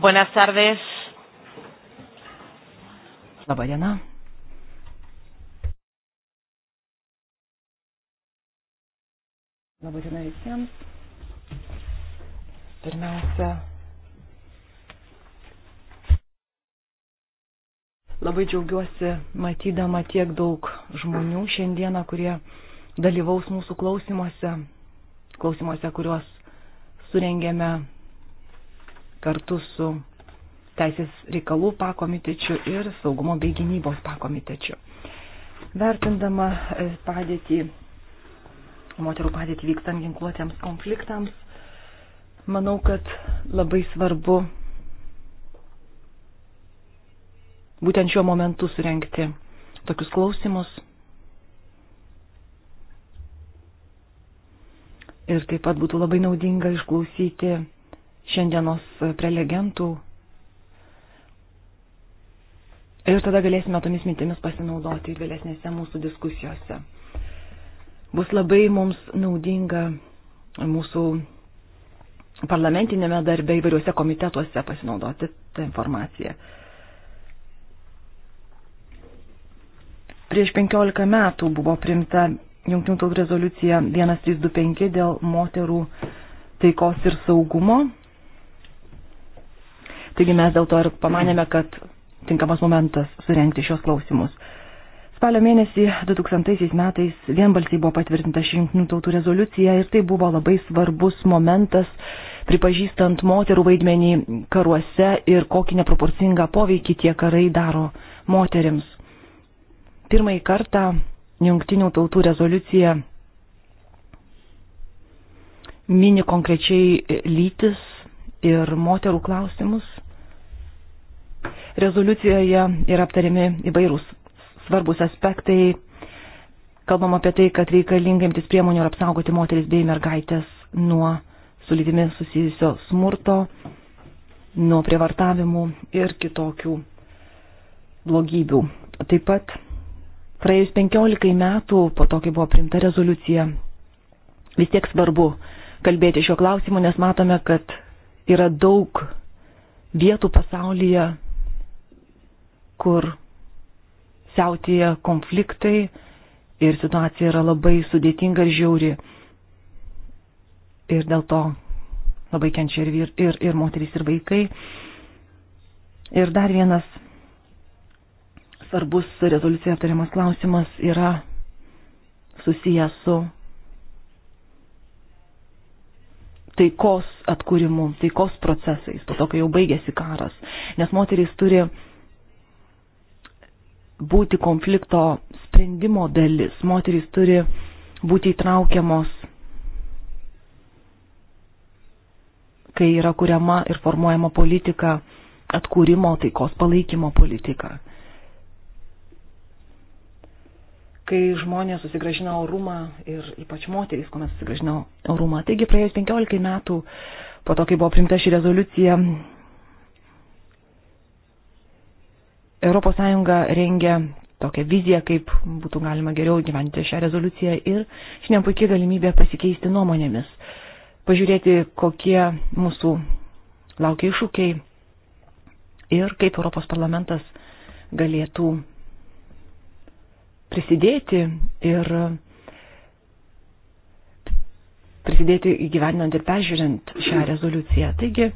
Buenas tardes. Labą dieną. Labą dieną visiems. Pirmiausia, labai džiaugiuosi matydama tiek daug žmonių šiandieną, kurie dalyvaus mūsų klausimuose, klausimuose, kuriuos surengėme kartu su Teisės reikalų pakomitečiu ir saugumo bei gynybos pakomitečiu. Vertindama e, padėtį, moterų padėtį vykstant ginkluotėms konfliktams, manau, kad labai svarbu būtent šiuo momentu surenkti tokius klausimus. Ir taip pat būtų labai naudinga išklausyti šiandienos e, prelegentų. Ir tada galėsime tomis mintimis pasinaudoti vėlesnėse mūsų diskusijose. Bus labai mums naudinga mūsų parlamentinėme darbe įvairiuose komitetuose pasinaudoti tą informaciją. Prieš 15 metų buvo primta Junktinių tautų rezoliucija 1325 dėl moterų taikos ir saugumo. Taigi mes dėl to ir pamanėme, kad tinkamas momentas surenkti šios klausimus. Spalio mėnesį 2000 metais vienbalsiai buvo patvirtinta šimtinių tautų rezoliucija ir tai buvo labai svarbus momentas, pripažįstant moterų vaidmenį karuose ir kokį neproporcingą poveikį tie karai daro moterims. Pirmąjį kartą jungtinių tautų rezoliucija mini konkrečiai lytis ir moterų klausimus Rezoliucijoje yra aptariami įvairūs svarbus aspektai. Kalbam apie tai, kad reikalinga imtis priemonių ir apsaugoti moteris bei mergaitės nuo su lytimi susijusio smurto, nuo prievartavimų ir kitokių blogybių. Taip pat praėjus 15 metų po to, kai buvo primta rezoliucija, vis tiek svarbu kalbėti šio klausimu, nes matome, kad yra daug vietų pasaulyje, kur siautėja konfliktai ir situacija yra labai sudėtinga ir žiauri. Ir dėl to labai kenčia ir, vyr, ir, ir moterys, ir vaikai. Ir dar vienas svarbus rezoliucija aptariamas klausimas yra susijęs su taikos atkūrimu, taikos procesais, po to, kai jau baigėsi karas. Nes moterys turi būti konflikto sprendimo dalis. Moterys turi būti įtraukiamos, kai yra kuriama ir formuojama politika, atkūrimo taikos palaikymo politika. kai žmonės susigražino orumą ir ypač moterys, kuomet susigražino orumą. Taigi praėjus 15 metų po to, kai buvo primta ši rezoliucija, ES rengia tokią viziją, kaip būtų galima geriau gyventi šią rezoliuciją ir šiandien puikiai galimybė pasikeisti nuomonėmis, pažiūrėti, kokie mūsų laukia iššūkiai ir kaip Europos parlamentas galėtų prisidėti ir prisidėti įgyvendinant ir peržiūrint šią rezoliuciją. Taigi,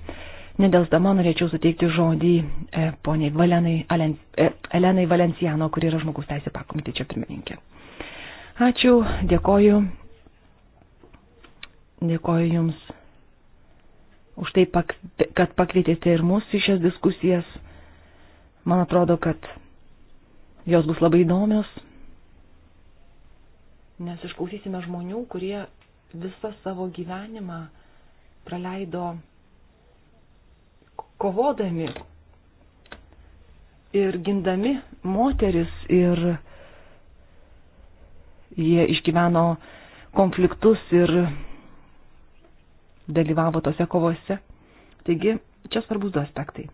Nedelsdama norėčiau suteikti žodį e, poniai Valenai, Alen, e, Elenai Valenciano, kuri yra žmogus teisė pakomitečio pirmininkė. Ačiū, dėkoju. Dėkoju Jums už tai, kad pakvietėte ir mūsų į šias diskusijas. Man atrodo, kad jos bus labai įdomios, nes išklausysime žmonių, kurie visą savo gyvenimą praleido kovodami ir gindami moteris ir jie išgyveno konfliktus ir dalyvavo tose kovose. Taigi, čia svarbus du aspektai.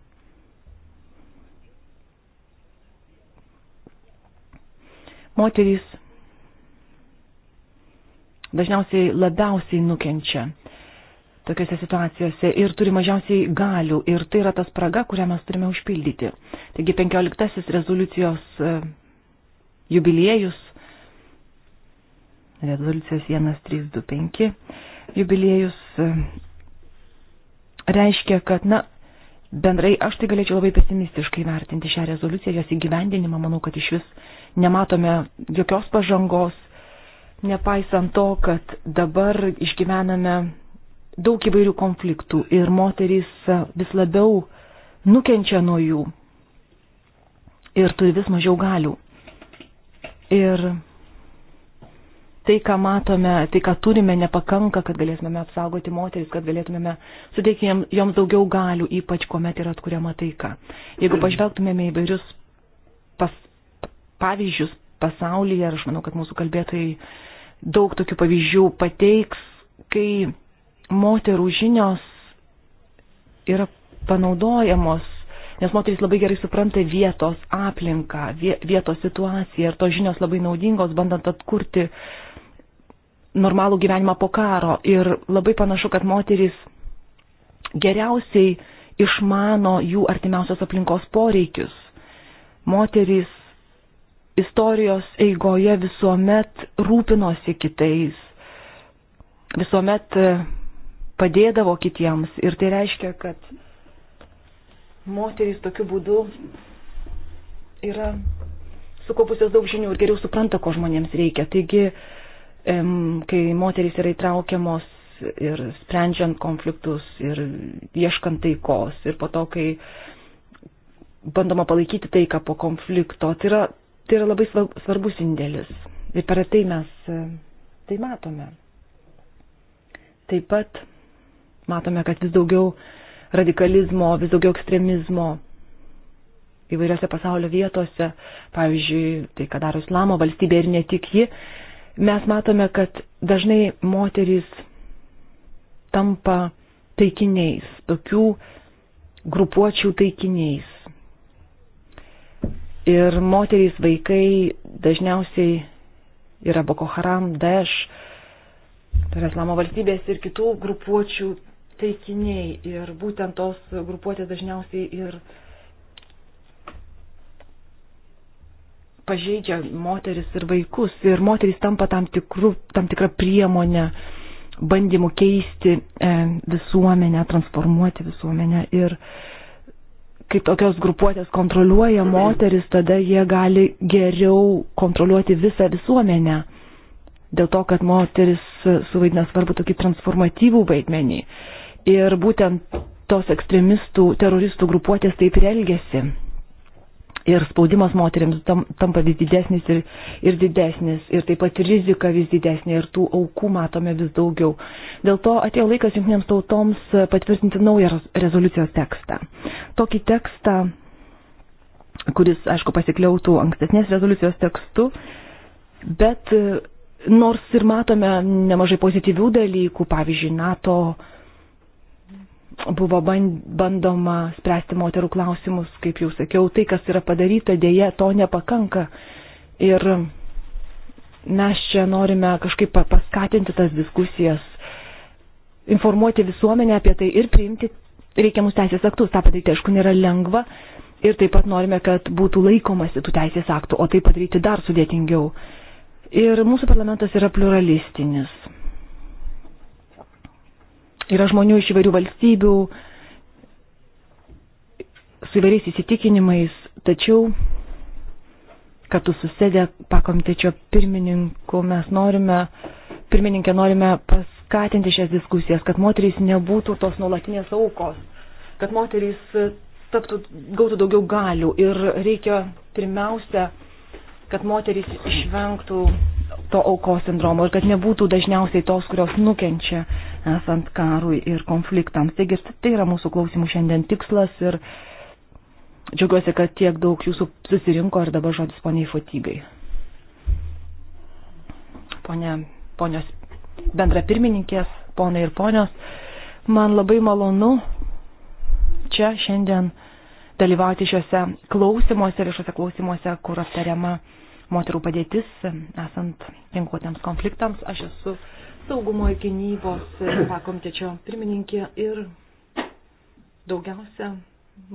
Moterys dažniausiai labiausiai nukenčia tokiuose situacijose ir turi mažiausiai galių ir tai yra ta spraga, kurią mes turime užpildyti. Taigi 15 rezoliucijos e, jubiliejus, rezoliucijos 1325 jubiliejus e, reiškia, kad, na, bendrai aš tai galėčiau labai pesimistiškai vertinti šią rezoliuciją, jos įgyvendinimą, manau, kad iš vis nematome jokios pažangos, nepaisant to, kad dabar išgyvename daug įvairių konfliktų ir moterys e, vis labiau nukenčia nuo jų ir turi vis mažiau galių. Ir tai, ką matome, tai, ką turime, nepakanka, kad galėtume apsaugoti moteris, kad galėtume suteikti joms daugiau galių, ypač kuomet yra atkuriama taika. Jeigu pažvelgtumėme į vairius pas, pavyzdžius pasaulyje, ir aš manau, kad mūsų kalbėtojai daug tokių pavyzdžių pateiks, kai moterų žinios yra panaudojamos, nes moteris labai gerai supranta vietos aplinką, vietos situaciją ir tos žinios labai naudingos, bandant atkurti normalų gyvenimą po karo. Ir labai panašu, kad moteris geriausiai išmano jų artimiausios aplinkos poreikius. Moterys istorijos eigoje visuomet rūpinosi kitais, visuomet padėdavo kitiems. Ir tai reiškia, kad moterys tokiu būdu yra sukaupusios daug žinių ir geriau supranta, ko žmonėms reikia. Taigi, kai moterys yra įtraukiamos ir sprendžiant konfliktus ir ieškant taikos ir po to, kai bandoma palaikyti taiką po konflikto, tai yra, tai yra labai svarbus indėlis. Ir per tai mes tai matome. Taip pat matome, kad vis daugiau radikalizmo, vis daugiau ekstremizmo įvairiose pasaulio vietose, pavyzdžiui, tai, ką daro islamo valstybė ir ne tik ji, mes matome, kad dažnai moterys tampa taikiniais, tokių grupuočių taikiniais. Ir moterys, vaikai dažniausiai yra Boko Haram, Daesh, tai yra islamo valstybės ir kitų grupuočių taikiniai ir būtent tos grupuotės dažniausiai ir pažeidžia moteris ir vaikus ir moteris tampa tam, tikru, tam tikrą priemonę bandymų keisti e, visuomenę, transformuoti visuomenę ir kaip tokios grupuotės kontroliuoja moteris, tada jie gali geriau kontroliuoti visą visuomenę. Dėl to, kad moteris suvaidina svarbu tokį transformatyvų vaidmenį. Ir būtent tos ekstremistų, teroristų grupuotės taip ir elgesi. Ir spaudimas moteriams tam, tampa vis didesnis ir, ir didesnis, ir taip pat rizika vis didesnė, ir tų aukų matome vis daugiau. Dėl to atėjo laikas jungtinėms tautoms patvirtinti naują rezoliucijos tekstą. Tokį tekstą, kuris, aišku, pasikliautų ankstesnės rezoliucijos tekstu, bet nors ir matome nemažai pozityvių dalykų, pavyzdžiui, NATO buvo bandoma spręsti moterų klausimus, kaip jau sakiau, tai, kas yra padaryta, dėje to nepakanka. Ir mes čia norime kažkaip paskatinti tas diskusijas, informuoti visuomenę apie tai ir priimti reikiamus teisės aktus. Ta padaryti, aišku, nėra lengva. Ir taip pat norime, kad būtų laikomasi tų teisės aktų, o tai padaryti dar sudėtingiau. Ir mūsų parlamentas yra pluralistinis. Yra žmonių iš įvairių valstybių, su įvairiais įsitikinimais, tačiau kartu susėdę pakomitečio pirmininku mes norime, pirmininkė norime paskatinti šias diskusijas, kad moterys nebūtų tos nuolatinės aukos, kad moterys taptų, gautų daugiau galių ir reikia pirmiausia, kad moterys išvengtų to aukos sindromo ir kad nebūtų dažniausiai tos, kurios nukenčia esant karui ir konfliktams. Taigi tai yra mūsų klausimų šiandien tikslas ir džiaugiuosi, kad tiek daug jūsų susirinko ir dabar žodis poniai Fotygai. Pone, ponios bendra pirmininkės, ponai ir ponios, man labai malonu čia šiandien dalyvauti šiuose klausimuose, viešuose klausimuose, kur aptariama moterų padėtis esant ginkluotėms konfliktams. Aš esu saugumo ir gynybos pakomitečio e, pirmininkė ir daugiausia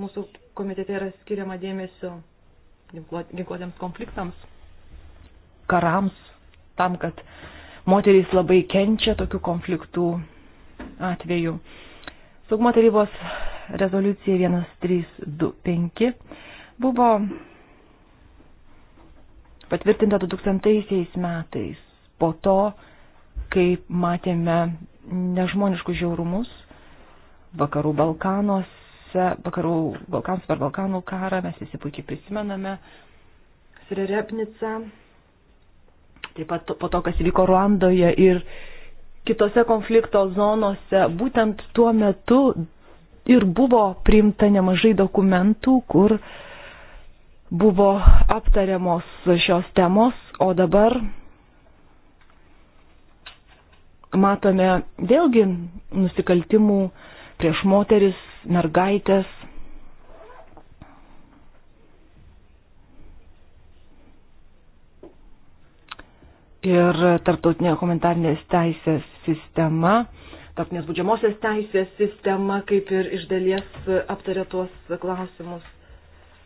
mūsų komitete yra skiriama dėmesio ginkluotėms konfliktams, karams, tam, kad moterys labai kenčia tokių konfliktų atveju. Saugumo tarybos rezoliucija 1325 buvo patvirtinta 2000 metais. Po to kai matėme nežmoniškus žiaurumus vakarų Balkanuose, vakarų Balkans per Balkanų karą, mes visi puikiai prisimename Srerepnicą, taip pat po to, kas vyko Ruandoje ir kitose konflikto zonose, būtent tuo metu ir buvo priimta nemažai dokumentų, kur buvo aptariamos šios temos, o dabar matome vėlgi nusikaltimų prieš moteris, mergaitės. Ir tarptautinė komentarinės teisės sistema, tarptautinės būdžiamosios teisės sistema, kaip ir iš dalies aptarė tuos klausimus.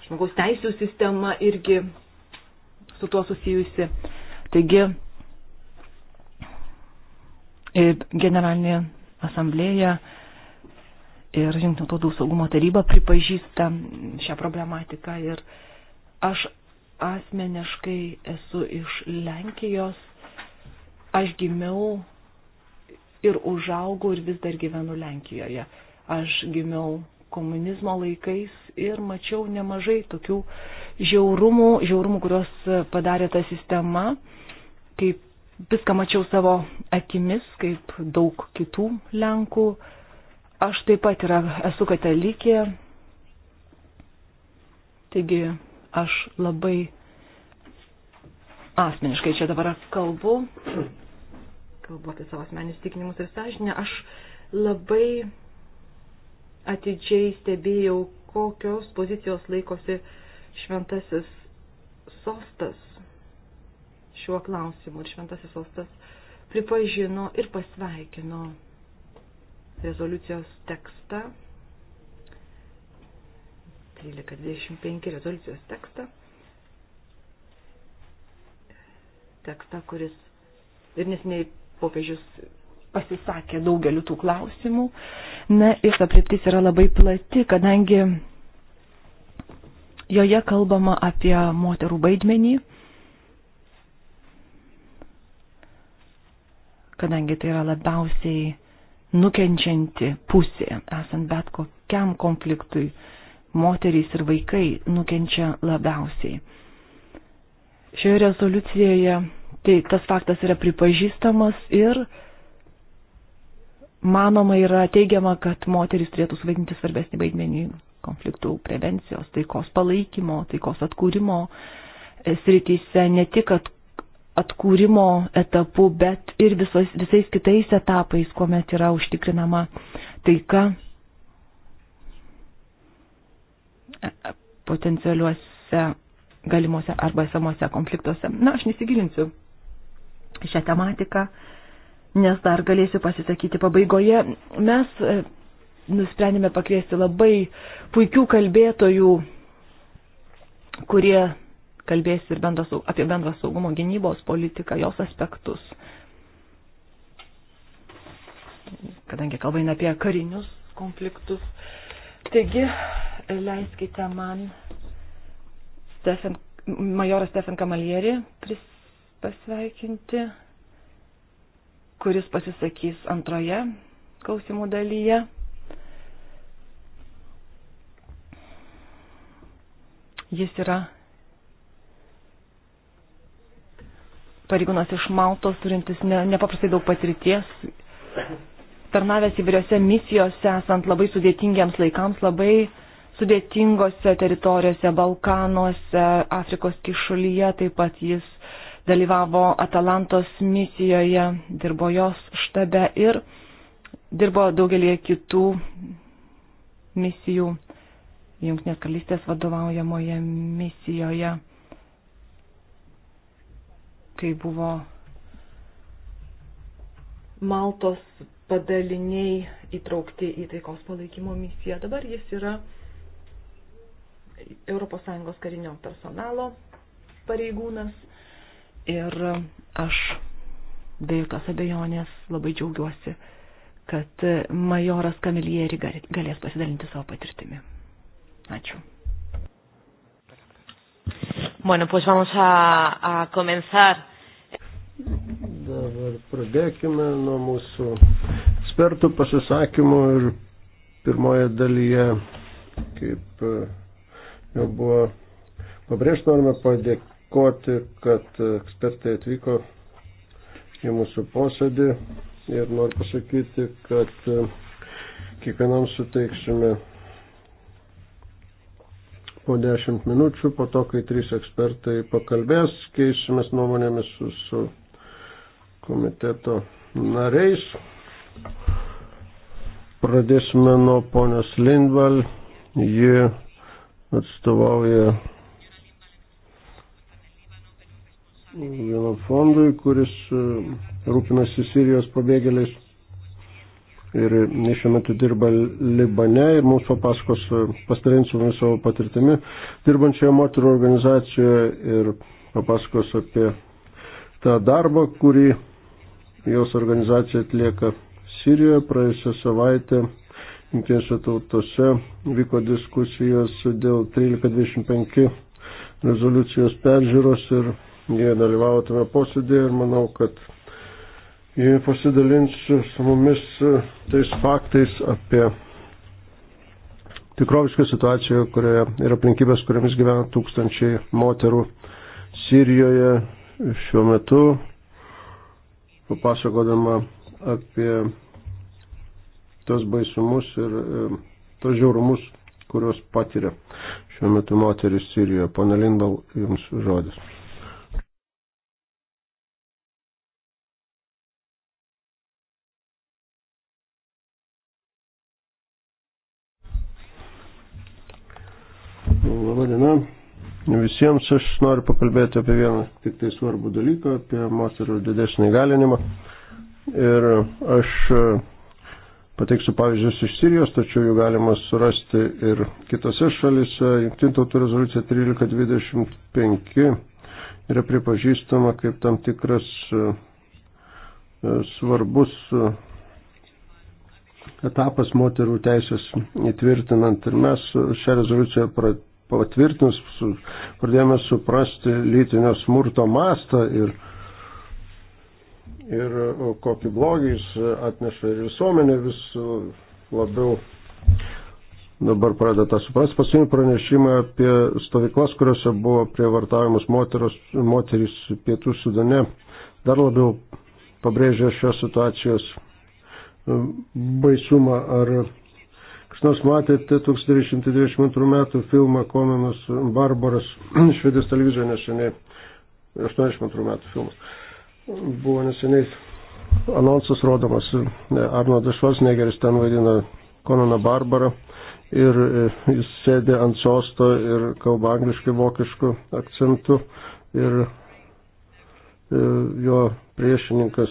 Žmogaus teisų sistema irgi su tuo susijusi. Taigi, generalinė asamblėja ir Junktinių tautų saugumo taryba pripažįsta šią problematiką ir aš asmeniškai esu iš Lenkijos, aš gimiau ir užaugau ir vis dar gyvenu Lenkijoje. Aš gimiau komunizmo laikais ir mačiau nemažai tokių žiaurumų, žiaurumų, kurios padarė ta sistema, kaip viską mačiau savo akimis, kaip daug kitų Lenkų. Aš taip pat yra, esu katalikė, taigi aš labai asmeniškai čia dabar kalbu, kalbu apie savo asmeninius tikinimus ir sąžinę, aš labai atidžiai stebėjau, kokios pozicijos laikosi šventasis sostas šiuo klausimu ir šventasis sostas pripažino ir pasveikino rezoliucijos tekstą, 1325 rezoliucijos tekstą, tekstą, kuris ir nesiniai popiežius pasisakė daugeliu tų klausimų. Na ir ta prieptis yra labai plati, kadangi joje kalbama apie moterų vaidmenį kadangi tai yra labiausiai nukenčianti pusė, esant bet kokiam konfliktui, moterys ir vaikai nukenčia labiausiai. Šioje rezoliucijoje tai tas faktas yra pripažįstamas ir manoma yra teigiama, kad moteris turėtų suvaidinti svarbesnį vaidmenį konfliktų prevencijos, taikos palaikymo, taikos atkūrimo srityse, ne tik, kad atkūrimo etapu, bet ir visos, visais kitais etapais, kuomet yra užtikrinama taika potencialiuose galimuose arba esamuose konfliktuose. Na, aš nesigilinsiu šią tematiką, nes dar galėsiu pasisakyti pabaigoje. Mes e, nusprendėme pakviesti labai puikių kalbėtojų, kurie kalbės ir bendras, apie bendrą saugumo gynybos politiką, jos aspektus. Kadangi kalba eina apie karinius konfliktus. Taigi, leiskite man Stefan, majorą Stefan Kamalierį pasveikinti, kuris pasisakys antroje klausimų dalyje. Jis yra pareigūnas iš Maltos, turintis ne, nepaprastai daug patirties, tarnavęs įvairiose misijose, esant labai sudėtingiams laikams, labai sudėtingose teritorijose, Balkanuose, Afrikos kišulyje, taip pat jis dalyvavo Atalantos misijoje, dirbo jos štabe ir dirbo daugelį kitų misijų, Junktinės karalystės vadovaujamoje misijoje kai buvo Maltos padaliniai įtraukti į taikos palaikymo misiją. Dabar jis yra ES karinio personalo pareigūnas ir aš be jokios abejonės labai džiaugiuosi, kad majoras Kamilieri galės pasidalinti savo patirtimi. Ačiū. Bueno, pues vamos a, a comenzar. Dabar pradėkime nuo mūsų ekspertų pasisakymų ir pirmoje dalyje, kaip e, jau buvo pabrėžta, norime padėkoti, kad ekspertai atvyko į mūsų posėdį ir noriu pasakyti, kad e, kiekvienam suteiksime po 10 minučių, po to, kai trys ekspertai pakalbės, keisimės nuomonėmis su, su komiteto nariais. Pradėsime nuo ponios Lindval. Ji atstovauja vienam fondui, kuris e, rūpinasi Sirijos pabėgėliais ir šiuo metu dirba Libane ir mums papasakos e, pastarinsiu mums savo patirtimi dirbančioje moterų organizacijoje ir papasakos apie tą darbą, kurį jos organizacija atlieka Sirijoje. Praėjusią savaitę jungtinėse tautose vyko diskusijos dėl 1325 rezoliucijos peržiūros ir jie dalyvavo tame posėdėje ir manau, kad Jie pasidalins su mumis e, tais faktais apie tikrovišką situaciją, kurioje ir aplinkybės, kuriamis gyvena tūkstančiai moterų Sirijoje šiuo metu, papasakodama apie tos baisumus ir e, tos žiaurumus, kuriuos patiria šiuo metu moteris Sirijoje. Pone Lindal, jums žodis. diena. Visiems aš noriu pakalbėti apie vieną tik tai svarbų dalyką, apie moterų didesnį įgalinimą. Ir aš e, pateiksiu pavyzdžius iš Sirijos, tačiau jų galima surasti ir kitose šalise. Jungtinių tautų rezoliucija 1325 yra pripažįstama kaip tam tikras e, e, svarbus etapas moterų teisės įtvirtinant. Ir mes šią rezoliuciją patvirtinus, su, pradėjome suprasti lytinio smurto mastą ir, ir kokį blogį jis atneša ir visuomenė vis labiau dabar pradeda tą suprasti. Paskutinį pranešimą apie stovyklas, kuriuose buvo prievartavimas moteros, moterys pietų sudane, dar labiau pabrėžė šios situacijos um, baisumą ar Kas nors matėte 1992 metų filmą Kominas Barbaras, švedės televizija neseniai, 82 metų filmas, buvo neseniai anonsas rodomas, e, Arnoldas Švarcnegeris ten vaidina Konaną Barbarą ir e, jis sėdė ant sosto ir kalba angliškai vokišku akcentu ir e, jo priešininkas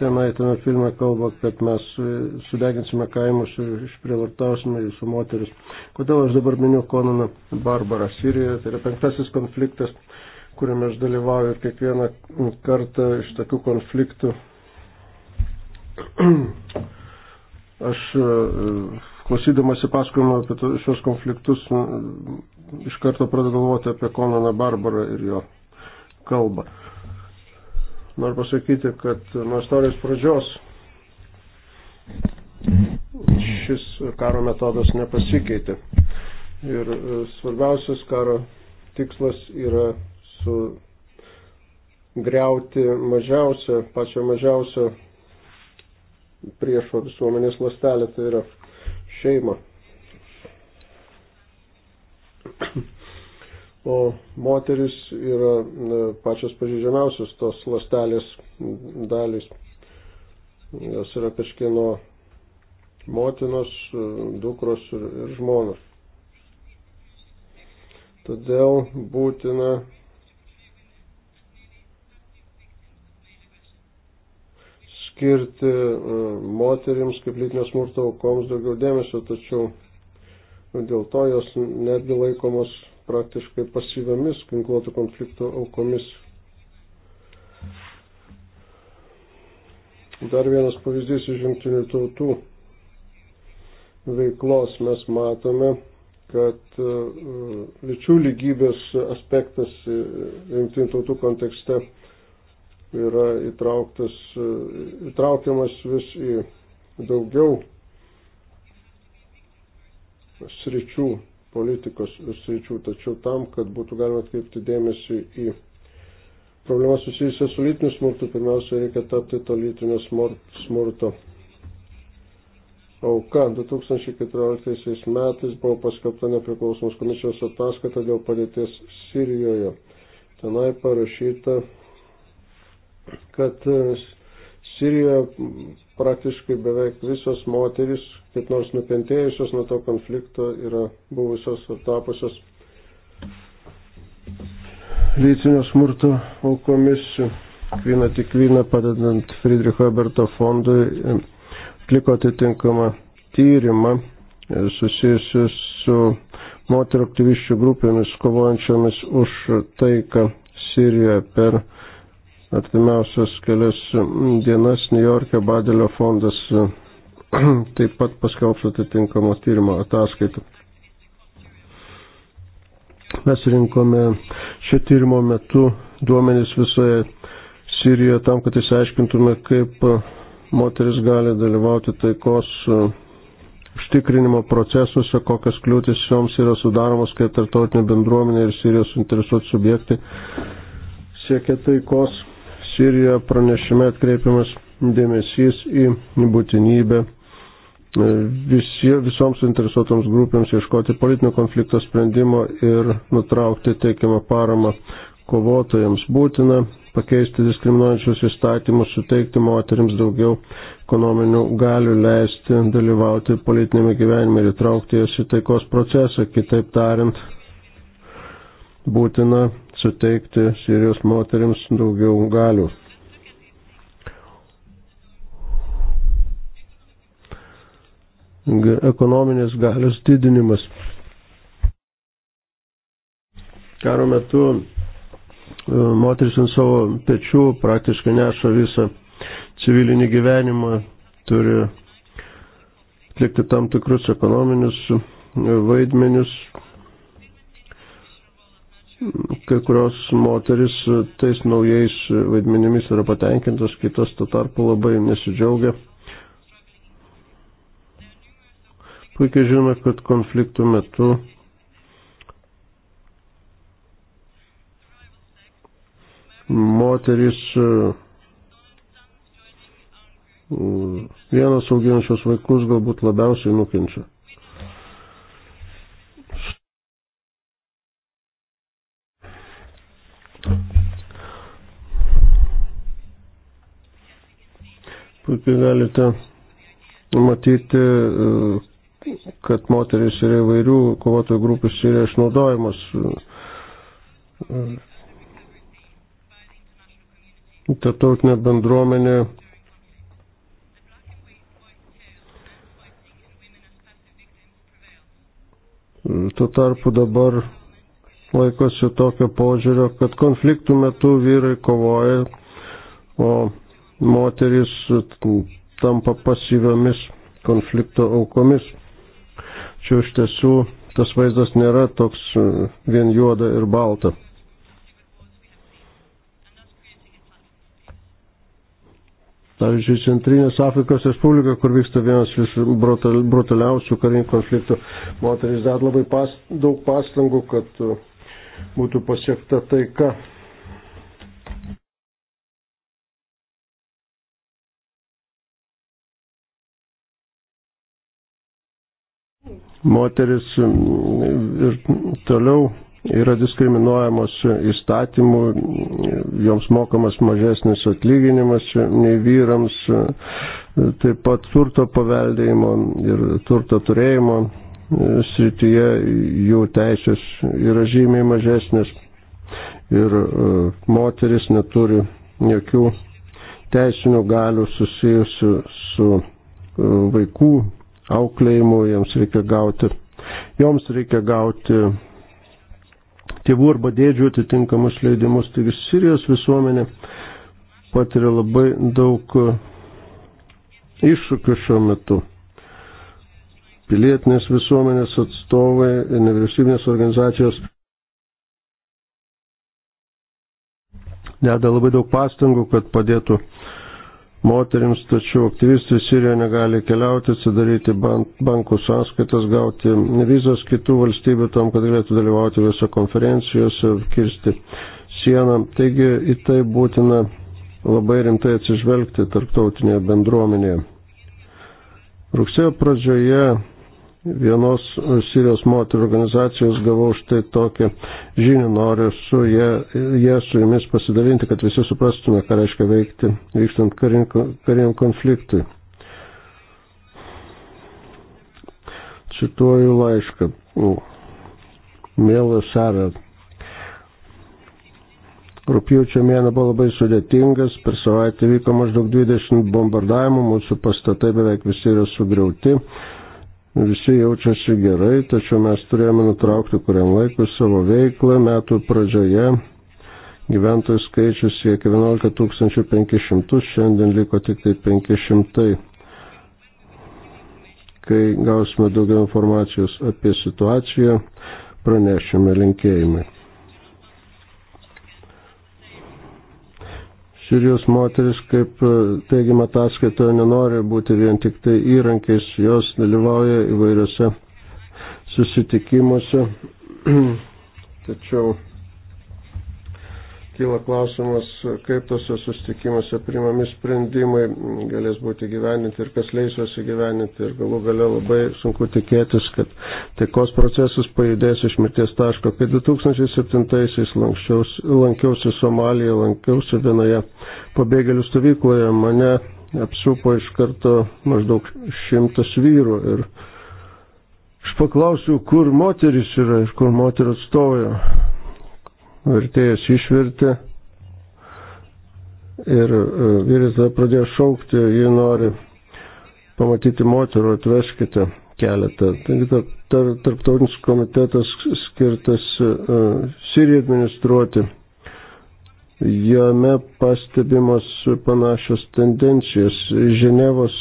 tenai tame filme kalba, kad mes e, sudeginsime kaimus ir išprievartausime jūsų moteris. Kodėl aš dabar miniu Konaną Barbarą Sirijoje, tai yra penktasis konfliktas, kuriame aš dalyvauju ir kiekvieną kartą iš tokių konfliktų aš e, klausydamasi pasakojimą apie šios konfliktus iš karto pradedu galvoti apie Konaną Barbarą ir jo kalbą. Noriu pasakyti, kad nuo istorijos pradžios šis karo metodas nepasikeitė. Ir e, svarbiausias karo tikslas yra su greuti mažiausią, pačią mažiausią priešo visuomenės lastelę, tai yra šeima o moteris yra pačios pažydžiamiausios tos lastelės dalys. Jos yra kažkieno motinos, dukros ir, ir žmonos. Todėl būtina skirti e, moterims kaip lytinio smurto aukoms daugiau dėmesio, tačiau dėl to jos netgi laikomos praktiškai pasyviamis ginkluotų konfliktų aukomis. Dar vienas pavyzdys iš jungtinių tautų veiklos mes matome, kad e, lyčių lygybės aspektas e, jungtinių tautų kontekste yra įtrauktas, e, įtraukiamas vis į daugiau sričių politikos sričių, tačiau tam, kad būtų galima atkreipti dėmesį į problemas susijusias su lytiniu smurtu, pirmiausia, reikia tapti to lytinio smurto auka. 2014 metais buvo paskelbta nepriklausomos komisijos ataskaita dėl padėties Sirijoje. Tenai parašyta, kad Sirijoje praktiškai beveik visos moteris, kaip nors nukentėjusios nuo to konflikto, yra buvusios ar tapusios lytinio smurto aukomis. Kvina tik vyna padedant Friedricho Eberto fondui atliko atitinkamą tyrimą e, susijusiu su moterų aktyviščių grupėmis kovojančiomis už taiką Sirijoje per artimiausias kelias dienas New York'e Badelio fondas taip pat paskelbs atitinkamo tyrimo ataskaitą. Mes rinkome šio tyrimo metu duomenys visoje Sirijoje tam, kad įsiaiškintume, kaip moteris gali dalyvauti taikos e, užtikrinimo procesuose, kokias kliūtis joms yra sudaromos, kaip tartautinė bendruomenė ir Sirijos suinteresuoti subjektai siekia taikos Sirijoje pranešime atkreipiamas dėmesys į būtinybę e, visi, visoms suinteresuotoms grupėms ieškoti politinio konflikto sprendimo ir nutraukti teikiamą paramą kovotojams būtina pakeisti diskriminuojančius įstatymus, suteikti moteriams daugiau ekonominių galių, leisti dalyvauti politinėme gyvenime ir įtraukti jas į taikos procesą. Kitaip tariant, būtina suteikti Sirijos moteriams daugiau galių. Ekonominės galios didinimas. Karo metu e, moteris ant savo pečių praktiškai neša visą civilinį gyvenimą, turi atlikti tam tikrus ekonominius e, vaidmenius, kai kurios moteris tais naujais vaidmenimis yra patenkintos, kitos to tarpu labai nesidžiaugia. Puikiai žinome, kad konfliktų metu moteris mm, vienas auginančios vaikus galbūt labiausiai nukenčia. Puikiai galite matyti, e, kad moteris yra įvairių kovotojų grupių yra išnaudojamos. E, Tartautinė bendruomenė Tuo tarpu dabar laikosi tokio požiūrio, kad konfliktų metu vyrai kovoja, o moteris tampa pasyviomis konflikto aukomis. Čia iš tiesų tas vaizdas nėra toks e, vien juoda ir balta. Pavyzdžiui, Centrinės Afrikos Respublika, kur vyksta vienas iš brutaliausių karinių konfliktų, moteris dar labai pas, daug pastangų, kad e, būtų pasiekta taika. moteris ir toliau yra diskriminuojamos įstatymų, joms mokamas mažesnis atlyginimas nei vyrams, taip pat turto paveldėjimo ir turto turėjimo e, srityje jų teisės yra žymiai mažesnės ir e, moteris neturi jokių teisinių galių susijusių su e, vaikų auklėjimu, jiems reikia gauti, joms reikia gauti tėvų arba dėdžių atitinkamus leidimus. Taigi Sirijos visuomenė patiria labai daug e, iššūkių šiuo metu. Pilietinės visuomenės atstovai, nevyriausybinės organizacijos deda labai daug pastangų, kad padėtų moteriams, tačiau aktyvistai Sirijoje negali keliauti, atsidaryti bankų sąskaitas, gauti vizas kitų valstybių tam, kad galėtų dalyvauti visose konferencijose, kirsti sieną. Taigi į tai būtina labai rimtai atsižvelgti tarptautinėje bendruomenėje. Rugsėjo pradžioje vienos Sirijos moterų organizacijos gavau štai tokią žinią, noriu su jie, jie su jumis pasidalinti, kad visi suprastume, ką reiškia veikti, vykstant kariniam konfliktui. Cituoju laišką. Mėlas Sara. Rūpjūčio mėna buvo labai sudėtingas, per savaitę vyko maždaug 20 bombardavimų, mūsų pastatai beveik visi yra sugriauti Visi jaučiasi gerai, tačiau mes turėjome nutraukti kuriam laikui savo veiklą. Metų pradžioje gyventojų skaičius siekia 11 500, šiandien liko tik tai 500. Kai gausime daugiau informacijos apie situaciją, pranešime linkėjimai. Sirijos moteris, kaip e, teigiama ataskaitoje, nenori būti vien tik tai įrankiais, jos dalyvauja įvairiose susitikimuose. Tačiau kyla klausimas, kaip tose sustikimuose primami sprendimai galės būti gyveninti ir kas leis juos įgyveninti ir galų gale labai sunku tikėtis, kad taikos procesus pajudės iš mirties taško. Kai 2007-aisiais lankiausi Somalijoje, lankiausi vienoje pabėgėlių stovykloje, mane apsupo iš karto maždaug šimtas vyrų ir aš paklausiau, kur moteris yra ir kur moterų atstovai vertėjas išvertė ir e, vyras tada pradėjo šaukti, ji nori pamatyti moterų, atveškite keletą. Taigi tar, tarptautinis komitetas skirtas uh, e, Sirijai administruoti. Jame pastebimos panašios tendencijos. Ženevos,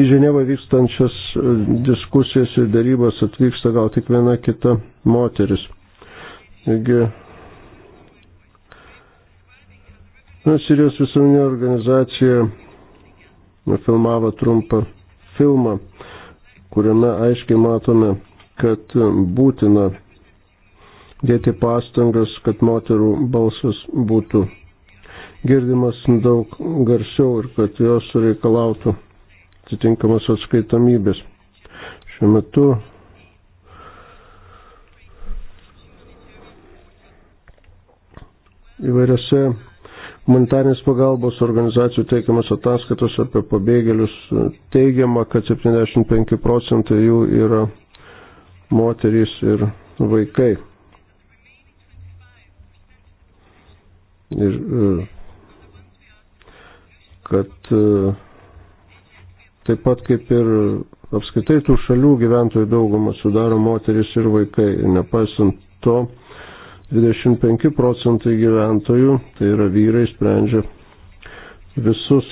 į Ženevą vykstančias e, diskusijas ir darybas atvyksta gal tik viena kita moteris. Taigi Na, Sirijos visuomenė organizacija filmavo trumpą filmą, kuriame aiškiai matome, kad būtina dėti pastangas, kad moterų balsas būtų girdimas daug garsiau ir kad jos reikalautų atitinkamas atskaitomybės. Šiuo metu įvairiose Humanitarnės pagalbos organizacijų teikiamas ataskaitos apie pabėgėlius e, teigiama, kad 75 procentai jų yra moterys ir vaikai. Ir e, kad e, taip pat kaip ir apskaitai tų šalių gyventojų daugumą sudaro moteris ir vaikai. Nepaisant to, 25 procentai gyventojų, tai yra vyrai, sprendžia visus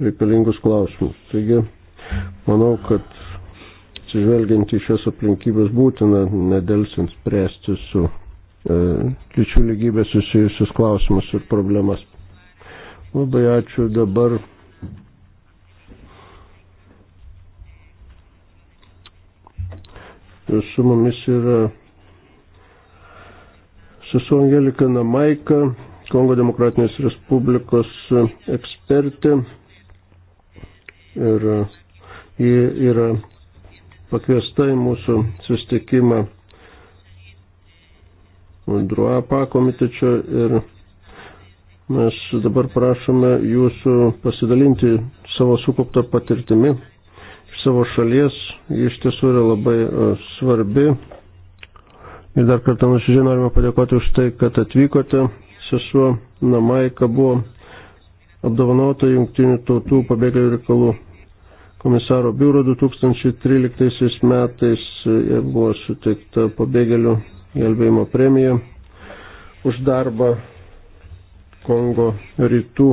reikalingus klausimus. Taigi, manau, kad atsižvelgiant į šias aplinkybės būtina nedelsint spręsti su e, lyčių lygybė susijusius klausimus ir problemas. Labai ačiū dabar. Su mumis yra Sesuo Angelika Namaika, Kongo Demokratinės Respublikos e, ekspertė. Ir e, ji yra pakviesta į mūsų sustikimą Druapa komitečio ir mes dabar prašome jūsų pasidalinti savo sukauptą patirtimi iš savo šalies. Ji iš tiesų yra labai e, svarbi Ir dar kartą nuoširdžiai norime padėkoti už tai, kad atvykote. Sesuo Namaika buvo apdovanota Junktinių tautų pabėgėlių reikalų komisaro biuro 2013 metais. Jie buvo suteikta pabėgėlių gelbėjimo premija už darbą Kongo rytų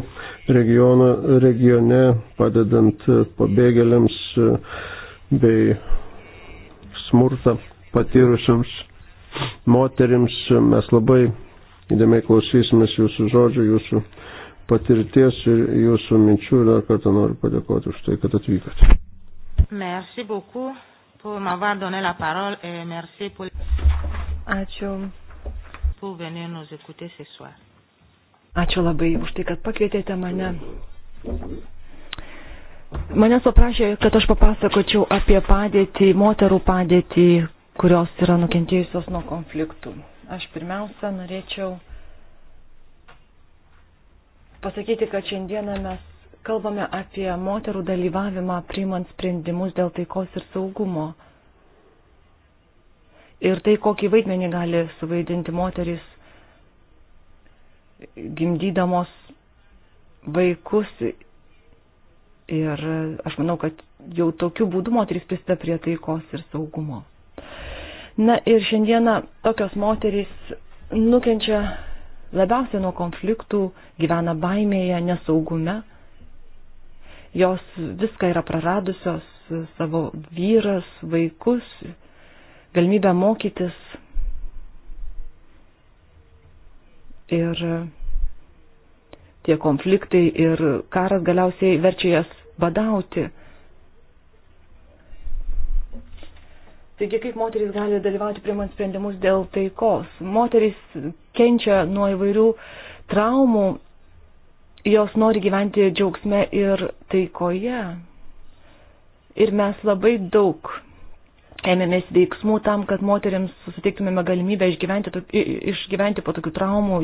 regiono, regione, padedant pabėgėliams e, bei smurtą patyrusiams moterims. Mes labai įdėmiai klausysimės jūsų žodžių, jūsų patirties ir jūsų minčių ir dar kartą noriu padėkoti už tai, kad atvykote. Merci beaucoup pour m'avoir donné la parole et merci pour... Ačiū. Pour venir nous écouter ce soir. Ačiū labai už tai, kad pakvietėte mane. Manęs paprašė, kad aš papasakočiau apie padėtį, moterų padėtį kurios yra nukentėjusios nuo konfliktų. Aš pirmiausia norėčiau pasakyti, kad šiandieną mes kalbame apie moterų dalyvavimą priimant sprendimus dėl taikos ir saugumo. Ir tai, kokį vaidmenį gali suvaidinti moteris gimdydamos vaikus. Ir aš manau, kad jau tokiu būdu moteris prista prie taikos ir saugumo. Na ir šiandieną tokios moterys nukenčia labiausiai nuo konfliktų, gyvena baimėje, nesaugume. Jos viską yra praradusios - savo vyras, vaikus, galimybę mokytis. Ir tie konfliktai ir karas galiausiai verčia jas badauti. Taigi, kaip moteris gali dalyvauti priimant sprendimus dėl taikos? Moteris kenčia nuo įvairių traumų, jos nori gyventi džiaugsme ir taikoje. Ir mes labai daug ėmėmės veiksmų tam, kad moteriams susitiktumėme galimybę išgyventi, išgyventi po tokių traumų,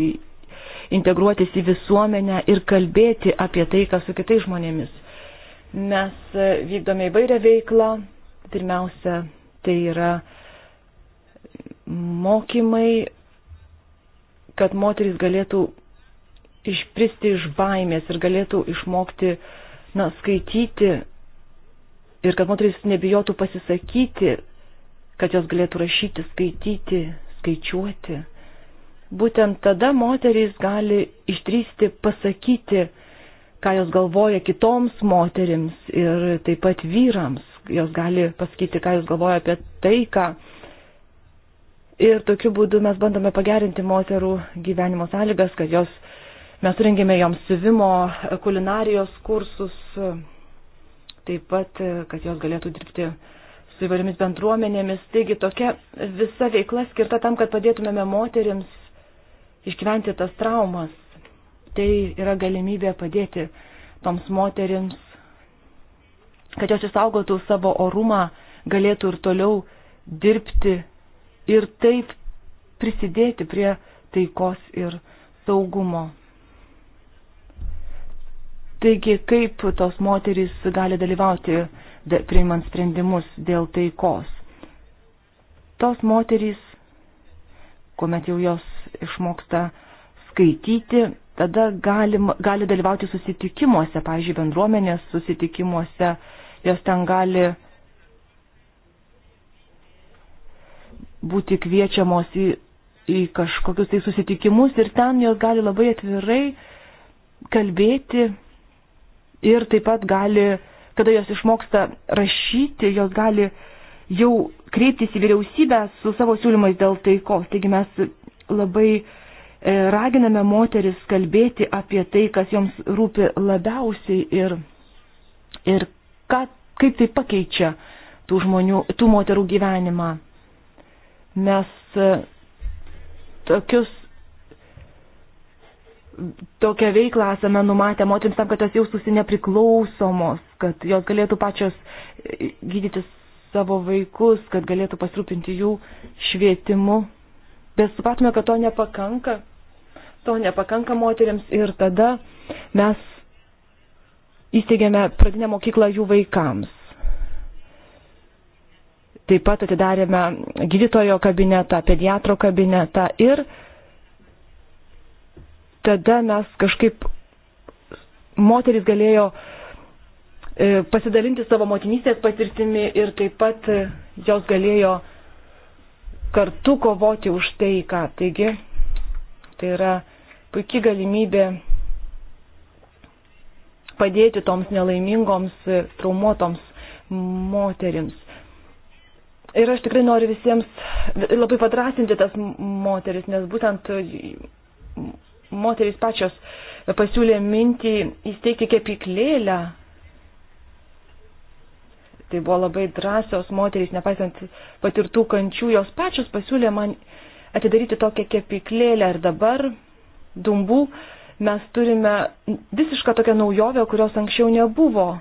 integruotis į visuomenę ir kalbėti apie tai, kas su kitais žmonėmis. Mes e, vykdome įvairią veiklą, pirmiausia, tai yra mokymai, kad moteris galėtų išpristi iš baimės ir galėtų išmokti, na, skaityti ir kad moteris nebijotų pasisakyti, kad jos galėtų rašyti, skaityti, skaičiuoti. Būtent tada moterys gali išdrysti pasakyti, ką jos galvoja kitoms moterims ir taip pat vyrams jos gali pasakyti, ką jūs galvoja apie taiką. Ir tokiu būdu mes bandome pagerinti moterų gyvenimo sąlygas, kad jos, mes rengėme joms siuvimo, kulinarijos kursus, taip pat, kad jos galėtų dirbti su įvairiomis bendruomenėmis. Taigi tokia visa veikla skirta tam, kad padėtumėme moteriams išgyventi tas traumas. Tai yra galimybė padėti toms moterims kad jos išsaugotų savo orumą, galėtų ir toliau dirbti ir taip prisidėti prie taikos ir saugumo. Taigi, kaip tos moterys gali dalyvauti priimant sprendimus dėl taikos? Tos moterys, kuomet jau jos išmoksta skaityti, tada gali, gali dalyvauti susitikimuose, pavyzdžiui, bendruomenės susitikimuose, jos ten gali būti kviečiamos į, į kažkokius tai susitikimus ir ten jos gali labai atvirai kalbėti ir taip pat gali, kada jos išmoksta rašyti, jos gali jau kreiptis į vyriausybę su savo siūlymais dėl taikos. Taigi mes labai e, raginame moteris kalbėti apie tai, kas joms rūpi labiausiai ir, ir ką, kaip tai pakeičia tų žmonių, tų moterų gyvenimą. Mes e, tokius, tokią veiklą esame numatę moteriams tam, kad jos jaustųsi nepriklausomos, kad jos galėtų pačios e, gydytis savo vaikus, kad galėtų pasirūpinti jų švietimu. Bet supratome, kad to nepakanka. To nepakanka moteriams ir tada mes įsteigėme pradinę mokyklą jų vaikams. Taip pat atidarėme gydytojo kabinetą, pediatro kabinetą ir tada mes kažkaip moteris galėjo e, pasidalinti savo motinystės patirtimi ir taip pat e, jos galėjo kartu kovoti už taiką. Taigi, tai yra puikia galimybė padėti toms nelaimingoms, traumuotoms moterims. Ir aš tikrai noriu visiems labai padrasinti tas moteris, nes būtent moteris pačios pasiūlė mintį įsteigti kepiklėlę. Tai buvo labai drąsios moterys, nepaisant patirtų kančių, jos pačios pasiūlė man atidaryti tokią kepiklėlę ir dabar dumbų mes turime visišką tokią naujovę, kurios anksčiau nebuvo.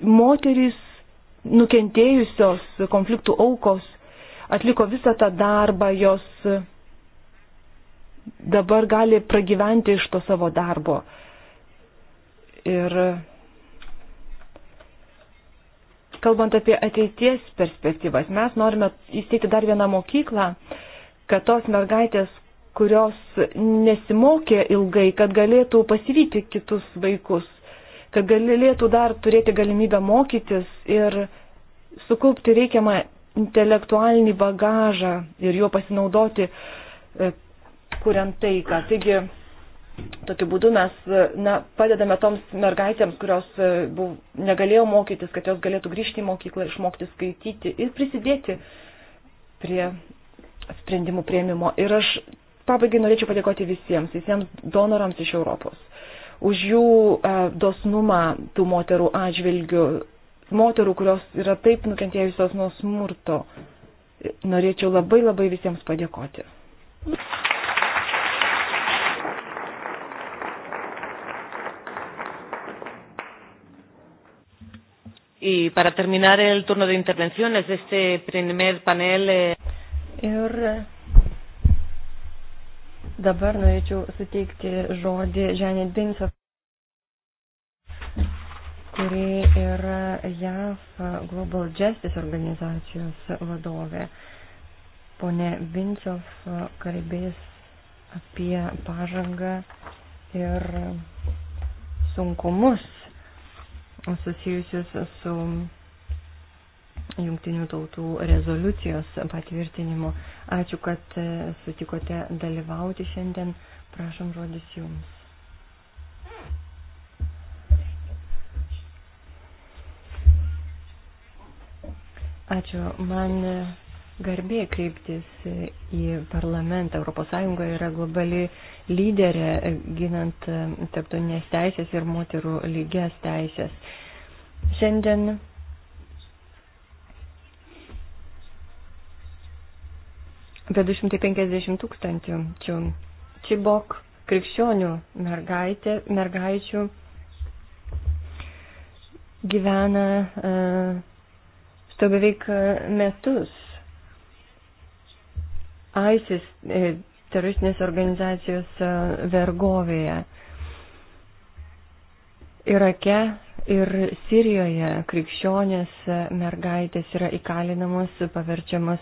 Moterys nukentėjusios konfliktų aukos atliko visą tą darbą, jos dabar gali pragyventi iš to savo darbo. Ir kalbant apie ateities perspektyvas, mes norime įsteigti dar vieną mokyklą, kad tos mergaitės, kurios nesimokė ilgai, kad galėtų pasivyti kitus vaikus, kad galėtų dar turėti galimybę mokytis ir sukaupti reikiamą intelektualinį bagažą ir juo pasinaudoti, e, kuriant taiką. Taigi, tokiu būdu mes e, na, padedame toms mergaitėms, kurios e, buv, negalėjo mokytis, kad jos galėtų grįžti į mokyklą, išmokti skaityti ir prisidėti prie sprendimų prieimimo. Ir aš pabaigai norėčiau padėkoti visiems, visiems donorams iš Europos už jų e, dosnumą tų moterų atžvilgių, moterų, kurios yra taip nukentėjusios nuo smurto. Norėčiau labai labai visiems padėkoti. Y para terminar el turno de intervenciones de este primer panel. Eh... Ir Dabar norėčiau suteikti žodį Žanė Binso, kuri yra JAF Global Justice organizacijos vadovė. Pone Binsov kalbės apie pažangą ir sunkumus susijusius su jungtinių tautų rezoliucijos patvirtinimo. Ačiū, kad e, sutikote dalyvauti šiandien. Prašom žodis jums. Ačiū. Man garbė kreiptis į parlamentą. ES yra globali lyderė ginant tarptautinės teisės ir moterų lygias teisės. Šiandien apie 250 tūkstančių čibok krikščionių mergaitė, mergaičių gyvena štai e, beveik e, metus. ISIS e, teroristinės organizacijos vergovėje. Irake ir Sirijoje krikščionės mergaitės yra įkalinamos, paverčiamos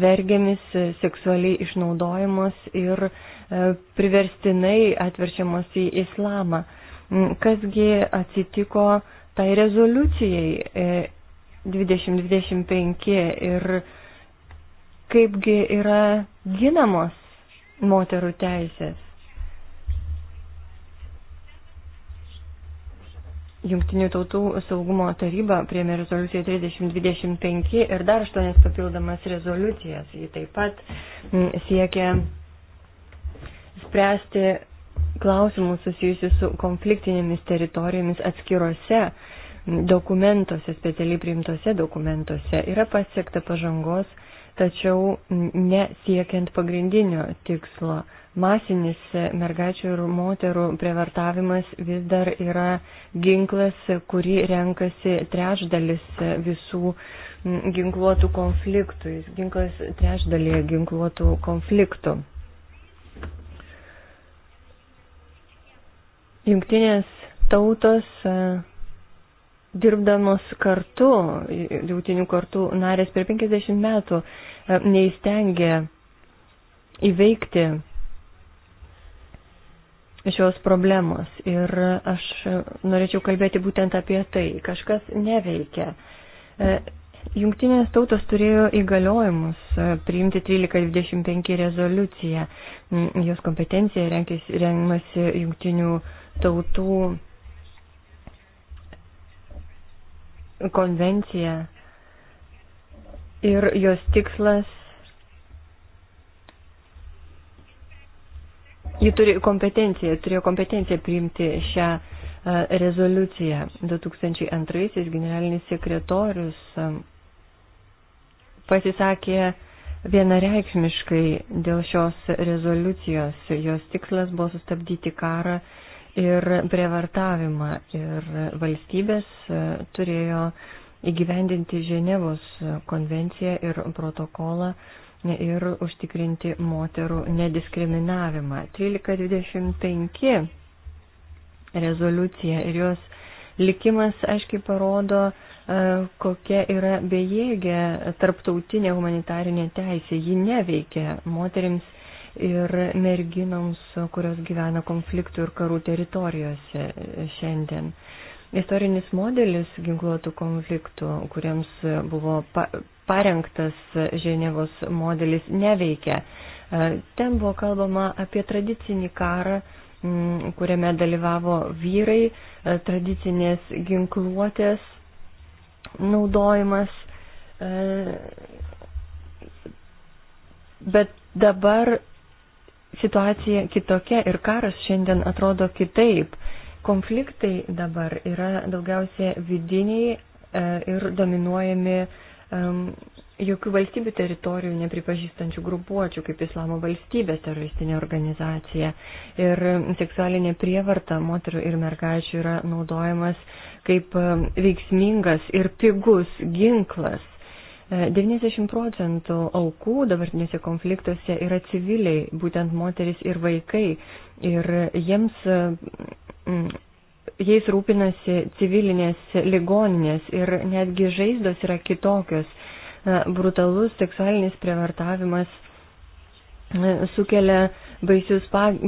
vergiamis, seksualiai išnaudojamos ir e, priverstinai atverčiamos į islamą. Mm, kasgi atsitiko tai rezoliucijai 2025 e, ir kaipgi yra ginamos moterų teisės. Jungtinių tautų saugumo taryba priemė rezoliuciją 3025 ir dar 8 papildomas rezoliucijas. Ji taip pat mm, siekia spręsti klausimus susijusius su konfliktinėmis teritorijomis atskiruose mm, dokumentuose, specialiai priimtose dokumentuose. Yra pasiekta pažangos, tačiau mm, nesiekiant pagrindinio tikslo masinis mergaičių ir moterų prievartavimas vis dar yra ginklas, kurį renkasi trečdalis visų ginkluotų konfliktų. Jis ginklas trečdalėje ginkluotų konfliktų. Jungtinės tautos e, dirbdamos kartu, jautinių kartų narės per 50 metų e, neįstengė įveikti šios problemos. Ir aš norėčiau kalbėti būtent apie tai. Kažkas neveikia. E, Jungtinės tautos turėjo įgaliojimus e, priimti 1325 rezoliuciją. Mm, jos kompetencija rengimasi jungtinių tautų konvencija. Ir jos tikslas ji turi kompetenciją, turėjo kompetenciją priimti šią e, rezoliuciją. 2002 generalinis sekretorius e, pasisakė vienareikšmiškai dėl šios rezoliucijos. Jos tikslas buvo sustabdyti karą ir prievartavimą. Ir valstybės e, turėjo įgyvendinti Ženevos konvenciją ir protokolą ir užtikrinti moterų nediskriminavimą. 1325 rezoliucija ir jos likimas aiškiai parodo, e, kokia yra bejėgė tarptautinė humanitarinė teisė. Ji neveikia moterims ir merginoms, kurios gyvena konfliktų ir karų teritorijose šiandien. Istorinis modelis ginkluotų konfliktų, kuriems buvo parengtas Ženevos modelis neveikia. E, ten buvo kalbama apie tradicinį karą, kuriame dalyvavo vyrai, e, tradicinės ginkluotės naudojimas. E, bet dabar situacija kitokia ir karas šiandien atrodo kitaip. Konfliktai dabar yra daugiausia vidiniai ir dominuojami jokių valstybių teritorijų nepripažįstančių grupuočių kaip Islamo valstybės teroristinė organizacija. Ir seksualinė prievarta moterų ir mergaičių yra naudojamas kaip veiksmingas ir pigus ginklas. 90 e, procentų aukų dabartinėse konfliktuose yra civiliai, būtent moteris ir vaikai. Ir jiems jais rūpinasi civilinės ligoninės ir netgi žaizdos yra kitokios. Brutalus seksualinis prievartavimas sukelia baisius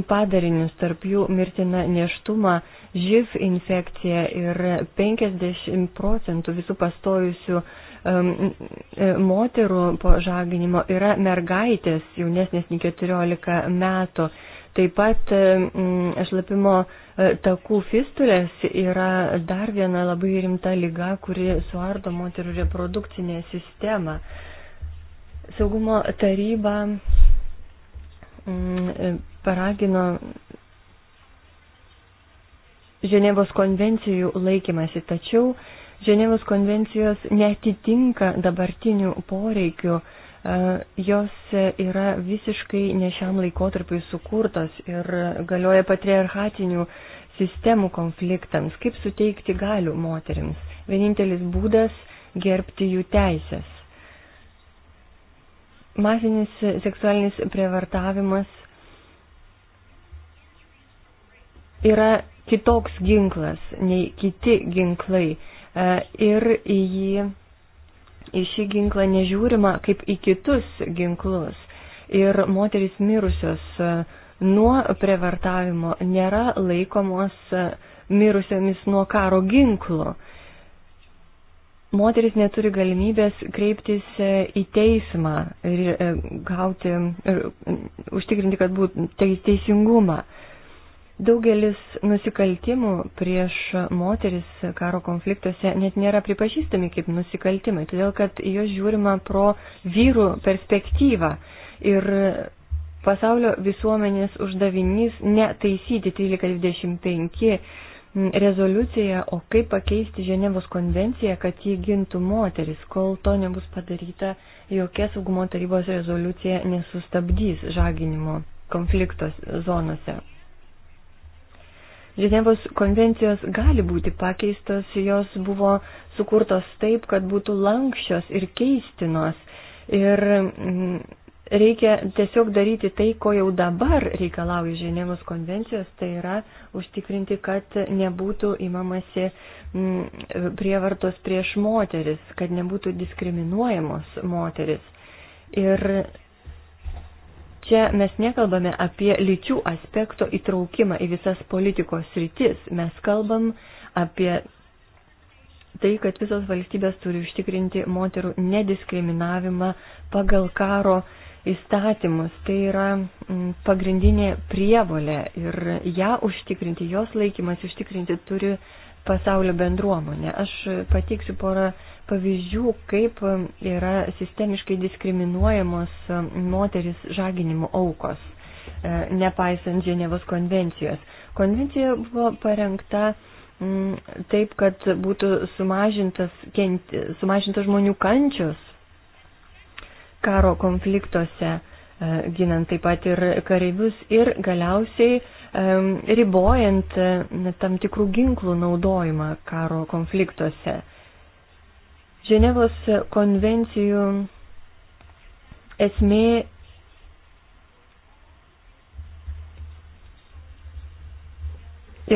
padarinius, tarp jų mirtina neštumą, živ infekcija ir 50 procentų visų pastojusių um, moterų po žaginimo yra mergaitės jaunesnės nei 14 metų. Taip pat mm, šlapimo e, takų fistulės yra dar viena labai rimta lyga, kuri suardo moterų reprodukcinę sistemą. Saugumo taryba mm, e, paragino Ženevos konvencijų laikymasi, tačiau Ženevos konvencijos netitinka dabartinių poreikių E, jos yra visiškai ne šiam laikotarpiui sukurtos ir galioja patriarchatinių sistemų konfliktams. Kaip suteikti galių moteriams? Vienintelis būdas - gerbti jų teisės. Masinis seksualinis prievartavimas yra kitoks ginklas nei kiti ginklai e, ir į jį į šį ginklą nežiūrima kaip į kitus ginklus. Ir moteris mirusios e, nuo prievartavimo nėra laikomos e, mirusiomis nuo karo ginklų. Moteris neturi galimybės kreiptis e, į teismą ir gauti, ir užtikrinti, kad būtų teisingumą. Daugelis nusikaltimų prieš moteris karo konfliktuose net nėra pripažįstami kaip nusikaltimai, todėl kad juos žiūrima pro vyrų perspektyvą. Ir pasaulio visuomenės uždavinys netaisyti 1325 rezoliuciją, o kaip pakeisti Ženevos konvenciją, kad jį gintų moteris. Kol to nebus padaryta, jokia saugumo tarybos rezoliucija nesustabdys žaginimo konfliktos zonose. Ženevos konvencijos gali būti pakeistos, jos buvo sukurtos taip, kad būtų lankščios ir keistinos. Ir mm, reikia tiesiog daryti tai, ko jau dabar reikalauja Ženevos konvencijos, tai yra užtikrinti, kad nebūtų įmamasi mm, prievartos prieš moteris, kad nebūtų diskriminuojamos moteris. Ir Čia mes nekalbame apie lyčių aspekto įtraukimą į visas politikos rytis. Mes kalbam apie tai, kad visos valstybės turi užtikrinti moterų nediskriminavimą pagal karo įstatymus. Tai yra mm, pagrindinė prievolė ir ją užtikrinti, jos laikymas užtikrinti turi pasaulio bendruomonė. Aš pateiksiu porą pavyzdžių, kaip yra sistemiškai diskriminuojamos moteris žaginimo aukos, e, nepaisant Ženevos konvencijos. Konvencija buvo parengta mm, taip, kad būtų sumažintas, kenti, sumažintas žmonių kančios karo konfliktuose, e, ginant taip pat ir kareivius ir galiausiai e, ribojant tam tikrų ginklų naudojimą karo konfliktuose. Ženevos konvencijų esmė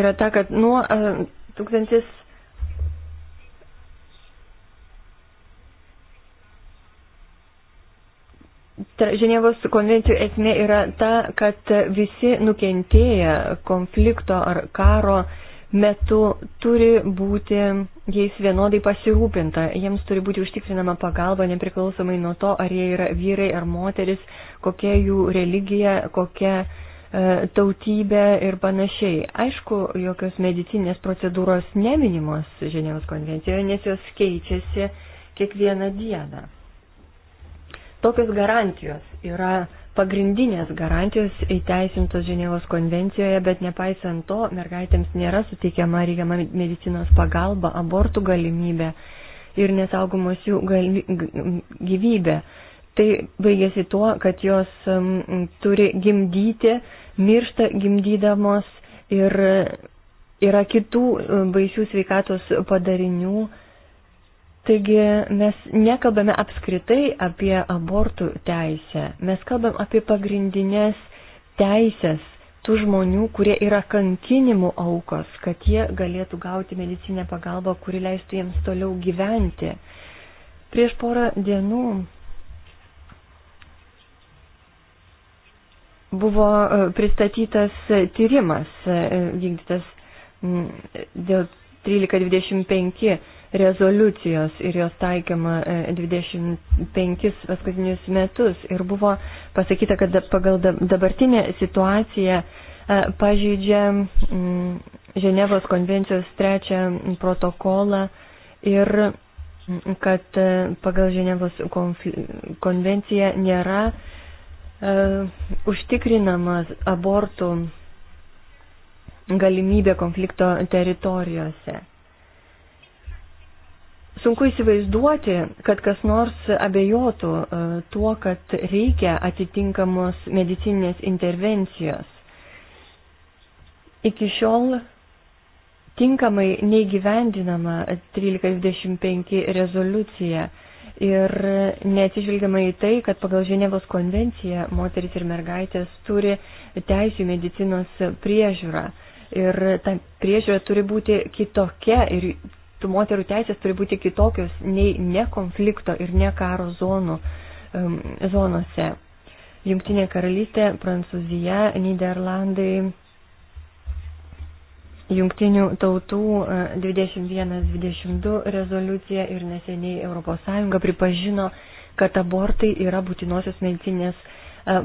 yra ta, kad nuo 1000 Ženevos konvencijų esmė yra ta, kad visi nukentėję konflikto ar karo uh, metu turi būti jais vienodai pasirūpinta, jiems turi būti užtikrinama pagalba nepriklausomai nuo to, ar jie yra vyrai ar moteris, kokia jų religija, kokia e, tautybė ir panašiai. Aišku, jokios medicinės procedūros neminimos Ženevos konvencijoje, nes jos keičiasi kiekvieną dieną. Tokios garantijos yra pagrindinės garantijos įteisintos Ženevos konvencijoje, bet nepaisant to, mergaitėms nėra suteikiama reikiama medicinos pagalba, abortų galimybė ir nesaugomos jų gali, gyvybė. Tai baigėsi tuo, kad jos um, turi gimdyti, miršta gimdydamos ir e, yra kitų e, baisių sveikatos padarinių Taigi mes nekalbame apskritai apie abortų teisę, mes kalbam apie pagrindinės teisės tų žmonių, kurie yra kankinimų aukos, kad jie galėtų gauti medicinę pagalbą, kuri leistų jiems toliau gyventi. Prieš porą dienų buvo e, pristatytas tyrimas e, vykdytas dėl 1325 rezoliucijos ir jos taikymą 25 e, paskutinius metus. Ir buvo pasakyta, kad pagal dabartinę situaciją e, pažeidžia mm, Ženevos konvencijos trečią protokolą ir mm, kad e, pagal Ženevos konvenciją nėra užtikrinamas abortų galimybė konflikto teritorijose. Sunku įsivaizduoti, kad kas nors abejotų e, tuo, kad reikia atitinkamos medicinės intervencijos. Iki šiol tinkamai neįgyvendinama 1325 rezoliucija ir neatsižvelgiama į tai, kad pagal Ženevos konvenciją moteris ir mergaitės turi teisų medicinos priežiūrą. Ir ta priežiūra turi būti kitokia ir tų moterų teisės turi būti kitokios nei ne konflikto ir ne karo zonų, um, zonose. Jungtinė karalystė, Prancūzija, Niderlandai, Jungtinių tautų 21-22 e, rezoliucija ir neseniai ES pripažino, kad abortai yra būtinosios medicinės e,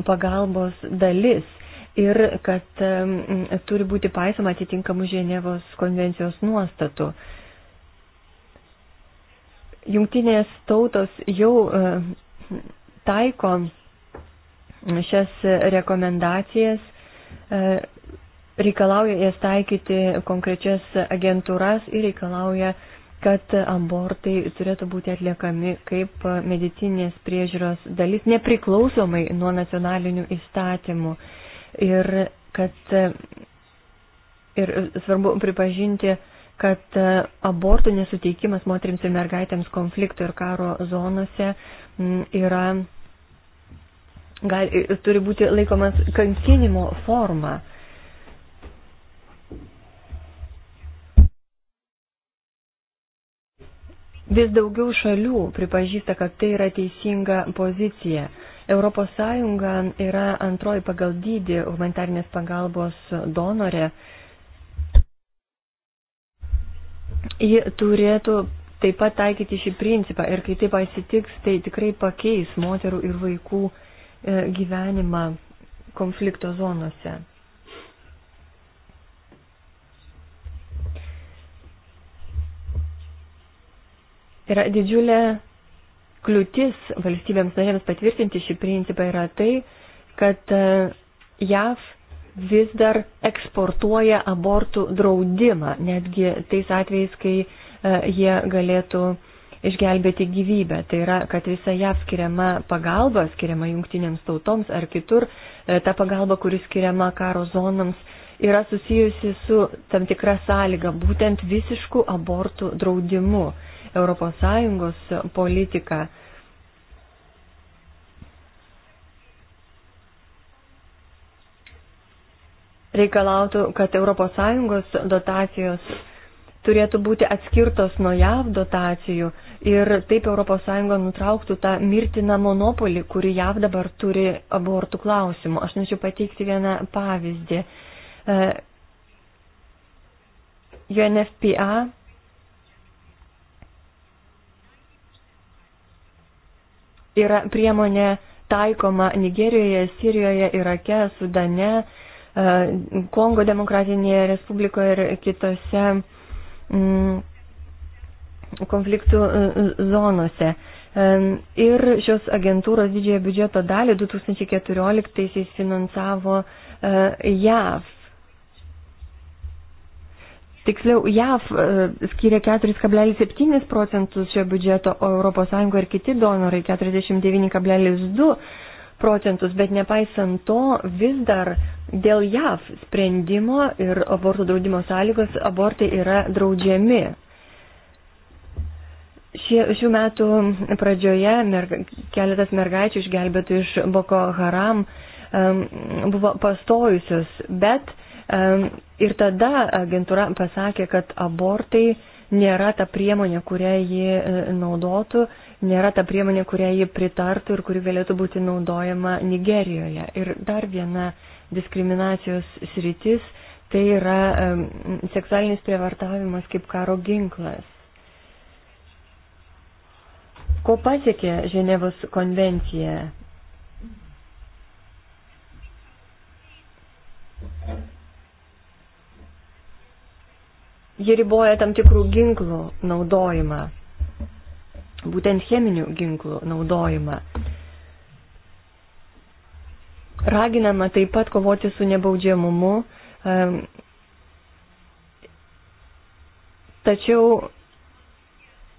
pagalbos dalis ir kad turi būti paisoma atitinkamų Ženevos konvencijos nuostatų. Jungtinės tautos jau e, taiko šias rekomendacijas, e, reikalauja jas taikyti konkrečias agentūras ir reikalauja, kad abortai turėtų būti atliekami kaip medicinės priežiūros dalis, nepriklausomai nuo nacionalinių įstatymų. Ir kad e, ir svarbu pripažinti, kad e, abortų nesuteikimas moteriams ir mergaitėms konfliktų ir karo zonose yra, gali, e, turi būti laikomas kankinimo forma. Vis daugiau šalių pripažįsta, kad tai yra teisinga pozicija. ES yra antroji pagal dydį humanitarnės pagalbos donorė ji turėtų taip pat taikyti šį principą ir kai taip atsitiks, tai tikrai pakeis moterų ir vaikų e, gyvenimą konflikto zonose. Yra didžiulė kliūtis valstybėms narėms patvirtinti šį principą yra tai, kad e, JAV vis dar eksportuoja abortų draudimą, netgi tais atvejais, kai e, jie galėtų išgelbėti gyvybę. Tai yra, kad visa JAV skiriama pagalba, skiriama jungtinėms tautoms ar kitur, e, ta pagalba, kuri skiriama karo zonams, yra susijusi su tam tikra sąlyga, būtent visišku abortų draudimu. ES politika reikalautų, kad ES dotacijos turėtų būti atskirtos nuo JAV dotacijų ir taip ES nutrauktų tą mirtiną monopolį, kurį JAV dabar turi abortų klausimu. Aš norėčiau pateikti vieną pavyzdį. E, UNFPA yra priemonė taikoma Nigerijoje, Sirijoje, Irake, Sudane Kongo demokratinėje Respublikoje ir kitose mm, konfliktų e, zonose. E, ir šios agentūros didžiąją biudžeto dalį 2014-aisiais finansavo e, JAV. Tiksliau, JAV skiria 4,7 procentus šio biudžeto, o ES ir kiti donorai 49,2 procentus, bet nepaisant to vis dar dėl JAV sprendimo ir abortų draudimo sąlygos abortai yra draudžiami. Šie, šių metų pradžioje merga, keletas mergaičių išgelbėtų iš Boko Haram um, buvo pastojusios, bet um, ir tada agentūra pasakė, kad abortai nėra ta priemonė, kurią ji e, naudotų nėra ta priemonė, kurią ji pritartų ir kuri galėtų būti naudojama Nigerijoje. Ir dar viena diskriminacijos sritis - tai yra um, seksualinis prievartavimas kaip karo ginklas. Ko pasiekė Ženevos konvencija? Ji riboja tam tikrų ginklų naudojimą būtent cheminių ginklų naudojimą. Raginama taip pat kovoti su nebaudžiamumu, tačiau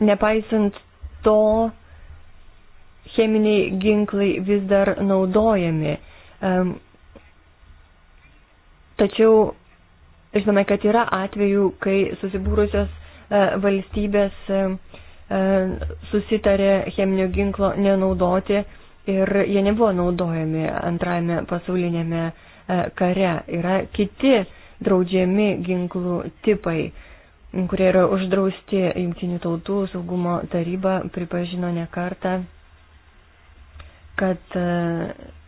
nepaisant to, cheminiai ginklai vis dar naudojami. Tačiau žinome, kad yra atvejų, kai susibūrusios e, valstybės E, susitarė cheminio ginklo nenaudoti ir jie nebuvo naudojami antrajame pasaulinėme e, kare. Yra kiti draudžiami ginklų tipai, kurie yra uždrausti Junktinių tautų saugumo taryba pripažino ne kartą, kad e,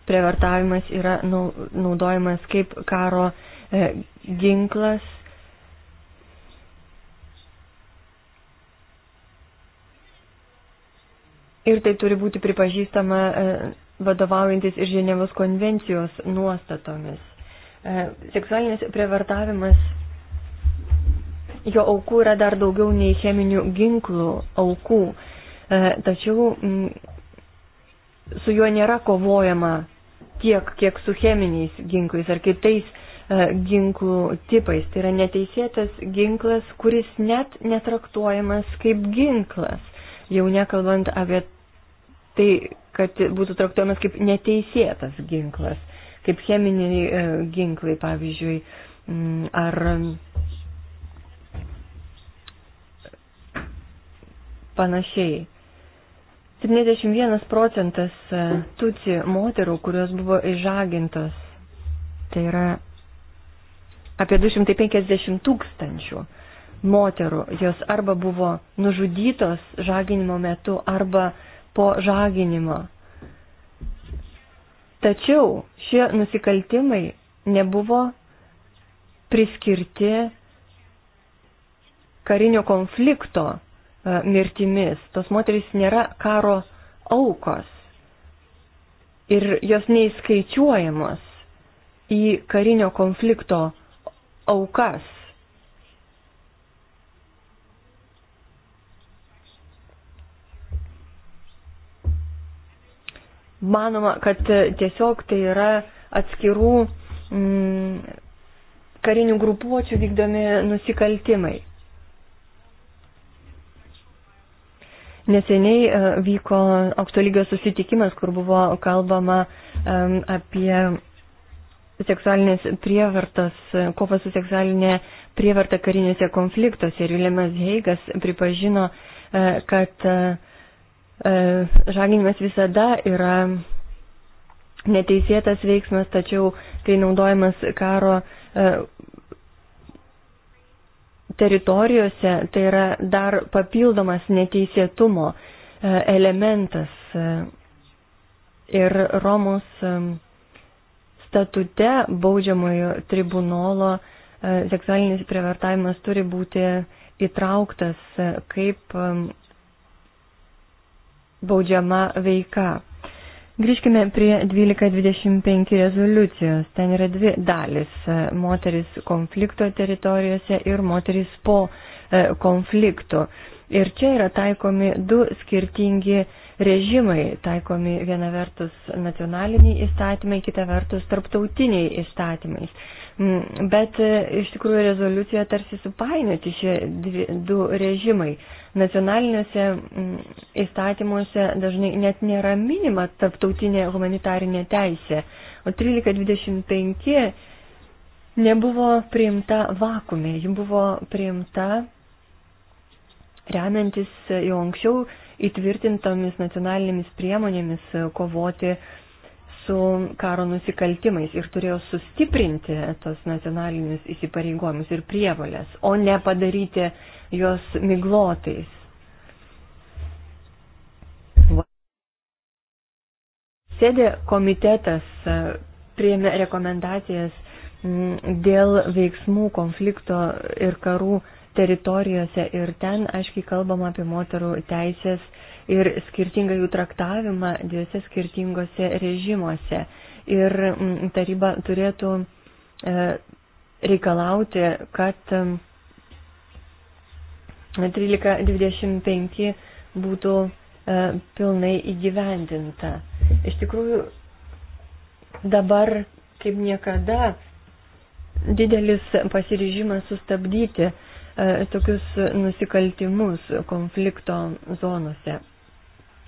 prievartavimas yra naudojamas kaip karo ginklas Ir tai turi būti pripažįstama e, vadovaujantis ir Ženevos konvencijos nuostatomis. E, seksualinis prievartavimas, jo aukų yra dar daugiau nei cheminių ginklų aukų, e, tačiau su juo nėra kovojama tiek, kiek su cheminiais ginklais ar kitais ginklų tipais. Tai yra neteisėtas ginklas, kuris net netraktuojamas kaip ginklas, jau nekalbant apie tai, kad būtų traktuojamas kaip neteisėtas ginklas, kaip cheminiai e, ginklai, pavyzdžiui, mm, ar panašiai. 71 procentas e, tuci moterų, kurios buvo išžagintos, tai yra apie 250 tūkstančių moterų, jos arba buvo nužudytos žaginimo metu, arba uh, po žaginimo. Tačiau šie nusikaltimai nebuvo priskirti karinio konflikto e, mirtimis. Tos moterys nėra karo aukos ir jos neįskaičiuojamos į karinio konflikto aukas. Manoma, kad e, tiesiog tai yra atskirų mm, karinių grupuočių vykdomi nusikaltimai. Neseniai e, vyko aukšto lygio susitikimas, kur buvo kalbama e, apie seksualinės prievartas, kovą su seksualinė prievarta karinėse konfliktuose. Ir Viljamas Heigas pripažino, kad E, žaginimas visada yra neteisėtas veiksmas, tačiau kai naudojamas karo e, teritorijose, tai yra dar papildomas neteisėtumo e, elementas. Ir Romos statute baudžiamojo tribunolo seksualinis prievartavimas turi būti įtrauktas kaip baudžiama veika. Grįžkime prie 1225 rezoliucijos. Ten yra dvi dalis - moteris konflikto teritorijose ir moteris po e, konflikto. Ir čia yra taikomi du skirtingi režimai. Taikomi viena vertus nacionaliniai įstatymai, kita vertus tarptautiniai įstatymai. Mm, bet e, iš tikrųjų rezoliucijoje tarsi supainioti šie dvi, du režimai. Nacionaliniuose mm, įstatymuose dažnai net nėra minima tarptautinė humanitarinė teisė, o 1325 nebuvo priimta vakume, ji buvo priimta remiantis jau anksčiau įtvirtintomis nacionalinėmis priemonėmis e, kovoti su karo nusikaltimais ir turėjo sustiprinti tos nacionalinius įsipareigojimus ir prievalės, o ne padaryti juos miglotais. Sėdė komitetas priėmė rekomendacijas dėl veiksmų konflikto ir karų teritorijose ir ten aiškiai kalbama apie moterų teisės ir skirtingą jų traktavimą dviese skirtingose režimuose. Ir mm, taryba turėtų e, reikalauti, kad 1325 mm, būtų e, pilnai įgyvendinta. Iš tikrųjų, dabar kaip niekada didelis pasiryžimas sustabdyti e, tokius nusikaltimus konflikto zonose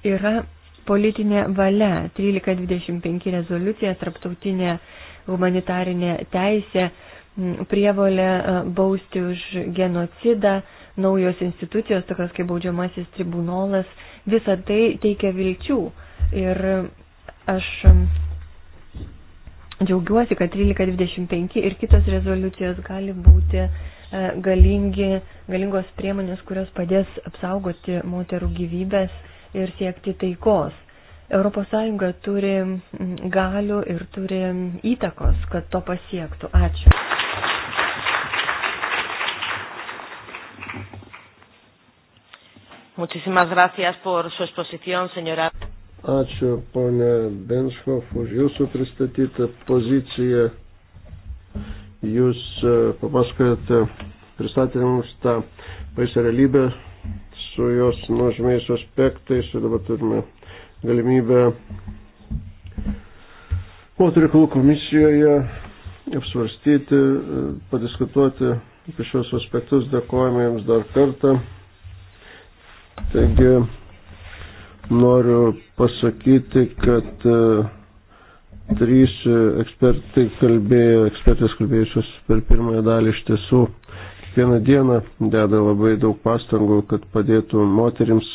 yra politinė valia. 1325 rezoliucija, traptautinė humanitarinė teisė, prievolė e, bausti už genocidą, naujos institucijos, tokios kaip baudžiamasis tribunolas, visa tai teikia vilčių. Ir aš džiaugiuosi, kad 1325 ir kitos rezoliucijos gali būti e, galingi, galingos priemonės, kurios padės apsaugoti moterų gyvybės ir siekti taikos. ES turi galių ir turi įtakos, kad to pasiektų. Ačiū. Muchísimas gracias por su exposición, señora. Ačiū, ponė Benškov, už jūsų pristatytą poziciją. Jūs e, papasakojate, pristatėte mums tą baisę realybę, su jos nuožmiais aspektais ir dabar turime galimybę moterų reikalų komisijoje apsvarstyti, padiskutuoti apie šios aspektus. Dėkojame jums dar kartą. Taigi noriu pasakyti, kad e, trys ekspertai kalbėjo, ekspertės kalbėjusios per pirmąją dalį iš tiesų kiekvieną dieną deda labai daug pastangų, kad padėtų moterims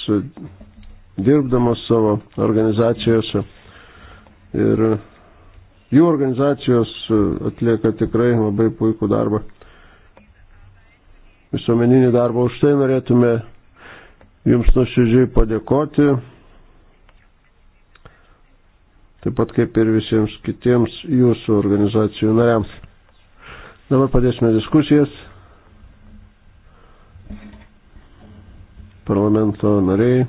dirbdamos savo organizacijose. Ir jų organizacijos atlieka tikrai labai puikų darbą. Visuomeninį darbą už tai norėtume Jums nuoširdžiai padėkoti. Taip pat kaip ir visiems kitiems jūsų organizacijų nariams. Dabar padėsime diskusijas. parlamento nariai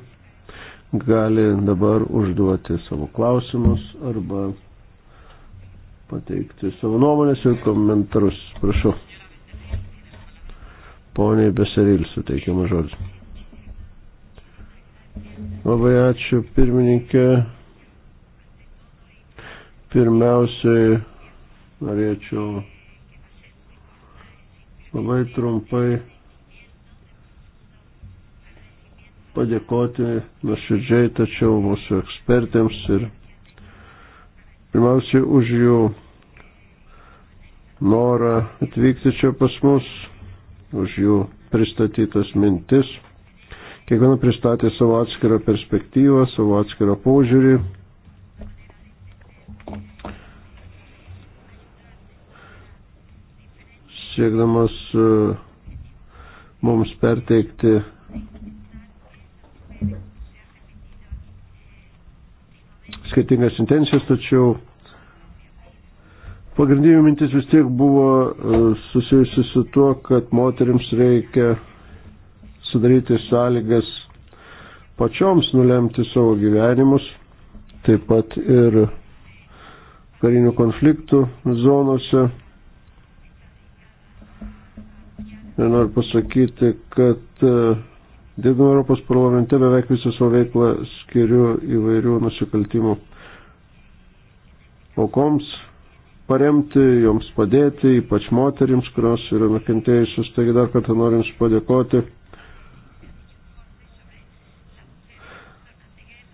gali dabar užduoti savo klausimus arba pateikti savo nuomonės ir komentarus. Prašau. Poniai Beseril suteikiama žodis. Labai ačiū pirmininkė. Pirmiausiai norėčiau labai trumpai padėkoti nuoširdžiai, tačiau mūsų ekspertėms ir pirmiausiai už jų norą atvykti čia pas mus, už jų pristatytas mintis. Kiekviena pristatė savo atskirą perspektyvą, savo atskirą požiūrį. Siekdamas e, mums perteikti skirtingas intencijas, tačiau pagrindinių mintis vis tiek buvo e, susijusi su tuo, kad moteriams reikia sudaryti sąlygas pačioms nulemti savo gyvenimus, taip pat ir karinių konfliktų zonose. Ir noriu pasakyti, kad uh, Dirbdama Europos parlamente beveik visą savo veiklą skiriu įvairių nusikaltimų aukoms paremti, joms padėti, ypač moterims, kurios yra nukentėjusios. Taigi dar kartą noriu Jums padėkoti.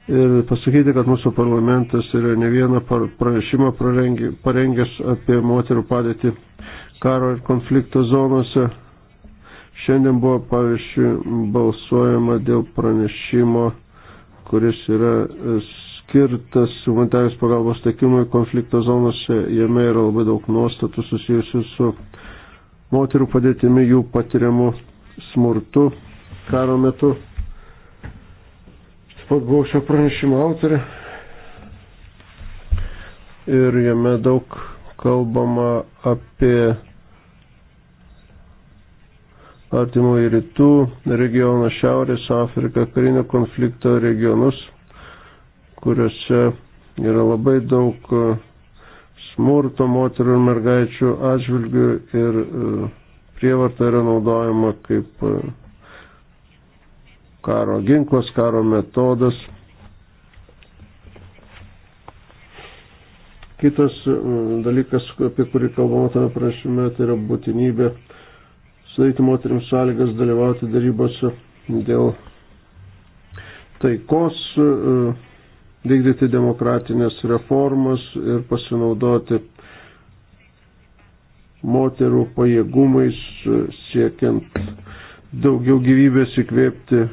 Ir pasakyti, kad mūsų parlamentas yra ne vieną pranešimą parengęs apie moterų padėtį karo ir konflikto zonose. Šiandien buvo, pavyzdžiui, balsuojama dėl pranešimo, kuris yra e, skirtas humanitarijos pagalbos teikimui konflikto zonose. Jame yra labai daug nuostatų susijusių su moterų padėtimi, jų patiriamu smurtu karo metu. Taip pat buvau šio pranešimo autorė. Ir jame daug kalbama apie artimųjų rytų regioną, Šiaurės Afriką, karinio konflikto regionus, kuriuose yra labai daug e, smurto moterų ir mergaičių atžvilgių ir e, prievarta yra naudojama kaip e, karo ginklas, karo metodas. Kitas dalykas, apie kurį kalbama tame prašyme, tai yra būtinybė sudaryti moteriams sąlygas dalyvauti darybose dėl taikos, e, vykdyti demokratinės reformas ir pasinaudoti moterų pajėgumais e, siekiant daugiau gyvybės įkvėpti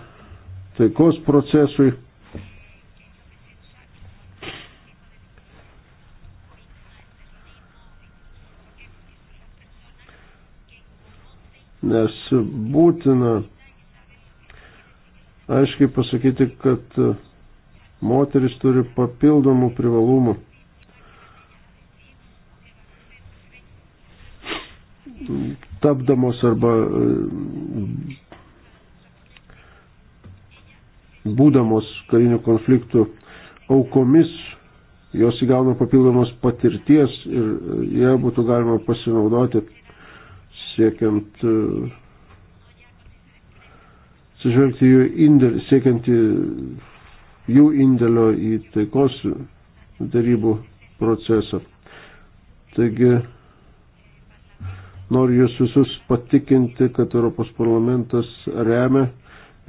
taikos procesui. nes būtina aiškiai pasakyti, kad moteris turi papildomų privalumų. Tapdamos arba e, būdamos karinių konfliktų aukomis, jos įgauna papildomos patirties ir e, ją būtų galima pasinaudoti siekiant e, atsižvelgti jų indėlį, siekiant jų indėlio į taikos darybų procesą. Taigi noriu jūs visus patikinti, kad Europos parlamentas remia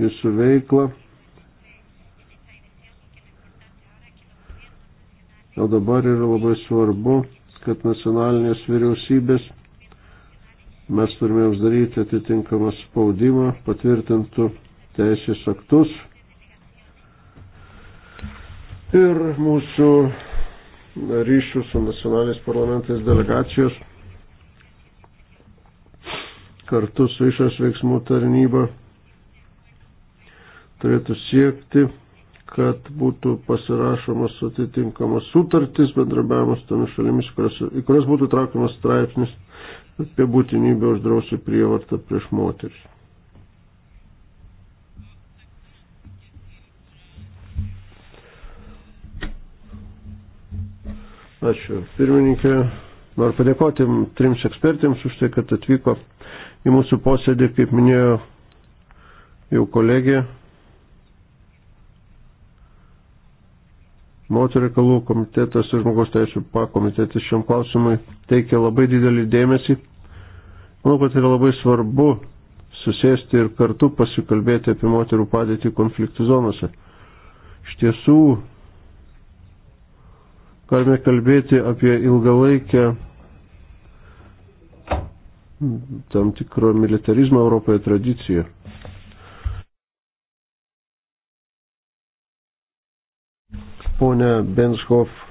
jūsų veiklą. O dabar yra labai svarbu, kad nacionalinės vyriausybės mes turime uždaryti atitinkamą spaudimą patvirtintų teisės aktus. Ir mūsų ryšių su nacionaliniais parlamentais delegacijos kartu su išorės veiksmų tarnyba turėtų siekti, kad būtų pasirašomas atitinkamas sutartis bendrabiavimas tomis šalimis, į kurias būtų traukiamas straipsnis apie būtinybę uždrausti prievartą prieš moteris. Ačiū pirmininkė. Noriu padėkoti trims ekspertėms už tai, kad atvyko į mūsų posėdį, kaip minėjo jau kolegė. Moterų reikalų komitetas ir žmogaus teisų pakomitetis šiam klausimui teikia labai didelį dėmesį. Manau, kad yra labai svarbu susėsti ir kartu pasikalbėti apie moterų padėtį konfliktų zonose. Iš tiesų, galime kalbėti apie ilgalaikę tam tikro militarizmo Europoje tradiciją. Pone Benshoff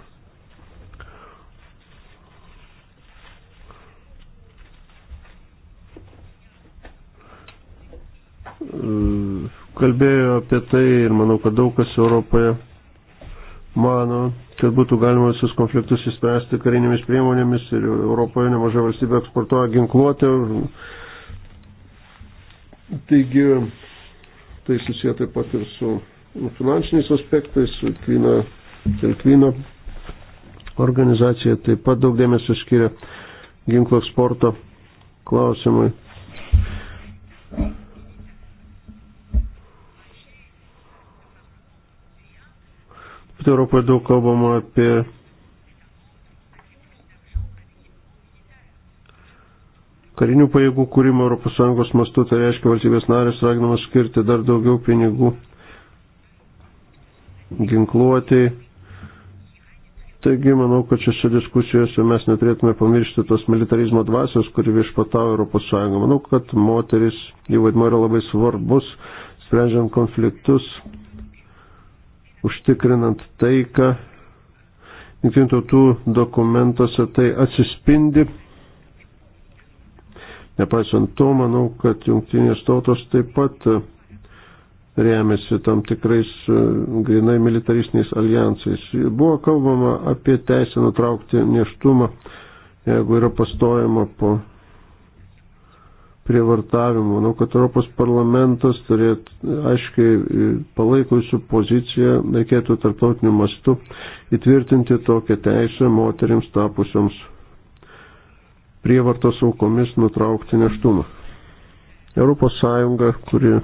kalbėjo apie tai ir manau, kad daug kas Europoje mano, kad būtų galima visus konfliktus įspręsti karinėmis priemonėmis ir Europoje nemažai valstybė eksportuoja ginkluotę. Taigi, tai susiję taip pat ir su finansiniais aspektais, su Kvino, Telkvino organizacija taip pat daug dėmesio skiria ginklo eksporto klausimui. kontekste Europoje daug kalbama apie karinių pajėgų kūrimą ES mastu, tai reiškia valstybės narės raginamas skirti dar daugiau pinigų ginkluotėjai. Taigi, manau, kad šiose diskusijose mes neturėtume pamiršti tos militarizmo dvasios, kuri viešpatavo Europos Sąjungą. Manau, kad moteris jų vaidmo yra labai svarbus, sprendžiant konfliktus, užtikrinant taiką. Jungtinių tautų dokumentuose tai atsispindi. Nepaisant to, manau, kad jungtinės tautos taip pat remiasi tam tikrais e, grinai militaristiniais alijansais. Buvo kalbama apie teisę nutraukti neštumą, jeigu yra pastojama po prievartavimu. Manau, kad Europos parlamentas turėtų aiškiai palaikusių poziciją, reikėtų tarptautiniu mastu įtvirtinti tokią teisę moteriams tapusioms prievartos aukomis nutraukti neštumą. Europos Sąjunga, kuri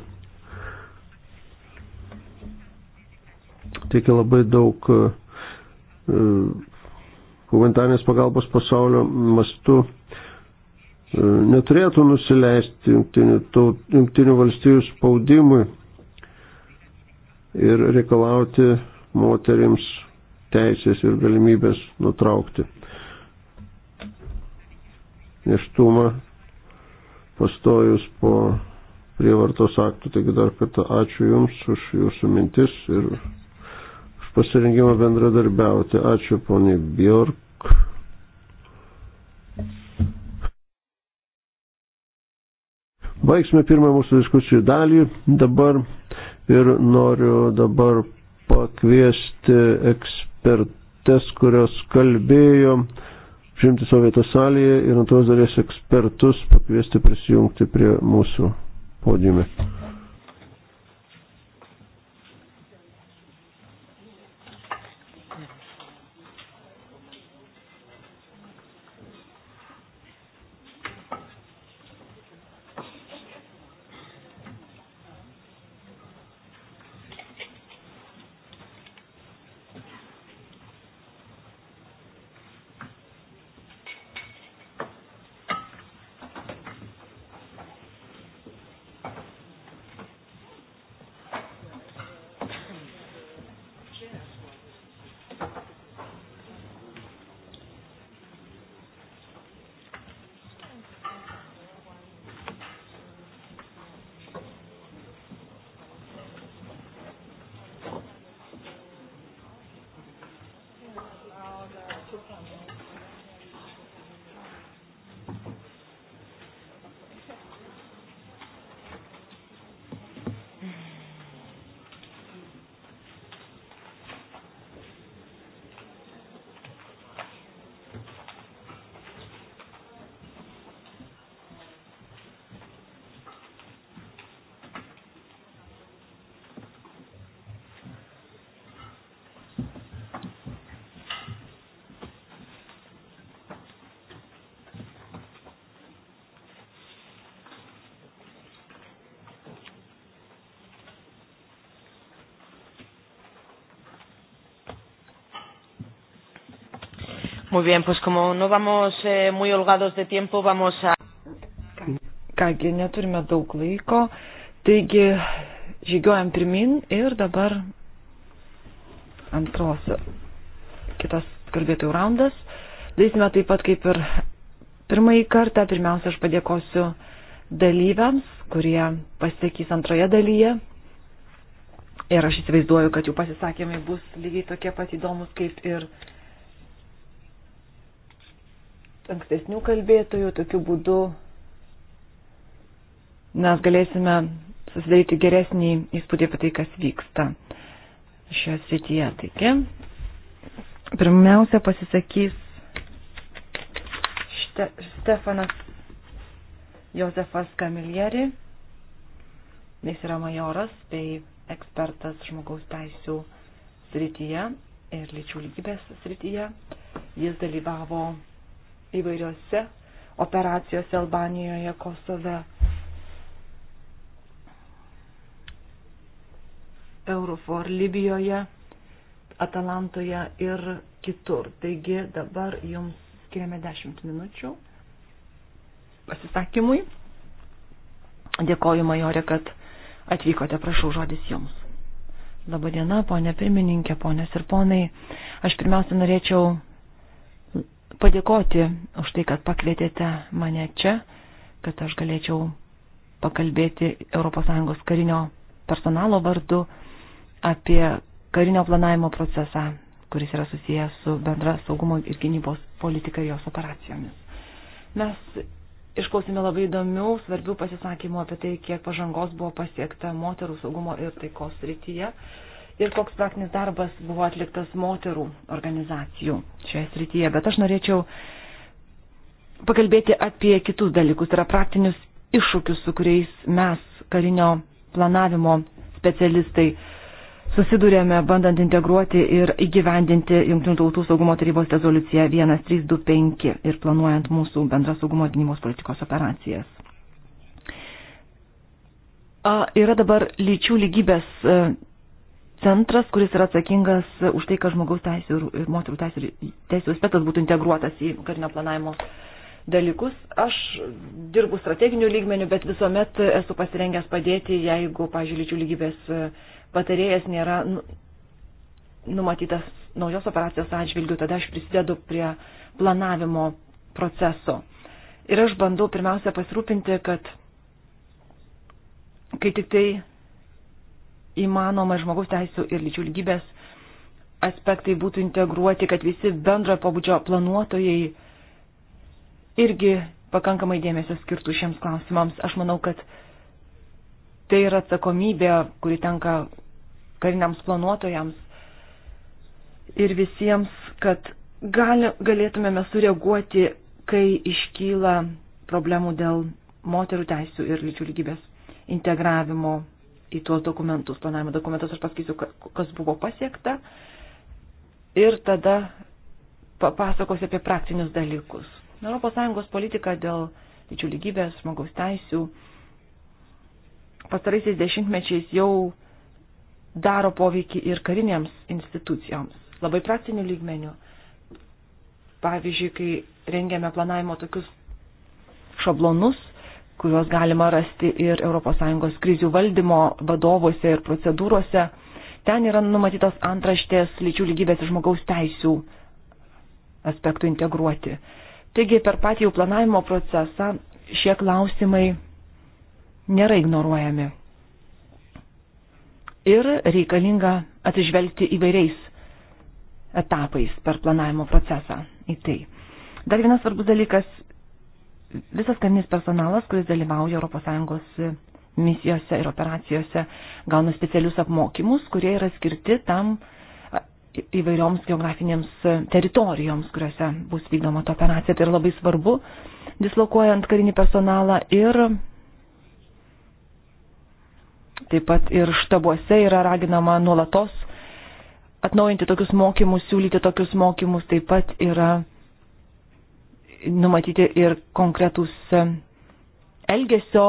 teikia labai daug e, humanitarnės pagalbos pasaulio mastu neturėtų nusileisti jungtinių, taut, jungtinių valstybių spaudimui ir reikalauti moterims teisės ir galimybės nutraukti neštumą pastojus po prievartos aktų. Taigi dar kartą ačiū Jums už Jūsų mintis ir už pasirinkimą bendradarbiauti. Ačiū poniai Bjork. Baigsime pirmąją mūsų diskusijų dalį dabar ir noriu dabar pakviesti ekspertes, kurios kalbėjo, žimti savo vietą salėje ir antros dalies ekspertus pakviesti prisijungti prie mūsų podiume. Muy bien, pues como no vamos eh, muy holgados de tiempo, vamos a. Kągi, neturime daug laiko, taigi žygiuojam pirmin ir dabar antros kitas kalbėtojų raundas. Darysime taip pat kaip ir pirmąjį kartą. Pirmiausia, aš padėkosiu dalyviams, kurie pasisakys antroje dalyje. Ir aš įsivaizduoju, kad jų pasisakymai bus lygiai tokie pat įdomus kaip ir ankstesnių kalbėtojų, tokiu būdu mes galėsime susidaryti geresnį įspūdį apie tai, kas vyksta šioje srityje. Taigi, pirmiausia pasisakys Šte Stefanas Josefas Kamiljeri, jis yra majoras bei ekspertas žmogaus teisų srityje ir lyčių lygybės srityje. Jis dalyvavo įvairiose operacijose Albanijoje, Kosove. Eurofor Libijoje, Atalantoje ir kitur. Taigi dabar jums skiriame 10 minučių pasisakymui. Dėkoju, majorė, kad atvykote, prašau žodis jums. Labadiena, ponė pirmininkė, ponės ir ponai. Aš pirmiausia norėčiau padėkoti už tai, kad pakvietėte mane čia, kad aš galėčiau pakalbėti ES karinio personalo vardu apie karinio planavimo procesą, kuris yra susijęs su bendra saugumo ir gynybos politika ir jos operacijomis. Mes išklausėme labai įdomių, svarbių pasisakymų apie tai, kiek pažangos buvo pasiekta moterų saugumo ir taikos rytyje ir koks praktinis darbas buvo atliktas moterų organizacijų šioje srityje. Bet aš norėčiau pakalbėti apie kitus dalykus, tai yra praktinius iššūkius, su kuriais mes karinio planavimo specialistai susidurėme, bandant integruoti ir įgyvendinti Junktinių tautų saugumo tarybos rezoliuciją 1325 ir planuojant mūsų bendras saugumo gynybos politikos operacijas. A, yra dabar lyčių lygybės e, centras, kuris yra atsakingas už tai, kad žmogaus teisų ir, ir moterų teisų, teisų aspektas būtų integruotas į karinio planavimo dalykus. Aš dirbu strateginių lygmenių, bet visuomet esu pasirengęs padėti, jeigu, pažiūrėjau, lyčių lygybės patarėjas nėra nu, numatytas naujos operacijos atžvilgių, tada aš prisidedu prie planavimo proceso. Ir aš bandau pirmiausia pasirūpinti, kad kai tik tai įmanoma žmogaus teisų ir lyčių lygybės aspektai būtų integruoti, kad visi bendrojo pabudžio planuotojai irgi pakankamai dėmesio skirtų šiems klausimams. Aš manau, kad tai yra atsakomybė, kuri tenka kariniams planuotojams ir visiems, kad gali, galėtumėme sureaguoti, kai iškyla problemų dėl moterų teisų ir lyčių lygybės integravimo į tuos dokumentus, planavimo dokumentus, aš pasakysiu, kas buvo pasiekta ir tada papasakosiu apie praktinius dalykus. ES politika dėl lyčių lygybės, žmogaus teisių pastaraisiais dešimtmečiais jau daro poveikį ir karinėms institucijoms, labai praktinių lygmenių. Pavyzdžiui, kai rengėme planavimo tokius šablonus, kuriuos galima rasti ir ES krizių valdymo vadovuose ir procedūrose. Ten yra numatytos antraštės lyčių lygybės ir žmogaus teisų aspektų integruoti. Taigi per patį jų planavimo procesą šie klausimai nėra ignoruojami. Ir reikalinga atsižvelgti įvairiais etapais per planavimo procesą į tai. Dar vienas svarbus dalykas visas karinis personalas, kuris dalyvauja ES misijose ir operacijose, gauna specialius apmokymus, kurie yra skirti tam įvairioms geografinėms e, teritorijoms, kuriuose bus vykdoma ta operacija. Tai yra labai svarbu, dislokuojant karinį personalą ir taip pat ir štabuose yra raginama nuolatos atnaujinti tokius mokymus, siūlyti tokius mokymus, taip pat yra numatyti ir konkretūs e, elgesio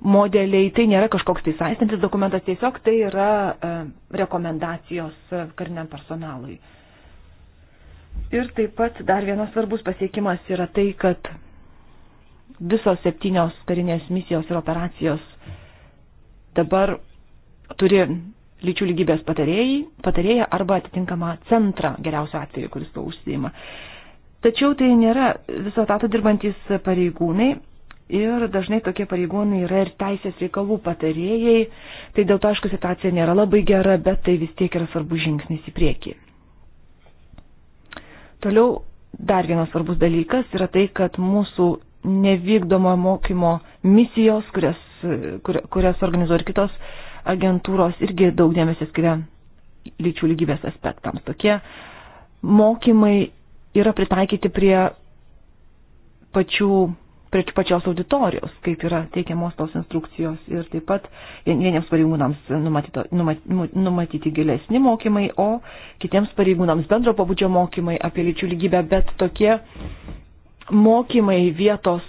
modeliai. Tai nėra kažkoks tai saistantis dokumentas, tiesiog tai yra e, rekomendacijos e, kariniam personalui. Ir taip pat dar vienas svarbus pasiekimas yra tai, kad visos septynios karinės misijos ir operacijos dabar turi lyčių lygybės patarėjai, patarėją arba atitinkamą centrą, geriausiu atveju, kuris to užsieima. Tačiau tai nėra viso tato dirbantis pareigūnai ir dažnai tokie pareigūnai yra ir teisės reikalų patarėjai, tai dėl to, aišku, situacija nėra labai gera, bet tai vis tiek yra svarbus žingsnis į priekį. Toliau dar vienas svarbus dalykas yra tai, kad mūsų nevykdomo mokymo misijos, kurias, kur, kurias organizuoja ir kitos agentūros, irgi daug dėmesio skiria lyčių lygybės aspektams. Tokie mokymai yra pritaikyti prie pačių prie pačios auditorijos, kaip yra teikiamos tos instrukcijos ir taip pat vieniems pareigūnams numatyto, nu, numatyti gilesni mokymai, o kitiems pareigūnams bendro pabudžio mokymai apie lyčių lygybę, bet tokie mokymai vietos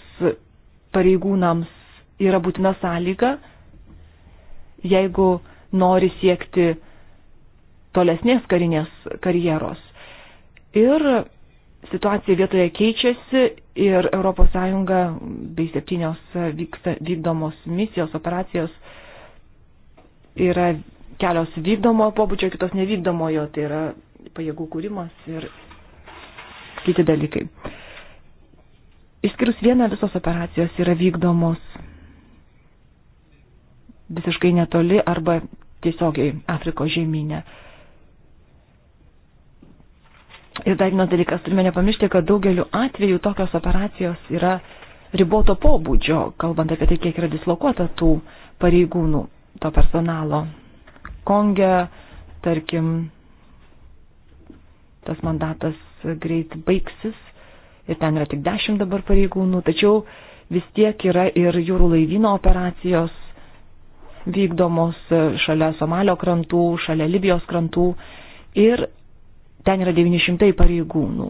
pareigūnams yra būtina sąlyga, jeigu nori siekti tolesnės karinės karjeros. Ir situacija vietoje keičiasi ir ES bei septynios vyksta, vykdomos misijos, operacijos yra kelios vykdomojo pobūdžio, kitos nevykdomojo, tai yra pajėgų kūrimas ir kiti dalykai. Išskyrus vieną visos operacijos yra vykdomos visiškai netoli arba tiesiogiai Afrikos žemynė. Ir dar vienas dalykas, turime nepamiršti, kad daugeliu atveju tokios operacijos yra riboto pobūdžio, kalbant apie tai, kiek yra dislokuota tų pareigūnų, to personalo. Konge, tarkim, tas mandatas greit baigsis ir ten yra tik dešimt dabar pareigūnų, tačiau vis tiek yra ir jūrų laivyno operacijos vykdomos šalia Somalio krantų, šalia Libijos krantų ir ten yra 900 pareigūnų.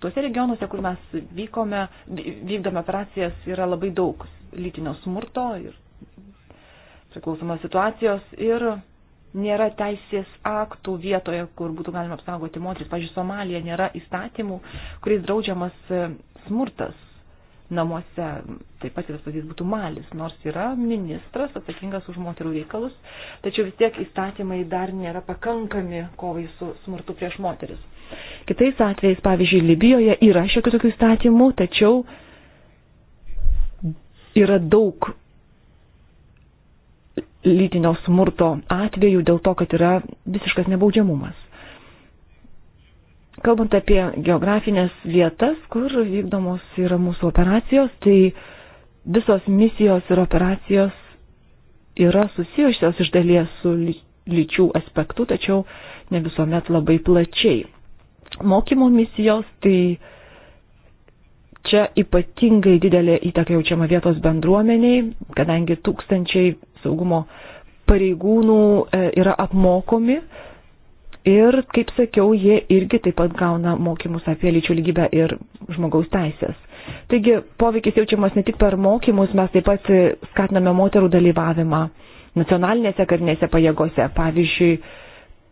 Tuose regionuose, kur mes vykome, vykdome operacijas, yra labai daug lytinio smurto ir priklausomos situacijos ir nėra teisės aktų vietoje, kur būtų galima apsaugoti moteris. Pavyzdžiui, Somalija nėra įstatymų, kuriais draudžiamas smurtas namuose. Taip pat kitas pavyzdys būtų Malis, nors yra ministras atsakingas už moterų reikalus, tačiau vis tiek įstatymai dar nėra pakankami kovai su smurtu prieš moteris. Kitais atvejais, pavyzdžiui, Libijoje yra šiokių tokių įstatymų, tačiau yra daug lytinio smurto atvejų dėl to, kad yra visiškas nebaudžiamumas. Kalbant apie geografinės vietas, kur vykdomos yra mūsų operacijos, tai visos misijos ir operacijos yra susijusios iš dalies su lyčių aspektu, tačiau ne visuomet labai plačiai. Mokymo misijos, tai čia ypatingai didelė įtaka jaučiama vietos bendruomeniai, kadangi tūkstančiai saugumo pareigūnų e, yra apmokomi Ir, kaip sakiau, jie irgi taip pat gauna mokymus apie lyčių lygybę ir žmogaus teisės. Taigi, poveikis jaučiamas ne tik per mokymus, mes taip pat skatiname moterų dalyvavimą nacionalinėse karinėse pajėgose. Pavyzdžiui,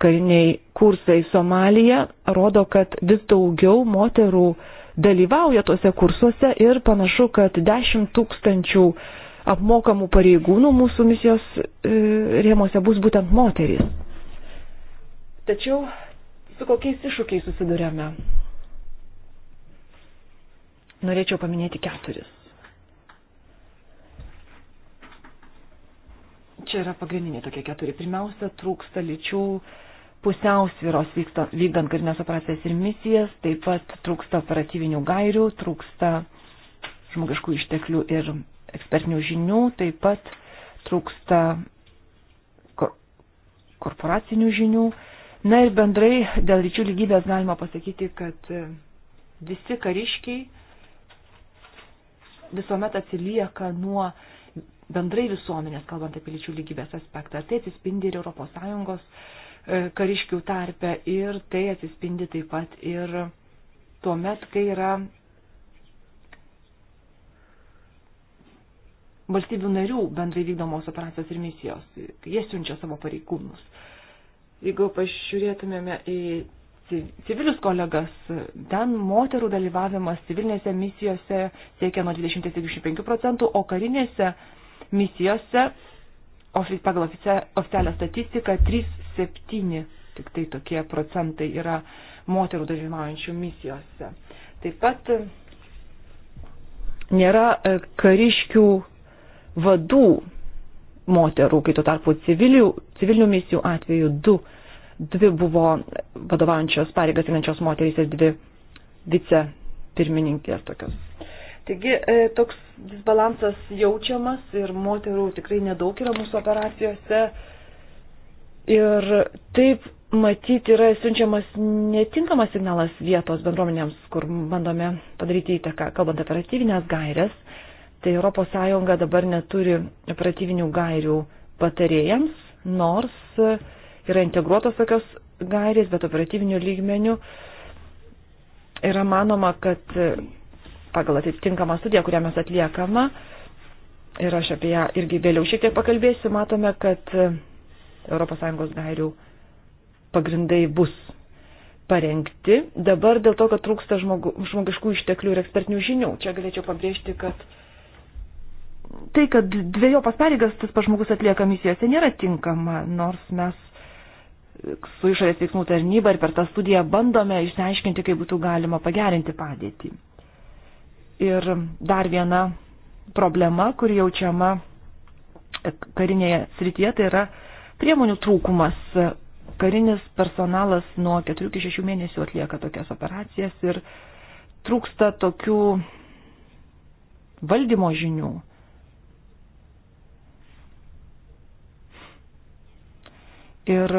kariniai kursai Somalija rodo, kad vis daugiau moterų dalyvauja tuose kursuose ir panašu, kad 10 tūkstančių apmokamų pareigūnų mūsų misijos e, rėmose bus būtent moterys. Tačiau su kokiais iššūkiais susidurėme? Norėčiau paminėti keturis. Čia yra pagrindiniai tokie keturi. Pirmiausia, trūksta lyčių pusiausvyros vyksta, vykdant karinės operacijas ir misijas, taip pat trūksta operatyvinių gairių, trūksta žmogiškų išteklių ir ekspertinių žinių, taip pat trūksta korporacinių žinių, Na ir bendrai dėl lyčių lygybės galima pasakyti, kad e, visi kariškiai visuomet atsilieka nuo bendrai visuomenės, kalbant apie lyčių lygybės aspektą. Tai atsispindi ir ES e, kariškių tarpe ir tai atsispindi taip pat ir tuo met, kai yra valstybių narių bendrai vykdomos operacijos ir misijos. Jie siunčia savo pareigūnus. Jeigu pažiūrėtumėme į civilius kolegas, ten moterų dalyvavimas civilinėse misijose siekia nuo 20-25 procentų, o karinėse misijose, pagal oficialią statistiką, 3-7 tik tai tokie procentai yra moterų dalyvaujančių misijose. Taip pat e, nėra e, kariškių vadų moterų, kai tuo tarpu civilių, civilinių misijų atveju du, dvi buvo vadovaujančios pareigas einančios moterys ir dvi vicepirmininkės tokios. Taigi e, toks disbalansas jaučiamas ir moterų tikrai nedaug yra mūsų operacijose. Ir taip matyti yra siunčiamas netinkamas signalas vietos bendruomenėms, kur bandome padaryti įtaką, kalbant operatyvinės gairės tai ES dabar neturi operatyvinių gairių patarėjams, nors yra integruotos tokios gairės, bet operatyvinių lygmenių yra manoma, kad pagal atitinkamą studiją, kurią mes atliekama, ir aš apie ją irgi vėliau šiek tiek pakalbėsiu, matome, kad ES gairių pagrindai bus parengti. Dabar dėl to, kad trūksta žmogu, žmogiškų išteklių ir ekspertinių žinių, čia galėčiau pabrėžti, kad tai, kad dviejopas pareigas tas pats žmogus atlieka misijose, nėra tinkama, nors mes su išorės veiksmų tarnyba ir per tą studiją bandome išsiaiškinti, kaip būtų galima pagerinti padėtį. Ir dar viena problema, kuri jaučiama karinėje srityje, tai yra priemonių trūkumas. Karinis personalas nuo 4 iki 6 mėnesių atlieka tokias operacijas ir trūksta tokių valdymo žinių Ir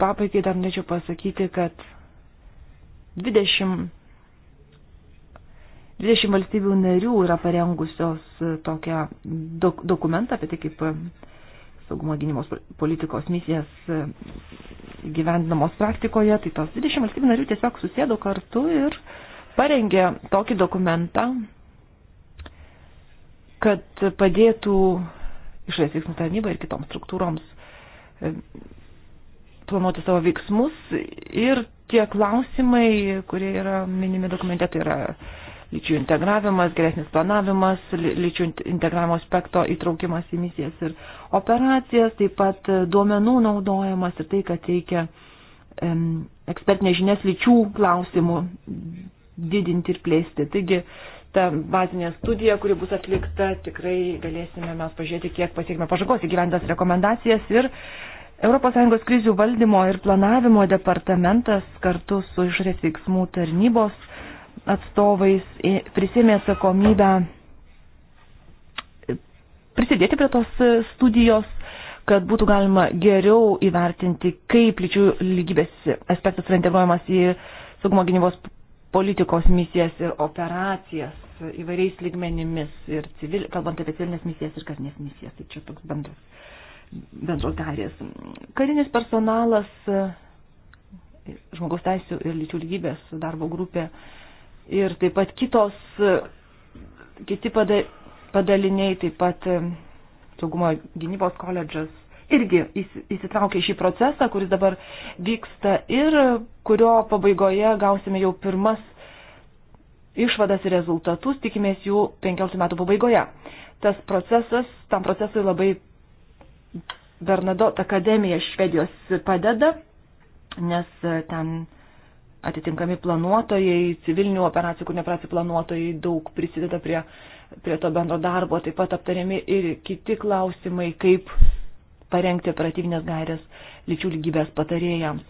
pabaigai dar norėčiau pasakyti, kad 20, 20 valstybių narių yra parengusios tokią dok, dokumentą apie tai, kaip saugumo gynimos politikos misijas gyvendinamos praktikoje. Tai tos 20 valstybių narių tiesiog susėdo kartu ir parengė tokį dokumentą, kad padėtų išorės veiksmų tarnybai ir kitoms struktūroms e, planuoti savo veiksmus ir tie klausimai, kurie yra minimi dokumente, tai yra lyčių integravimas, geresnis planavimas, lyčių integravimo aspekto įtraukimas į misijas ir operacijas, taip pat duomenų naudojimas ir tai, kad reikia ekspertinės žinias lyčių klausimų didinti ir plėsti. Taigi ta bazinė studija, kuri bus atlikta, tikrai galėsime mes pažiūrėti, kiek pasiekime pažagos įgyventas rekomendacijas ir ES krizių valdymo ir planavimo departamentas kartu su išorės veiksmų tarnybos atstovais prisėmė atsakomybę prisidėti prie tos studijos kad būtų galima geriau įvertinti, kaip lyčių lygybės aspektas yra integruojamas į saugumo gynybos politikos misijas ir operacijas įvairiais ligmenimis ir civil, kalbant apie civilinės misijas ir karinės misijas, tai čia toks bendras, bendros darės. Karinis personalas, žmogaus teisų ir lyčių lygybės darbo grupė ir taip pat kitos, kiti pada, padaliniai, taip pat saugumo gynybos koledžas irgi įsitraukia į šį procesą, kuris dabar vyksta ir kurio pabaigoje gausime jau pirmas išvadas ir rezultatus, tikimės jų 15 metų pabaigoje. Tas procesas, tam procesui labai Bernadotte akademija Švedijos padeda, nes e, ten atitinkami planuotojai, civilinių operacijų, kur neoperacijų planuotojai daug prisideda prie, prie to bendro darbo, taip pat aptariami ir kiti klausimai, kaip parengti operatyvinės gairės lyčių lygybės patarėjams.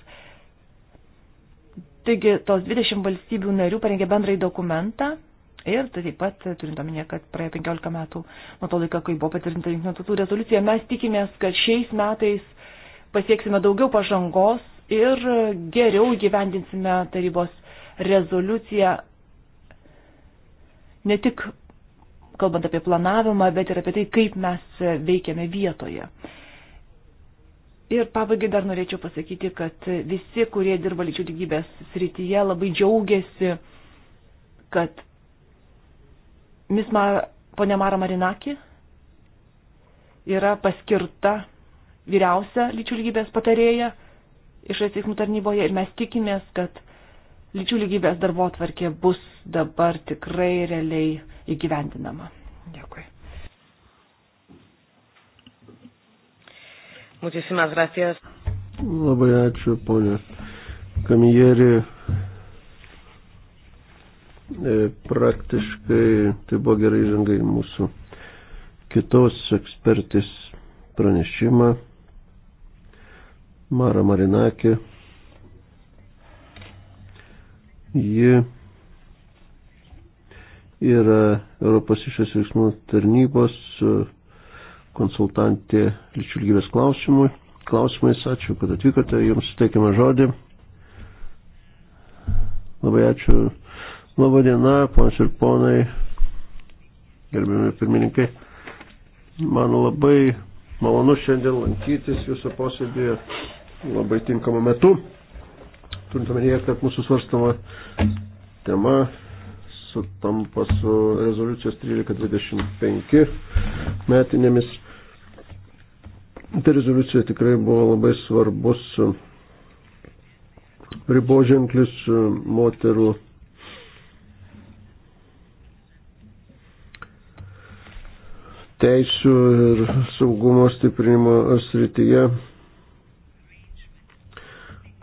Taigi tos 20 valstybių narių parengė bendrąjį dokumentą ir tai taip pat turint omenyje, kad praėjo 15 metų nuo to laiko, kai buvo patvirtinta jungtinių tautų rezoliucija, mes tikimės, kad šiais metais pasieksime daugiau pažangos ir geriau gyvendinsime tarybos rezoliuciją ne tik kalbant apie planavimą, bet ir apie tai, kaip mes veikiame vietoje. Uh, Ir pabaigai dar norėčiau pasakyti, kad visi, kurie dirba lyčių lygybės srityje, labai džiaugiasi, kad misma ponia Mara Marinaki yra paskirta vyriausia lyčių lygybės patarėja iš atsiekimų tarnyboje ir mes tikimės, kad lyčių lygybės darbo tvarkė bus dabar tikrai realiai įgyvendinama. Dėkui. Muchísimas gracias. Labai ačiū, ponė Kamijeri. E, praktiškai tai buvo gerai žengai mūsų kitos ekspertės pranešimą. Mara Marinakė. Ji yra Europos išės veiksmų tarnybos konsultantė lyčių lygybės klausimui. klausimais. Ačiū, kad atvykote, jums suteikime žodį. Labai ačiū. Labą dieną, ponas ir ponai, gerbiami pirmininkai. Man labai malonu šiandien lankytis jūsų posėdėje labai tinkamu metu. Turint omenyje, kad mūsų svarstama tema sutampa su rezoliucijos 1325 metinėmis Ta rezoliucija tikrai buvo labai svarbus e, riboženklis e, moterų teisų ir saugumo stiprinimo srityje.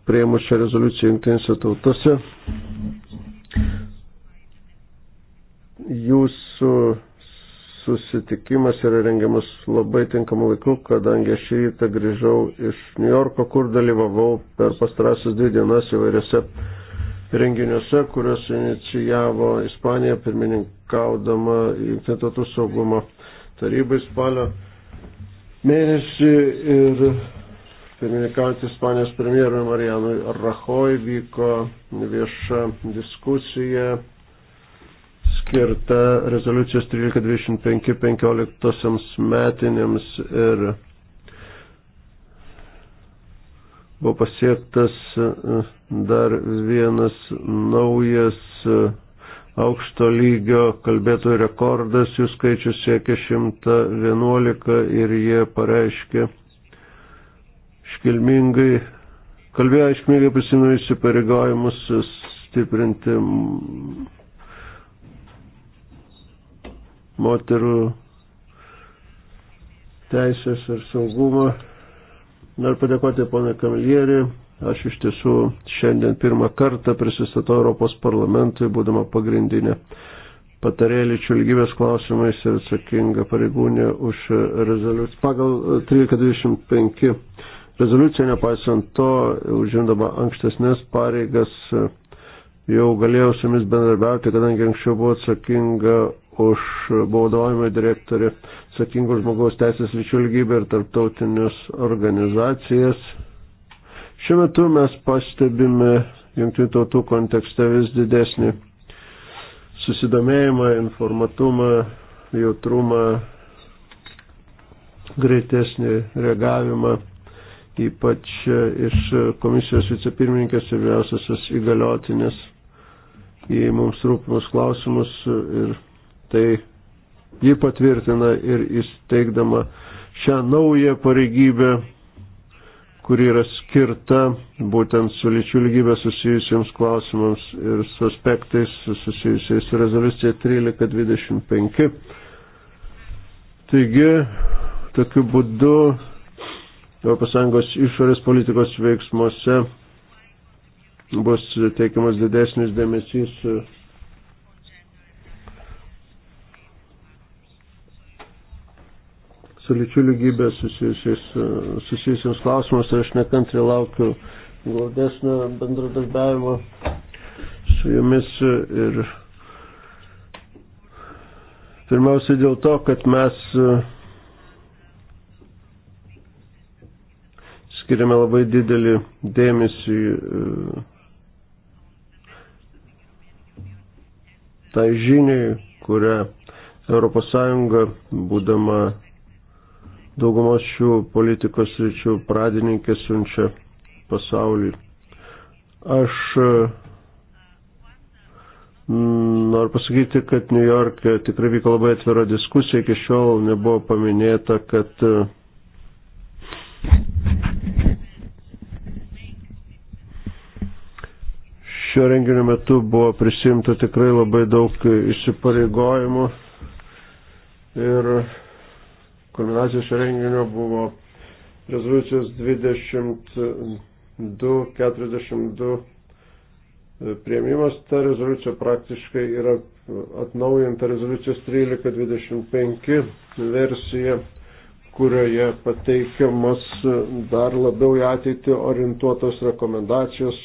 Prieimus šią rezoliuciją jungtinėse tautose. Jūsų susitikimas yra rengiamas labai tinkamu laiku, kadangi aš šį rytą grįžau iš New Yorko, kur dalyvavau per pastarąsias dvi dienas įvairiose renginiuose, kuriuos inicijavo Ispanija pirmininkaudama Junktinių tautų saugumo tarybai spalio mėnesį ir pirmininkaujant Ispanijos premjerui Marijanui Rahoj vyko vieša diskusija skirta rezoliucijos 13.25.15 metinėms ir buvo pasiektas e, dar vienas naujas e, aukšto lygio kalbėtojų rekordas, jų skaičius siekia 111 ir jie pareiškė iškilmingai, kalbėjo iškilmingai prisimenu įsipareigojimus stiprinti moterų teisės ir saugumo. Noriu padėkoti ponai Kamilierį. Aš iš tiesų šiandien pirmą kartą prisistatau Europos parlamentui, būdama pagrindinė patarėlį čiulgybės klausimais ir atsakinga pareigūnė už rezoliuciją. Pagal 1325 rezoliuciją, nepaisant to, užimdama ankstesnės pareigas, jau galėjau su jumis bendarbiauti, kadangi anksčiau buvau atsakinga už baudojimą direktorį atsakingų žmogaus teisės lyčių lygybę ir tarptautinės organizacijas. Šiuo metu mes pastebime jungtinių tautų kontekste vis didesnį susidomėjimą, informatumą, jautrumą, greitesnį reagavimą, ypač iš komisijos vicepirmininkės ir vyriausiosios įgaliotinės į mums rūpimus klausimus ir Tai ji patvirtina ir įsteigdama šią naują pareigybę, kuri yra skirta būtent su lyčių lygybė susijusiems klausimams ir su aspektais susijusiais su rezoliucija 1325. Taigi, tokiu būdu ES išorės politikos veiksmuose bus teikiamas didesnis dėmesys su lyčių lygybė susijusius klausimus ir aš nekantri laukiu glaudesnio bendradarbiavimo su jumis ir pirmiausia dėl to, kad mes uh, skiriame labai didelį dėmesį uh, tai žiniai, kurią ES būdama daugumos šių politikos ryčių pradininkė siunčia pasauliui. Aš e, noriu pasakyti, kad New York'e tikrai vyko labai atvira diskusija, iki šiol nebuvo paminėta, kad e, šio renginio metu buvo prisimta tikrai labai daug įsipareigojimų ir Kulminacija šio renginio buvo rezoliucijos 22-42 prieimimas. Ta rezoliucija praktiškai yra atnaujinta rezoliucijos 13-25 versija kurioje pateikiamas dar labiau į ateitį orientuotos rekomendacijos,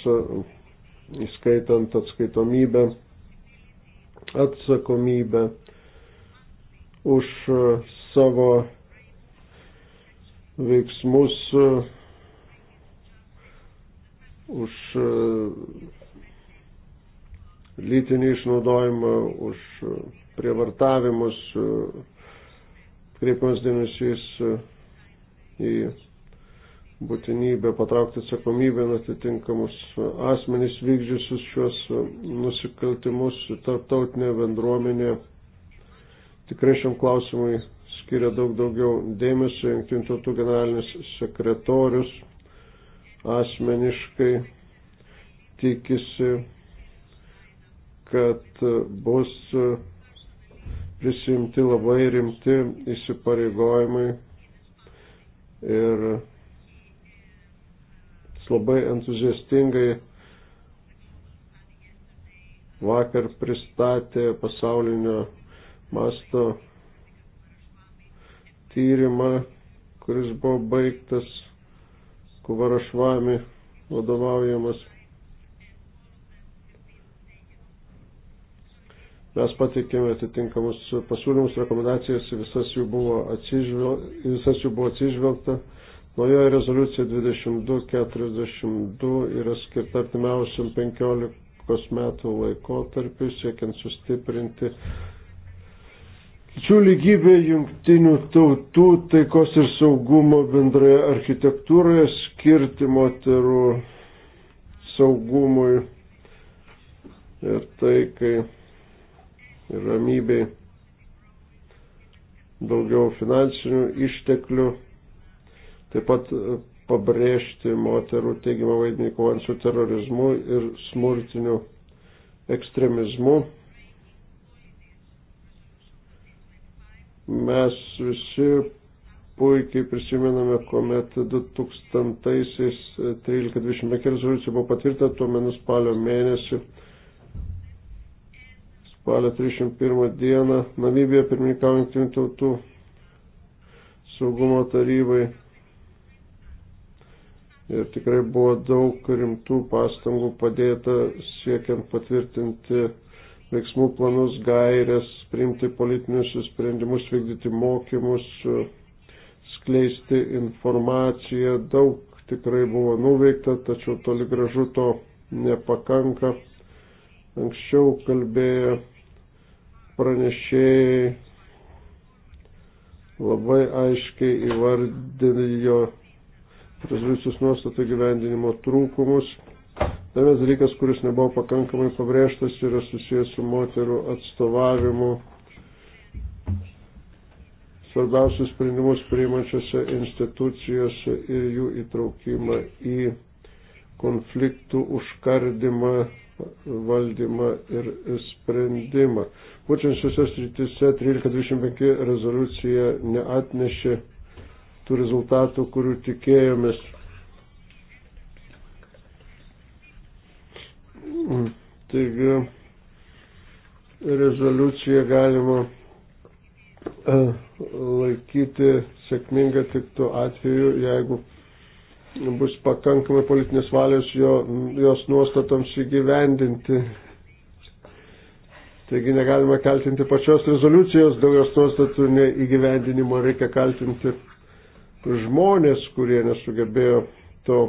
įskaitant atskaitomybę, atsakomybę už savo veiksmus e, už e, lytinį išnaudojimą, už e, prievartavimus, kreipiamas dėmesys į būtinybę patraukti atsakomybę atitinkamus asmenys vykdžiusius šios nusikaltimus tarptautinė bendruomenė tikrai šiam klausimui skiria daug daugiau dėmesio, jungtinių tautų generalinis sekretorius asmeniškai tikisi, kad bus prisimti labai rimti įsipareigojimai ir labai entuziastingai vakar pristatė pasaulinio masto tyrimą, kuris buvo baigtas Kuvarašvami vadovaujamas. Mes pateikėme atitinkamus pasiūlymus, rekomendacijas, visas jų buvo, atsižvel... visas jų buvo atsižvelgta. Naujoje rezoliucija 2242 yra skirta artimiausiam 15 metų laikotarpiu, siekiant sustiprinti Lyčių lygybė jungtinių tautų taikos ir saugumo bendroje architektūroje skirti moterų saugumui ir taikai ir ramybei daugiau finansinių išteklių, taip pat e, pabrėžti moterų teigiamą vaidmenį kovant su terorizmu ir smurtiniu ekstremizmu. Mes visi puikiai prisimename, kuomet 2000-aisiais 1325 rezoliucija buvo patvirtinta, tuo menu spalio mėnesį, spalio 31 dieną, Namibija pirmininkaujant jungtinių tautų saugumo tarybai. Ir tikrai buvo daug rimtų pastangų padėta siekiant patvirtinti veiksmų planus, gairias, priimti politinius sprendimus, vykdyti mokymus, skleisti informaciją. Daug tikrai buvo nuveikta, tačiau toli gražu to nepakanka. Anksčiau kalbėjo pranešėjai labai aiškiai įvardino rezoliucijos nuostatų gyvendinimo trūkumus Dar vienas dalykas, kuris nebuvo pakankamai pabrėžtas, yra susijęs su moterų atstovavimu svarbiausius sprendimus priimančiose institucijose ir jų įtraukimą į konfliktų užkardimą, valdymą ir sprendimą. Būtent šiose srityse 1325 rezoliucija neatnešė tų rezultatų, kurių tikėjomės. Taigi rezoliuciją galima e, laikyti sėkmingą tik tuo atveju, jeigu bus pakankamai politinės valios jo, jos nuostatoms įgyvendinti. Taigi negalima kaltinti pačios rezoliucijos dėl jos nuostatų neįgyvendinimo, reikia kaltinti žmonės, kurie nesugebėjo to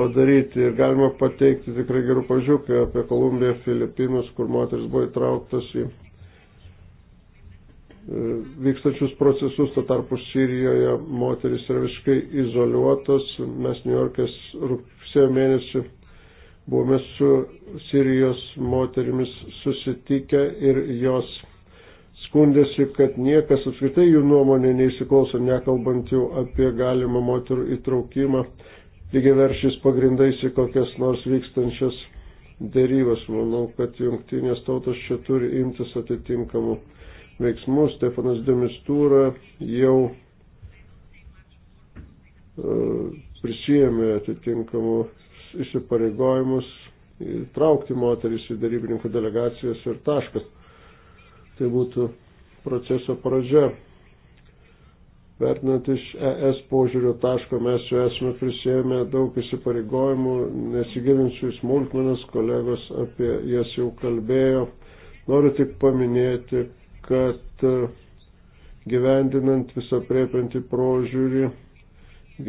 padaryti. Ir galima pateikti tikrai gerų pavyzdžių, kai apie Kolumbiją, Filipinus, kur moteris buvo įtrauktas į e, vykstačius procesus, to tarpu Sirijoje moteris yra visiškai izoliuotas. Mes New York'ės rugsėjo mėnesį buvome su Sirijos moterimis susitikę ir jos skundėsi, kad niekas apskritai jų nuomonė neįsiklauso, nekalbant jau apie galimą moterų įtraukimą lygiaveršiais pagrindais į kokias nors vykstančias dėrybas. Manau, kad jungtinės tautos čia turi imtis atitinkamų veiksmų. Stefanas Demistūra jau e, prisijėmė atitinkamų įsipareigojimus traukti moteris į darybininkų delegacijas ir taškas. Tai būtų proceso pradžia. Vertinant iš ES požiūrio taško, mes jau esame prisėmę daug įsipareigojimų, nesigilinsiu į smulkmenas, kolegos apie jas jau kalbėjo. Noriu tik paminėti, kad e, gyvendinant visą priepinti požiūrį,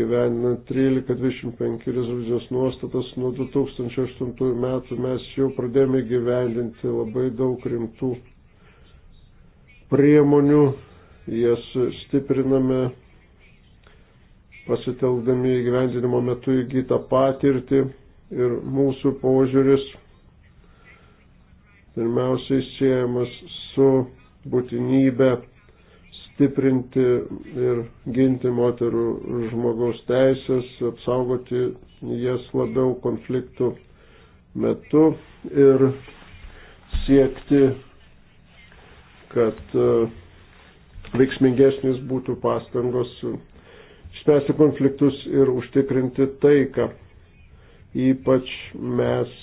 gyvendinant 1325 rezoliucijos nuostatas nuo 2008 metų mes jau pradėjome gyvendinti labai daug rimtų priemonių jas stipriname pasitelkdami įgyvendinimo metu įgytą patirtį ir mūsų požiūris pirmiausiai siejamas su būtinybė stiprinti ir ginti moterų žmogaus teisės, apsaugoti jas labiau konfliktų metu ir siekti, kad uh, veiksmingesnis būtų pastangos išspręsti konfliktus ir užtikrinti taiką. Ypač mes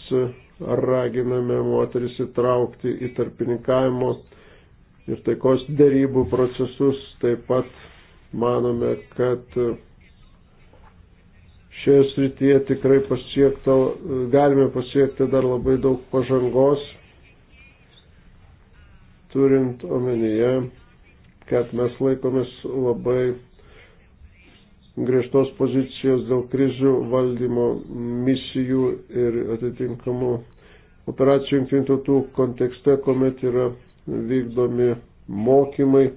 raginame moteris įtraukti į tarpininkavimo ir taikos dėrybų procesus. Taip pat manome, kad šioje srityje tikrai pasiekta, galime pasiekti dar labai daug pažangos, turint omenyje kad mes laikomės labai griežtos pozicijos dėl krizių valdymo misijų ir atitinkamų operacijų jungtinių tautų kontekste, kuomet yra vykdomi mokymai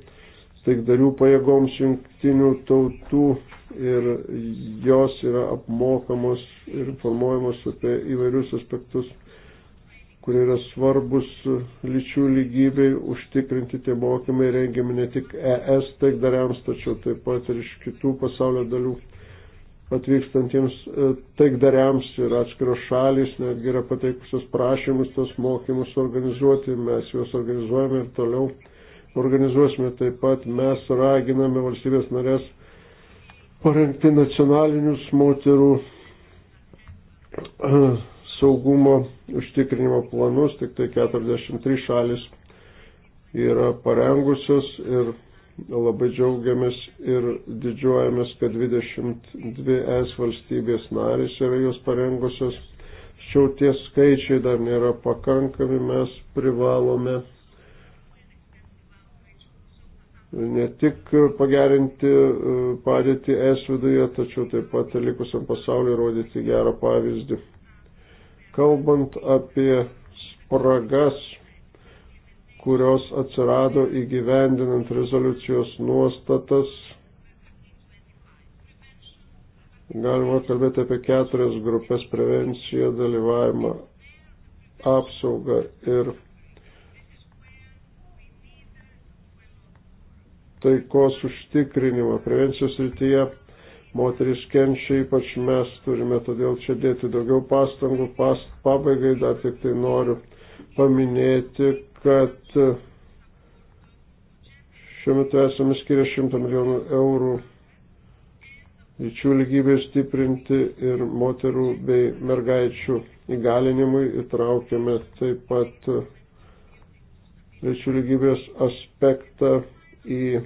taikdarių pajėgoms jungtinių tautų ir jos yra apmokamos ir informuojamos apie įvairius aspektus kurie yra svarbus lyčių lygybei užtikrinti tie mokymai rengiami ne tik ES taikdariams, tačiau taip pat ir iš kitų pasaulio dalių atvykstantiems e, taikdariams ir atskiros šalis netgi yra pateikusios prašymus tos mokymus organizuoti, mes juos organizuojame ir toliau organizuosime taip pat, mes raginame valstybės narės parengti nacionalinius moterų saugumo užtikrinimo planus, tik tai 43 šalis yra parengusios ir labai džiaugiamės ir didžiuojamės, kad 22 es valstybės narys yra jos parengusios. Tačiau tie skaičiai dar nėra pakankami, mes privalome ne tik pagerinti e, padėtį es viduje, tačiau taip pat likusiam pasauliu rodyti gerą pavyzdį. Kalbant apie spragas, kurios atsirado įgyvendinant rezoliucijos nuostatas, galima kalbėti apie keturias grupės - prevenciją, dalyvavimą, apsaugą ir taikos užtikrinimą. Prevencijos rytyje moteris kenčia, ypač mes turime todėl čia dėti daugiau pastangų. Past, pabaigai dar tik tai noriu paminėti, kad šiuo metu esame skiria 100 milijonų eurų lyčių lygybę stiprinti ir moterų bei mergaičių įgalinimui įtraukėme taip pat lyčių lygybės aspektą į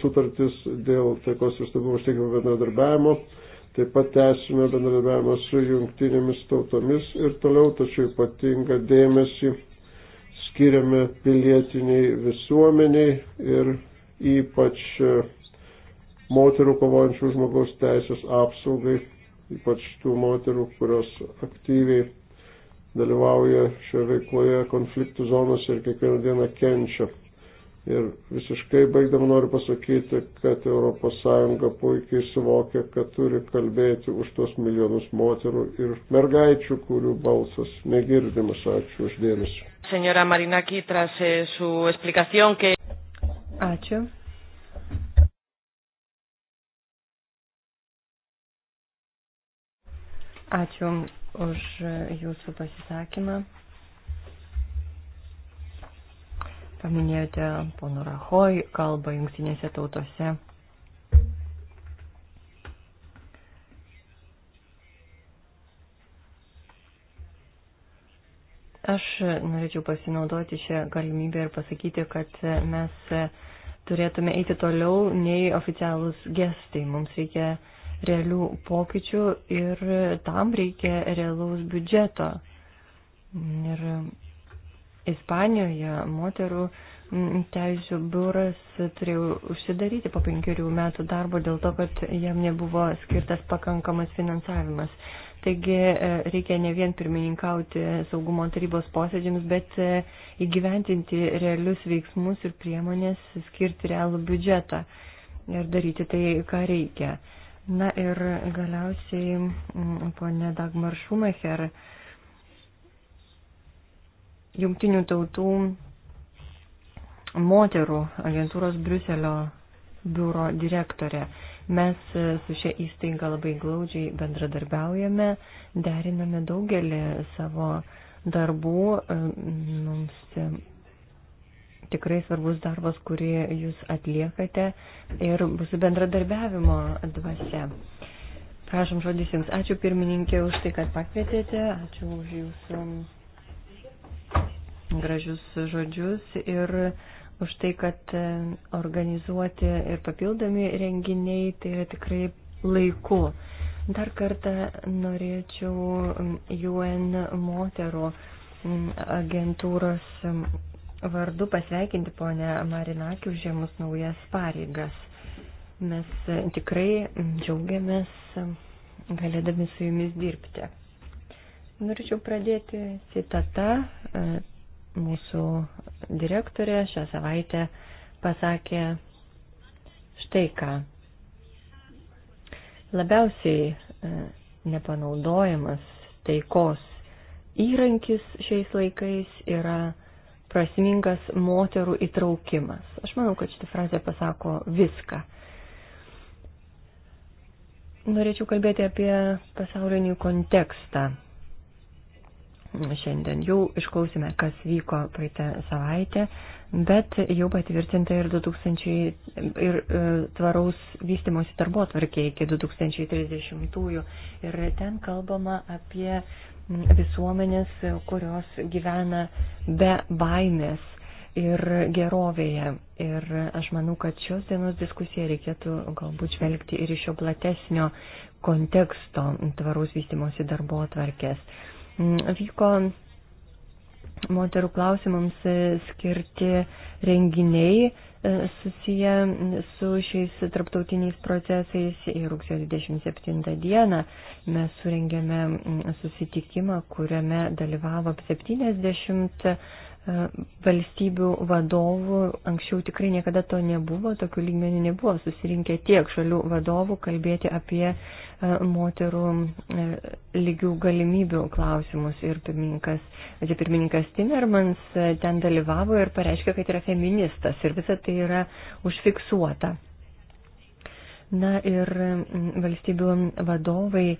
sutartis dėl taikos ir stabilumo užtikrinimo bendradarbiavimo. Taip pat tęsime bendradarbiavimą su jungtinėmis tautomis ir toliau, tačiau ypatingą dėmesį skiriame pilietiniai visuomeniai ir ypač e, moterų kovojančių žmogaus teisės apsaugai, ypač tų moterų, kurios aktyviai dalyvauja šioje veikloje konfliktų zonos ir kiekvieną dieną kenčia. Ir visiškai baigdama noriu pasakyti, kad ES puikiai suvokia, kad turi kalbėti už tos milijonus moterų ir mergaičių, kurių balsas negirdimas. Ačiū uždėmesi. Senora Marinaki, tras eh, su explicación, que... Ačiū. Ačiū už eh, jūsų pasisakymą. Paminėjote pono Rahoj kalbą jungtinėse tautose. Aš norėčiau pasinaudoti šią galimybę ir pasakyti, kad mes turėtume eiti toliau nei oficialūs gestai. Mums reikia realių pokyčių ir tam reikia realaus biudžeto. Ir Ispanijoje moterų mm, teisų biuras turėjo užsidaryti po penkerių metų darbo dėl to, kad jam nebuvo skirtas pakankamas finansavimas. Taigi e, reikia ne vien pirmininkauti saugumo tarybos posėdžiams, bet e, įgyventinti realius veiksmus ir priemonės, skirti realų biudžetą ir daryti tai, ką reikia. Na ir galiausiai mm, ponė Dagmar Šumacher Jungtinių tautų moterų agentūros Briuselio biuro direktorė. Mes e, su šia įstaiga labai glaudžiai bendradarbiaujame, deriname daugelį savo darbų. E, mums e, tikrai svarbus darbas, kurį jūs atliekate ir bus bendradarbiavimo dvasia. Prašom žodis jums. Ačiū pirmininkė už tai, kad pakvietėte. Ačiū už jūsų gražius žodžius ir už tai, kad e, organizuoti ir papildomi renginiai, tai yra tikrai laiku. Dar kartą norėčiau UN moterų agentūros vardu pasveikinti ponę Marinakį užėmus naujas pareigas. Mes e, tikrai džiaugiamės galėdami su jumis dirbti. Norėčiau pradėti citata e, Mūsų direktorė šią savaitę pasakė štai ką. Labiausiai e, nepanaudojamas taikos įrankis šiais laikais yra prasmingas moterų įtraukimas. Aš manau, kad šitą frazę pasako viską. Norėčiau kalbėti apie pasaulinį kontekstą šiandien. Jau išklausime, kas vyko praeitą savaitę, bet jau patvirtinta ir, 2000, ir e, tvaraus vystimosi darbo tvarkė iki 2030-ųjų. Ir ten kalbama apie visuomenės, kurios gyvena be baimės ir gerovėje. Ir aš manau, kad šios dienos diskusiją reikėtų galbūt žvelgti ir iš jo platesnio konteksto tvaraus vystimosi darbo atvarkės vyko moterų klausimams skirti renginiai e, susiję su šiais tarptautiniais procesais. Ir rugsėjo 27 dieną mes surengėme susitikimą, kuriame dalyvavo 70 E, valstybių vadovų, anksčiau tikrai niekada to nebuvo, tokių lygmenių nebuvo susirinkę tiek šalių vadovų kalbėti apie e, moterų e, lygių galimybių klausimus. Ir pirmininkas, pirmininkas Timmermans ten dalyvavo ir pareiškė, kad yra feministas ir visa tai yra užfiksuota. Na ir mm, valstybių vadovai e,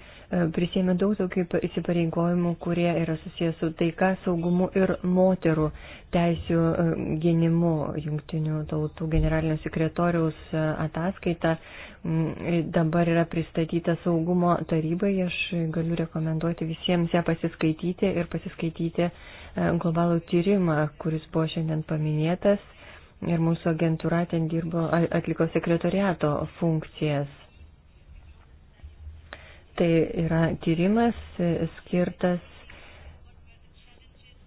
prisėmė daug tokių įsipareigojimų, kurie yra susijęs su taika, saugumu ir moterų teisių e, gynimu. Jungtinių tautų generalinio sekretoriaus e, ataskaita mm, dabar yra pristatyta saugumo tarybai. Aš galiu rekomenduoti visiems ją pasiskaityti ir pasiskaityti globalų tyrimą, kuris buvo šiandien paminėtas ir mūsų agentūra ten dirbo, atliko sekretoriato funkcijas. Tai yra tyrimas e, skirtas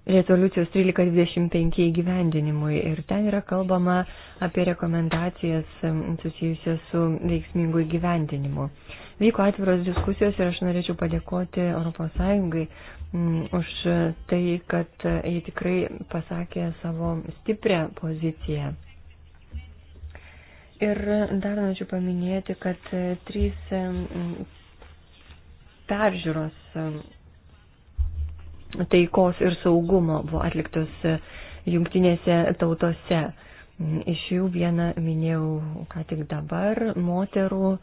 rezoliucijos 1325 įgyvendinimui ir ten yra kalbama apie rekomendacijas e, susijusias su veiksmingu įgyvendinimu. Vyko atviros diskusijos ir aš norėčiau padėkoti ES Mm, už tai, kad jie tikrai pasakė savo stiprią poziciją. Ir dar norėčiau paminėti, kad trys mm, peržiūros mm, taikos ir saugumo buvo atliktos jungtinėse tautose. Iš jų vieną minėjau ką tik dabar - moterų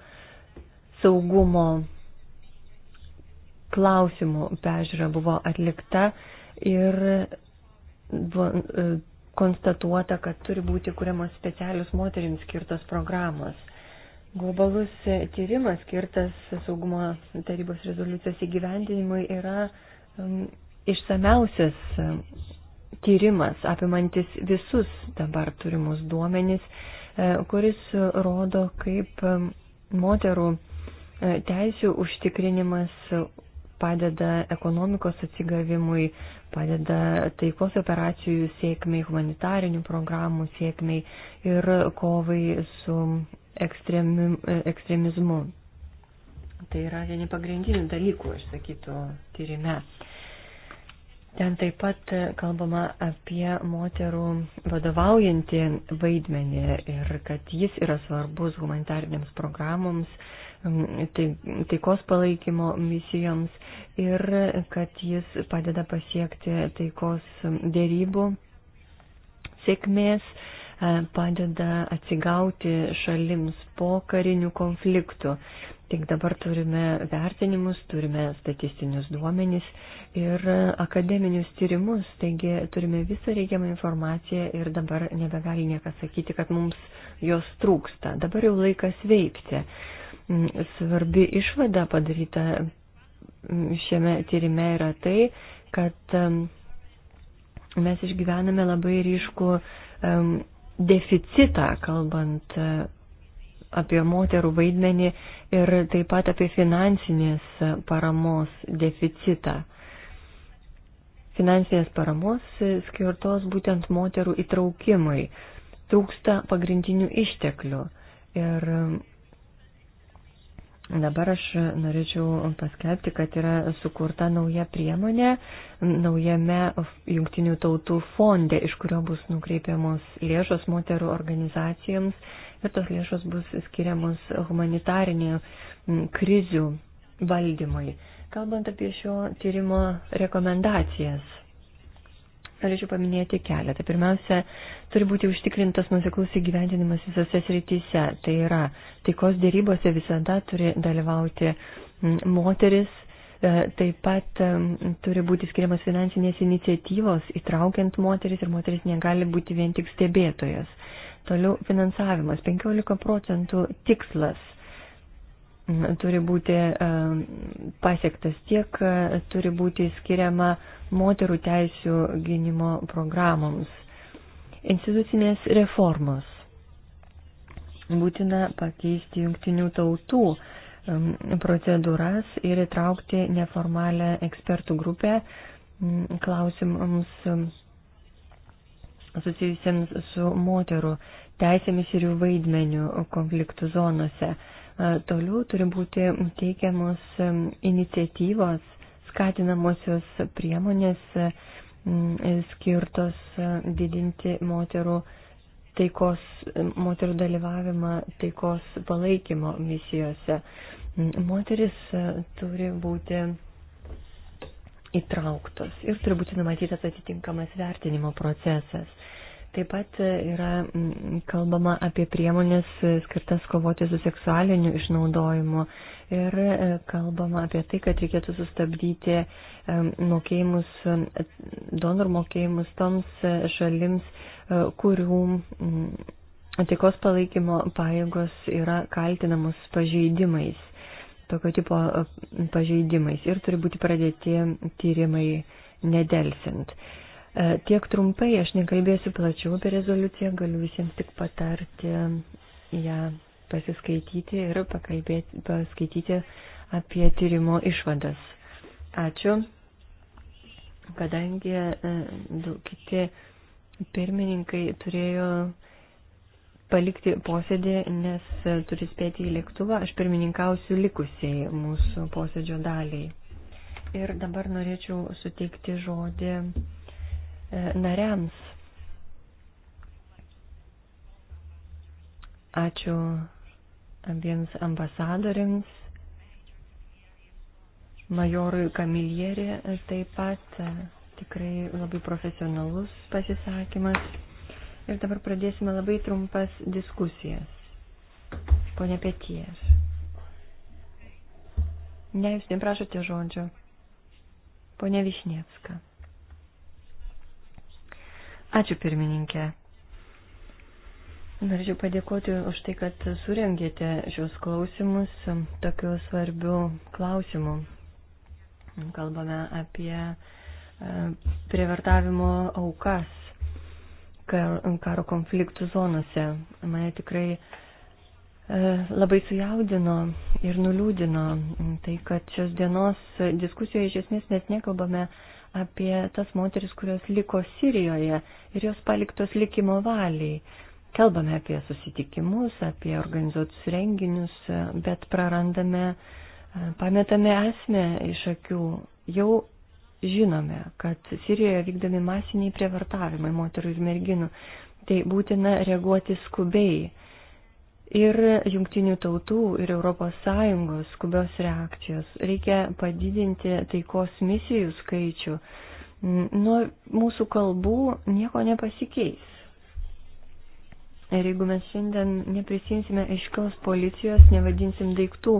saugumo klausimų pežiūra buvo atlikta ir buvo e, konstatuota, kad turi būti kuriamos specialius moterims skirtos programos. Globalus tyrimas skirtas saugumo tarybos rezoliucijos įgyvendinimui yra išsameusias e, tyrimas, apimantis visus dabar turimus duomenys, e, kuris rodo, kaip moterų teisių užtikrinimas padeda ekonomikos atsigavimui, padeda taikos operacijų sėkmiai, humanitarinių programų sėkmiai ir kovai su ekstremi, ekstremizmu. Tai yra vieni pagrindinių dalykų, aš sakytų, tyrime. Ten taip pat kalbama apie moterų vadovaujantį vaidmenį ir kad jis yra svarbus humanitariniams programoms, Tai, taikos palaikymo misijoms ir kad jis padeda pasiekti taikos dėrybų sėkmės, e, padeda atsigauti šalims po karinių konfliktų. Tik dabar turime vertinimus, turime statistinius duomenys ir akademinius tyrimus, taigi turime visą reikiamą informaciją ir dabar nebegali niekas sakyti, kad mums jos trūksta. Dabar jau laikas veikti. Mm, svarbi išvada padaryta mm, šiame tyrime yra tai, kad mes išgyvename labai ryškų deficitą, kalbant e, apie moterų vaidmenį ir taip pat apie finansinės paramos deficitą. Finansinės paramos skirtos būtent moterų įtraukimui. Trūksta pagrindinių išteklių. Ir Dabar aš norėčiau paskelbti, kad yra sukurta nauja priemonė naujame jungtinių tautų fonde, iš kurio bus nukreipiamos lėšos moterų organizacijoms ir tos lėšos bus skiriamos humanitarinių krizių valdymui. Kalbant apie šio tyrimo rekomendacijas, norėčiau paminėti keletą. Pirmiausia, turi būti užtikrintas nusiklus įgyvendinimas visose srityse. Tai yra, taikos dėrybose visada turi dalyvauti moteris, e, taip pat e, turi būti skiriamas finansinės iniciatyvos įtraukiant moteris ir moteris negali būti vien tik stebėtojas. Toliau finansavimas 15 procentų tikslas turi būti e, pasiektas, tiek e, turi būti skiriama moterų teisų gynimo programoms. Institucinės reformos. Būtina pakeisti jungtinių tautų procedūras ir įtraukti neformalią ekspertų grupę klausimams susijusiems su moterų teisėmis ir jų vaidmeniu konfliktų zonose. E, toliau turi būti teikiamos e, iniciatyvos, skatinamosios priemonės e, skirtos didinti moterų, taikos, moterų dalyvavimą taikos palaikymo misijose. Moteris turi būti įtrauktos ir turi būti numatytas atitinkamas vertinimo procesas. Taip pat yra mm, kalbama apie priemonės skirtas kovoti su seksualiniu išnaudojimu ir e, kalbama apie tai, kad reikėtų sustabdyti e, mokėjimus, e, donorų mokėjimus toms šalims, kurių mm, taikos palaikymo pajėgos yra kaltinamos pažeidimais, tokio tipo pažeidimais ir turi būti pradėti tyrimai nedelsint. E, tiek trumpai, aš nekalbėsiu plačiau apie rezoliuciją, galiu visiems tik patarti ją pasiskaityti ir paskaityti apie tyrimo išvadas. Ačiū, kadangi e, kiti pirmininkai turėjo palikti posėdį, nes turi spėti į lėktuvą, aš pirmininkausiu likusiai mūsų posėdžio daliai. Ir dabar norėčiau suteikti žodį nariams. Ačiū abiems ambasadoriams, majorui Kamilierė taip pat tikrai labai profesionalus pasisakymas. Ir dabar pradėsime labai trumpas diskusijas. Pone Pėties. Ne, jūs neprašote žodžio. Pone Višnievska. Ačiū pirmininkė. Norėčiau padėkoti už tai, kad surengėte šios klausimus tokiu svarbiu klausimu. Kalbame apie e, prievartavimo aukas karo konfliktų zonose. Mane tikrai e, labai sujaudino ir nuliūdino tai, kad šios dienos diskusijoje iš esmės net nekalbame apie tas moteris, kurios liko Sirijoje ir jos paliktos likimo valiai. Kalbame apie susitikimus, apie organizuotus renginius, bet prarandame, pametame esmę iš akių. Jau žinome, kad Sirijoje vykdomi masiniai prievartavimai moterų ir merginų. Tai būtina reaguoti skubiai ir jungtinių tautų ir ES skubios reakcijos. Reikia padidinti taikos misijų skaičių. Nuo mūsų kalbų nieko nepasikeis. Ir jeigu mes šiandien neprisimsime aiškios policijos, nevadinsim daiktų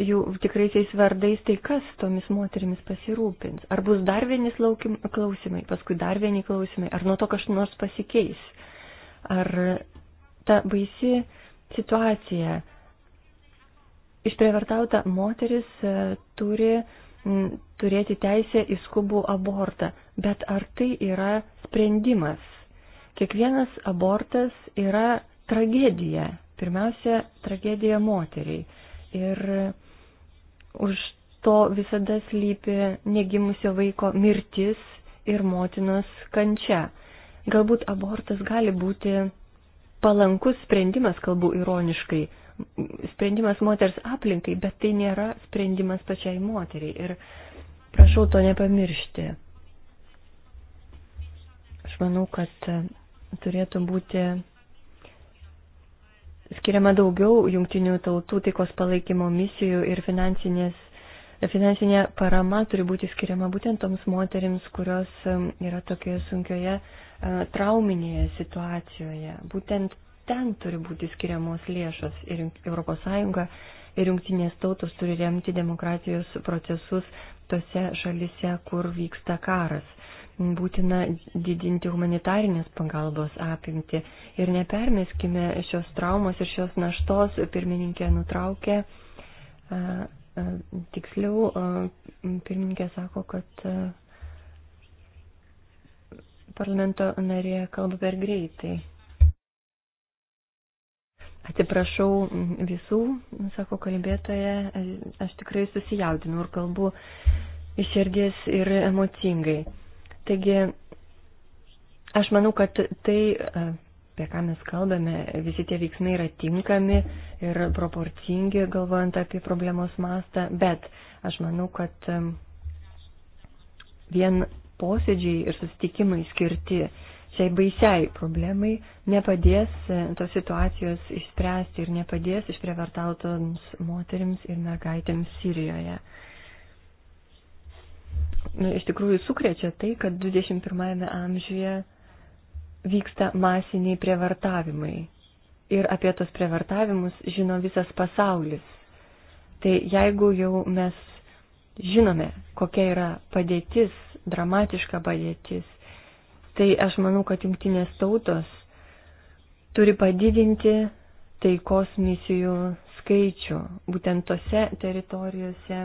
jų tikraisiais vardais, tai kas tomis moterimis pasirūpins? Ar bus dar vieni klausimai, paskui dar vieni klausimai, ar nuo to kažkas nors pasikeis? Ar ta baisi situacija. Išprievartauta moteris e, turi turėti teisę į skubų abortą, bet ar tai yra sprendimas? Kiekvienas abortas yra tragedija, pirmiausia, tragedija moteriai. Ir už to visada slypi negimusio vaiko mirtis ir motinos kančia. Galbūt abortas gali būti palankus sprendimas, kalbu ironiškai, sprendimas moters aplinkai, bet tai nėra sprendimas pačiai moteriai. Ir prašau to nepamiršti. Aš manau, kad e, turėtų būti skiriama daugiau jungtinių tautų taikos palaikymo misijų ir finansinės Finansinė parama turi būti skiriama būtent toms moterims, kurios yra tokioje sunkioje e, trauminėje situacijoje. Būtent ten turi būti skiriamos lėšos ir ES ir jungtinės tautos turi remti demokratijos procesus tose šalise, kur vyksta karas. Būtina didinti humanitarinės pagalbos apimti ir nepermeskime šios traumos ir šios naštos pirmininkė nutraukė e, E, tiksliau, e, pirmininkė sako, kad e, parlamento narė kalba per greitai. Atsiprašau visų, sako kalbėtoja, aš tikrai susijaudinu ir kalbu iš širdies ir emocingai. Taigi, aš manau, kad tai apie ką mes kalbame, visi tie veiksmai yra tinkami ir proporcingi, galvojant apie problemos mastą, bet aš manau, kad vien posėdžiai ir susitikimai skirti šiai baisiai problemai nepadės e, tos situacijos išspręsti ir nepadės išprievartautoms moteriams ir mergaitėms Sirijoje. Nu, iš tikrųjų sukrečia tai, kad 21 amžiuje vyksta masiniai prievartavimai. Ir apie tos prievartavimus žino visas pasaulis. Tai jeigu jau mes žinome, kokia yra padėtis, dramatiška padėtis, tai aš manau, kad jungtinės tautos turi padidinti taikos misijų skaičių būtent tose teritorijose,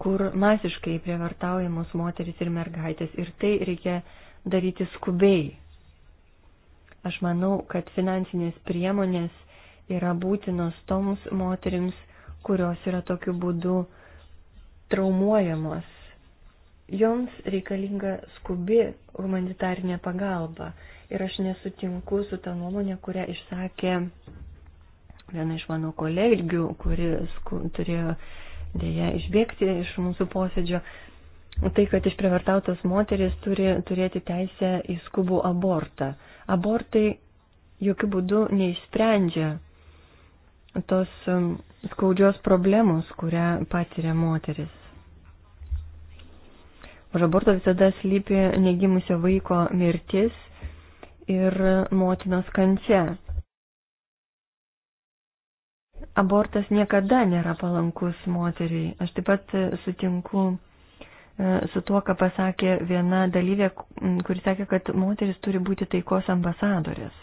kur masiškai prievartaujamos moteris ir mergaitės. Ir tai reikia daryti skubiai. Aš manau, kad finansinės priemonės yra būtinos toms moterims, kurios yra tokiu būdu traumuojamos. Joms reikalinga skubi humanitarinė pagalba ir aš nesutinku su tą nuomonė, kurią išsakė viena iš mano kolegių, kuri turėjo dėja išbėgti iš mūsų posėdžio, tai, kad išprievartautos moteris turi turėti teisę į skubų abortą. Abortai jokių būdų neišsprendžia tos um, skaudžios problemos, kurią patiria moteris. Už aborto visada slypi negimusio vaiko mirtis ir motinos kančia. Abortas niekada nėra palankus moteriai. Aš taip pat sutinku E, su tuo, ką pasakė viena dalyvė, kuri sakė, kad moteris turi būti taikos ambasadorės.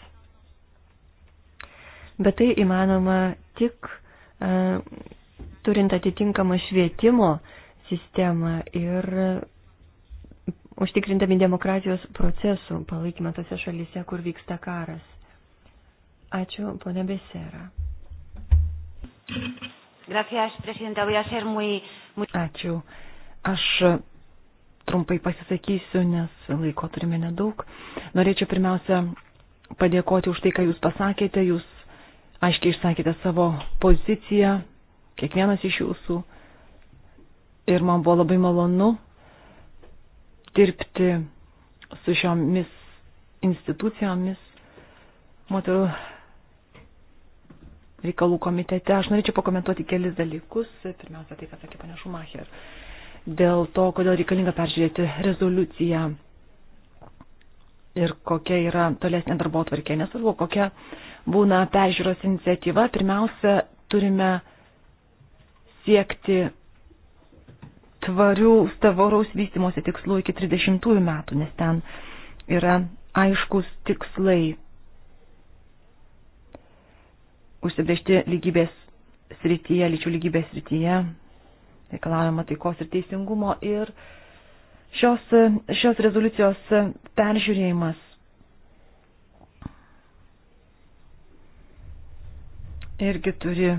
Bet tai įmanoma tik uh, turint atitinkamą švietimo sistemą ir užtikrindami demokratijos procesų palaikymą tose šalyse, kur vyksta karas. Ačiū, ponė Besera. Gracias, presidenta. Voy a ser muy, muy... Ačiū. Aš trumpai pasisakysiu, nes laiko turime nedaug. Norėčiau pirmiausia padėkoti už tai, ką Jūs pasakėte. Jūs aiškiai išsakėte savo poziciją, kiekvienas iš Jūsų. Ir man buvo labai malonu dirbti su šiomis institucijomis moterų reikalų komitete. Aš norėčiau pakomentuoti kelis dalykus. Pirmiausia, tai, ką sakė panešų Macher dėl to, kodėl reikalinga peržiūrėti rezoliuciją ir kokia yra tolesnė darbo atvarkė. Nesvarbu, kokia būna peržiūros iniciatyva, pirmiausia, turime siekti tvarių stavoraus vystimosi tikslų iki 30 metų, nes ten yra aiškus tikslai užsibriežti lygybės srityje, lyčių lygybės srityje, reikalavimą taikos ir teisingumo. Ir šios, šios rezoliucijos peržiūrėjimas irgi turi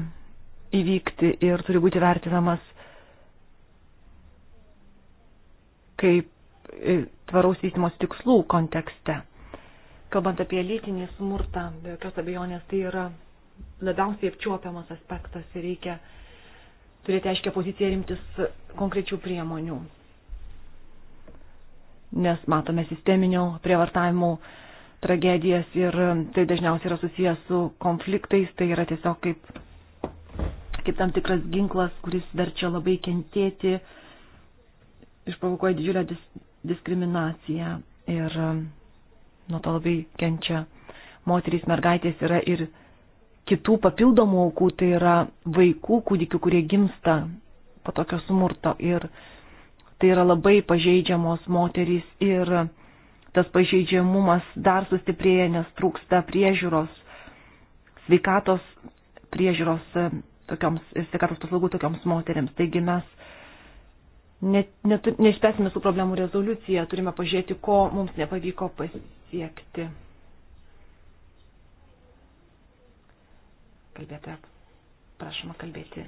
įvykti ir turi būti vertinamas kaip e, tvaraus vystimos tikslų kontekste. Kalbant apie lytinį smurtą, be jokios abejonės tai yra labiausiai apčiuopiamas aspektas ir reikia uh, turėti aiškę poziciją rimtis konkrečių priemonių. Nes matome sisteminio prievartavimo tragedijas ir tai dažniausiai yra susijęs su konfliktais, tai yra tiesiog kaip, kaip tam tikras ginklas, kuris verčia labai kentėti, išprovokuoja didžiulę dis, diskriminaciją ir e, nuo to labai kenčia moterys, mergaitės yra ir kitų papildomų aukų, tai yra vaikų, kūdikių, kurie gimsta po tokio smurto ir tai yra labai pažeidžiamos moterys ir tas pažeidžiamumas dar sustiprėja, nes trūksta priežiūros, sveikatos priežiūros e, tokioms, e, sveikatos paslaugų tokioms moteriams. Taigi mes net, net, neišspręsime su problemų rezoliucija, turime pažiūrėti, ko mums nepavyko pasiekti. kalbėtoja prašoma kalbėti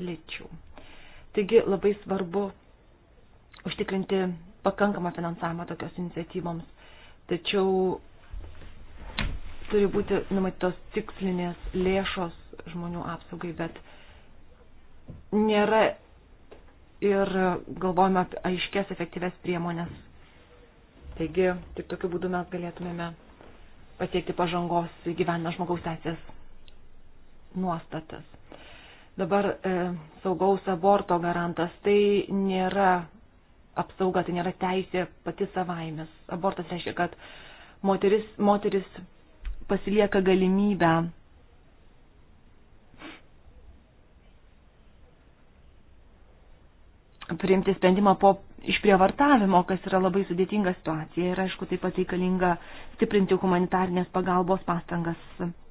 lėčiau. Taigi labai svarbu užtikrinti pakankamą finansavimą tokios iniciatyvoms, tačiau turi būti numatytos tikslinės lėšos žmonių apsaugai, bet nėra ir galvojame apie aiškės efektyves priemonės. Taigi, tik tokiu būdu mes galėtumėme pasiekti pažangos gyvenimą žmogaus teisės nuostatas. Dabar e, saugaus aborto garantas tai nėra apsauga, tai nėra teisė pati savaimės. Abortas reiškia, kad moteris, moteris pasilieka galimybę priimti sprendimą po išprievartavimo, kas yra labai sudėtinga situacija ir aišku taip pat reikalinga stiprinti humanitarnės pagalbos pastangas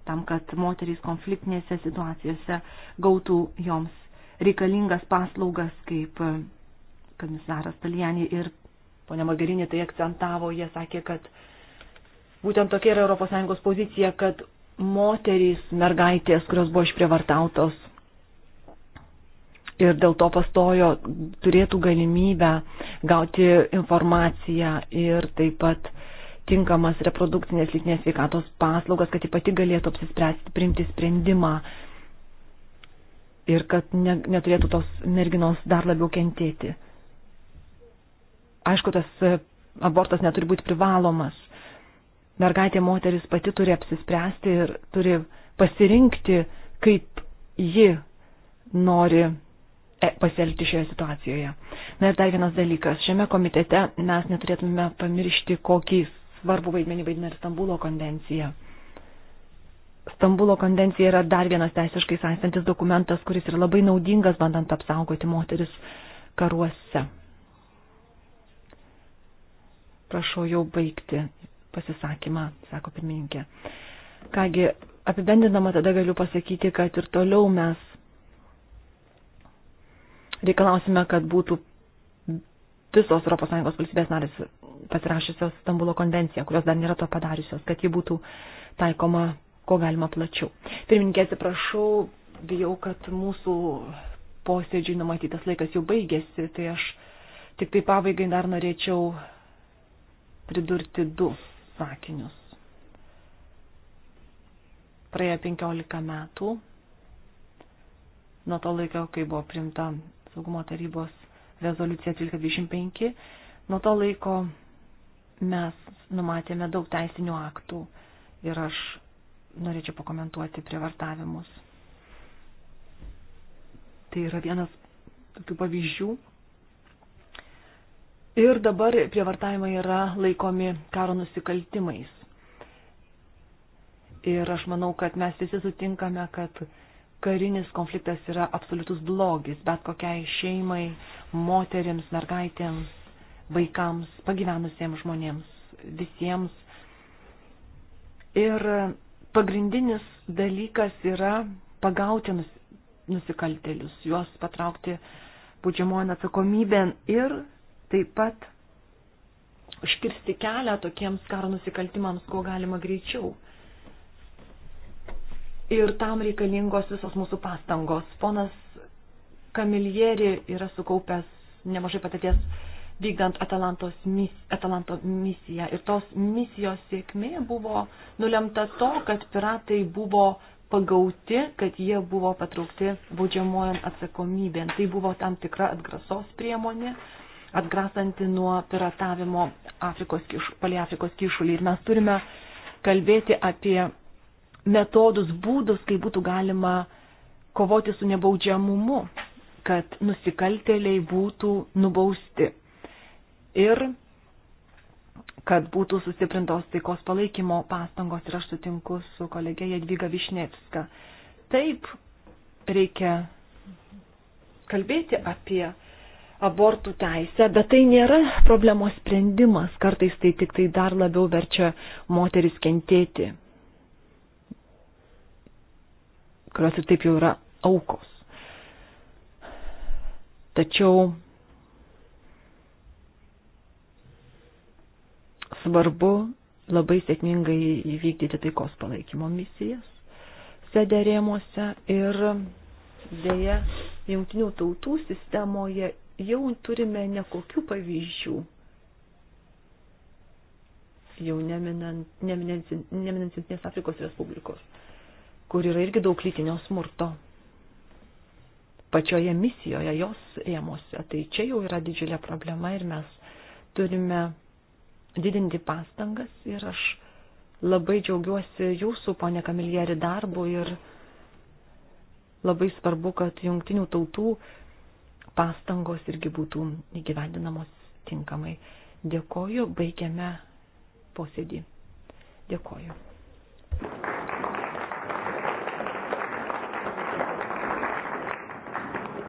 tam, kad moterys konfliktinėse situacijose gautų joms reikalingas paslaugas, kaip e, komisaras Talijanį ir ponia Magarinė tai akcentavo, jie sakė, kad būtent tokia yra ES pozicija, kad moterys, mergaitės, kurios buvo išprievartautos ir dėl to pastojo, turėtų galimybę gauti informaciją ir taip pat uh, tinkamas reprodukcinės lytinės veikatos paslaugas, kad ji pati galėtų apsispręsti, priimti sprendimą ir kad ne, neturėtų tos merginos dar labiau kentėti. Aišku, tas e, abortas neturi būti privalomas. Mergaitė moteris pati turi apsispręsti ir turi pasirinkti, kaip ji nori e, pasielgti šioje situacijoje. Na ir dar vienas dalykas. Šiame komitete mes neturėtume pamiršti, kokiais svarbu vaidmenį vaidina ir Stambulo konvencija. Stambulo konvencija yra dar vienas teisiškai sąstantis dokumentas, kuris yra labai naudingas, bandant apsaugoti moteris karuose. Prašau jau baigti pasisakymą, sako pirmininkė. Kągi, apibendinama tada galiu pasakyti, kad ir toliau mes reikalausime, kad būtų visos ES valstybės narės pasirašysios Stambulo konvenciją, kurios dar nėra to padariusios, kad ji būtų taikoma ko galima plačiau. Pirmininkė, atsiprašau, bijau, kad mūsų posėdžiui numatytas laikas jau baigėsi, tai aš tik tai pabaigai dar norėčiau pridurti du sakinius. Praėjo 15 metų nuo to laiko, kai buvo primta saugumo tarybos rezoliucija 1325, nuo to laiko Mes numatėme daug teisinių aktų ir aš norėčiau pakomentuoti prievartavimus. Tai yra vienas tokių pavyzdžių. Ir dabar prievartavimai yra laikomi karo nusikaltimais. Ir aš manau, kad mes visi sutinkame, kad karinis konfliktas yra absoliutus blogis bet kokiai šeimai, moteriams, mergaitėms vaikams, pagyvenusiems žmonėms, visiems. Ir pagrindinis dalykas yra pagauti nusikaltelius, juos patraukti būdžiamojo atsakomybėn ir taip pat užkirsti kelią tokiems karo nusikaltimams, kuo galima greičiau. Ir tam reikalingos visos mūsų pastangos. Ponas Kamilieri yra sukaupęs nemažai patirties vykdant Atalantos mis, Atalanto misiją. Ir tos misijos sėkmė buvo nulemta to, kad piratai buvo pagauti, kad jie buvo patraukti baudžiamojant atsakomybėn. Tai buvo tam tikra atgrasos priemonė, atgrasanti nuo piratavimo Afrikos, palie Afrikos kišulį. Ir mes turime kalbėti apie metodus, būdus, kaip būtų galima kovoti su nebaudžiamumu, kad nusikaltėliai būtų nubausti ir kad būtų sustiprintos taikos palaikymo pastangos ir aš sutinku su kolegė Jadviga Višnevska. Taip, reikia kalbėti apie abortų teisę, bet tai nėra problemos sprendimas, kartais tai tik tai dar labiau verčia moteris kentėti, kurios ir taip jau yra aukos. Tačiau svarbu labai sėkmingai įvykdyti taikos palaikymo misijas sederėmuose ir dėja jungtinių tautų sistemoje jau turime nekokių pavyzdžių. Jau neminant Junktinės Afrikos Respublikos, kur yra irgi daug lytinio smurto. Pačioje misijoje jos ėmose. Tai čia jau yra didžiulė problema ir mes turime didinti pastangas ir aš labai džiaugiuosi jūsų, ponė Kamiljeri, darbu ir labai svarbu, kad jungtinių tautų pastangos irgi būtų įgyvendinamos tinkamai. Dėkoju, baigiame posėdį. Dėkoju.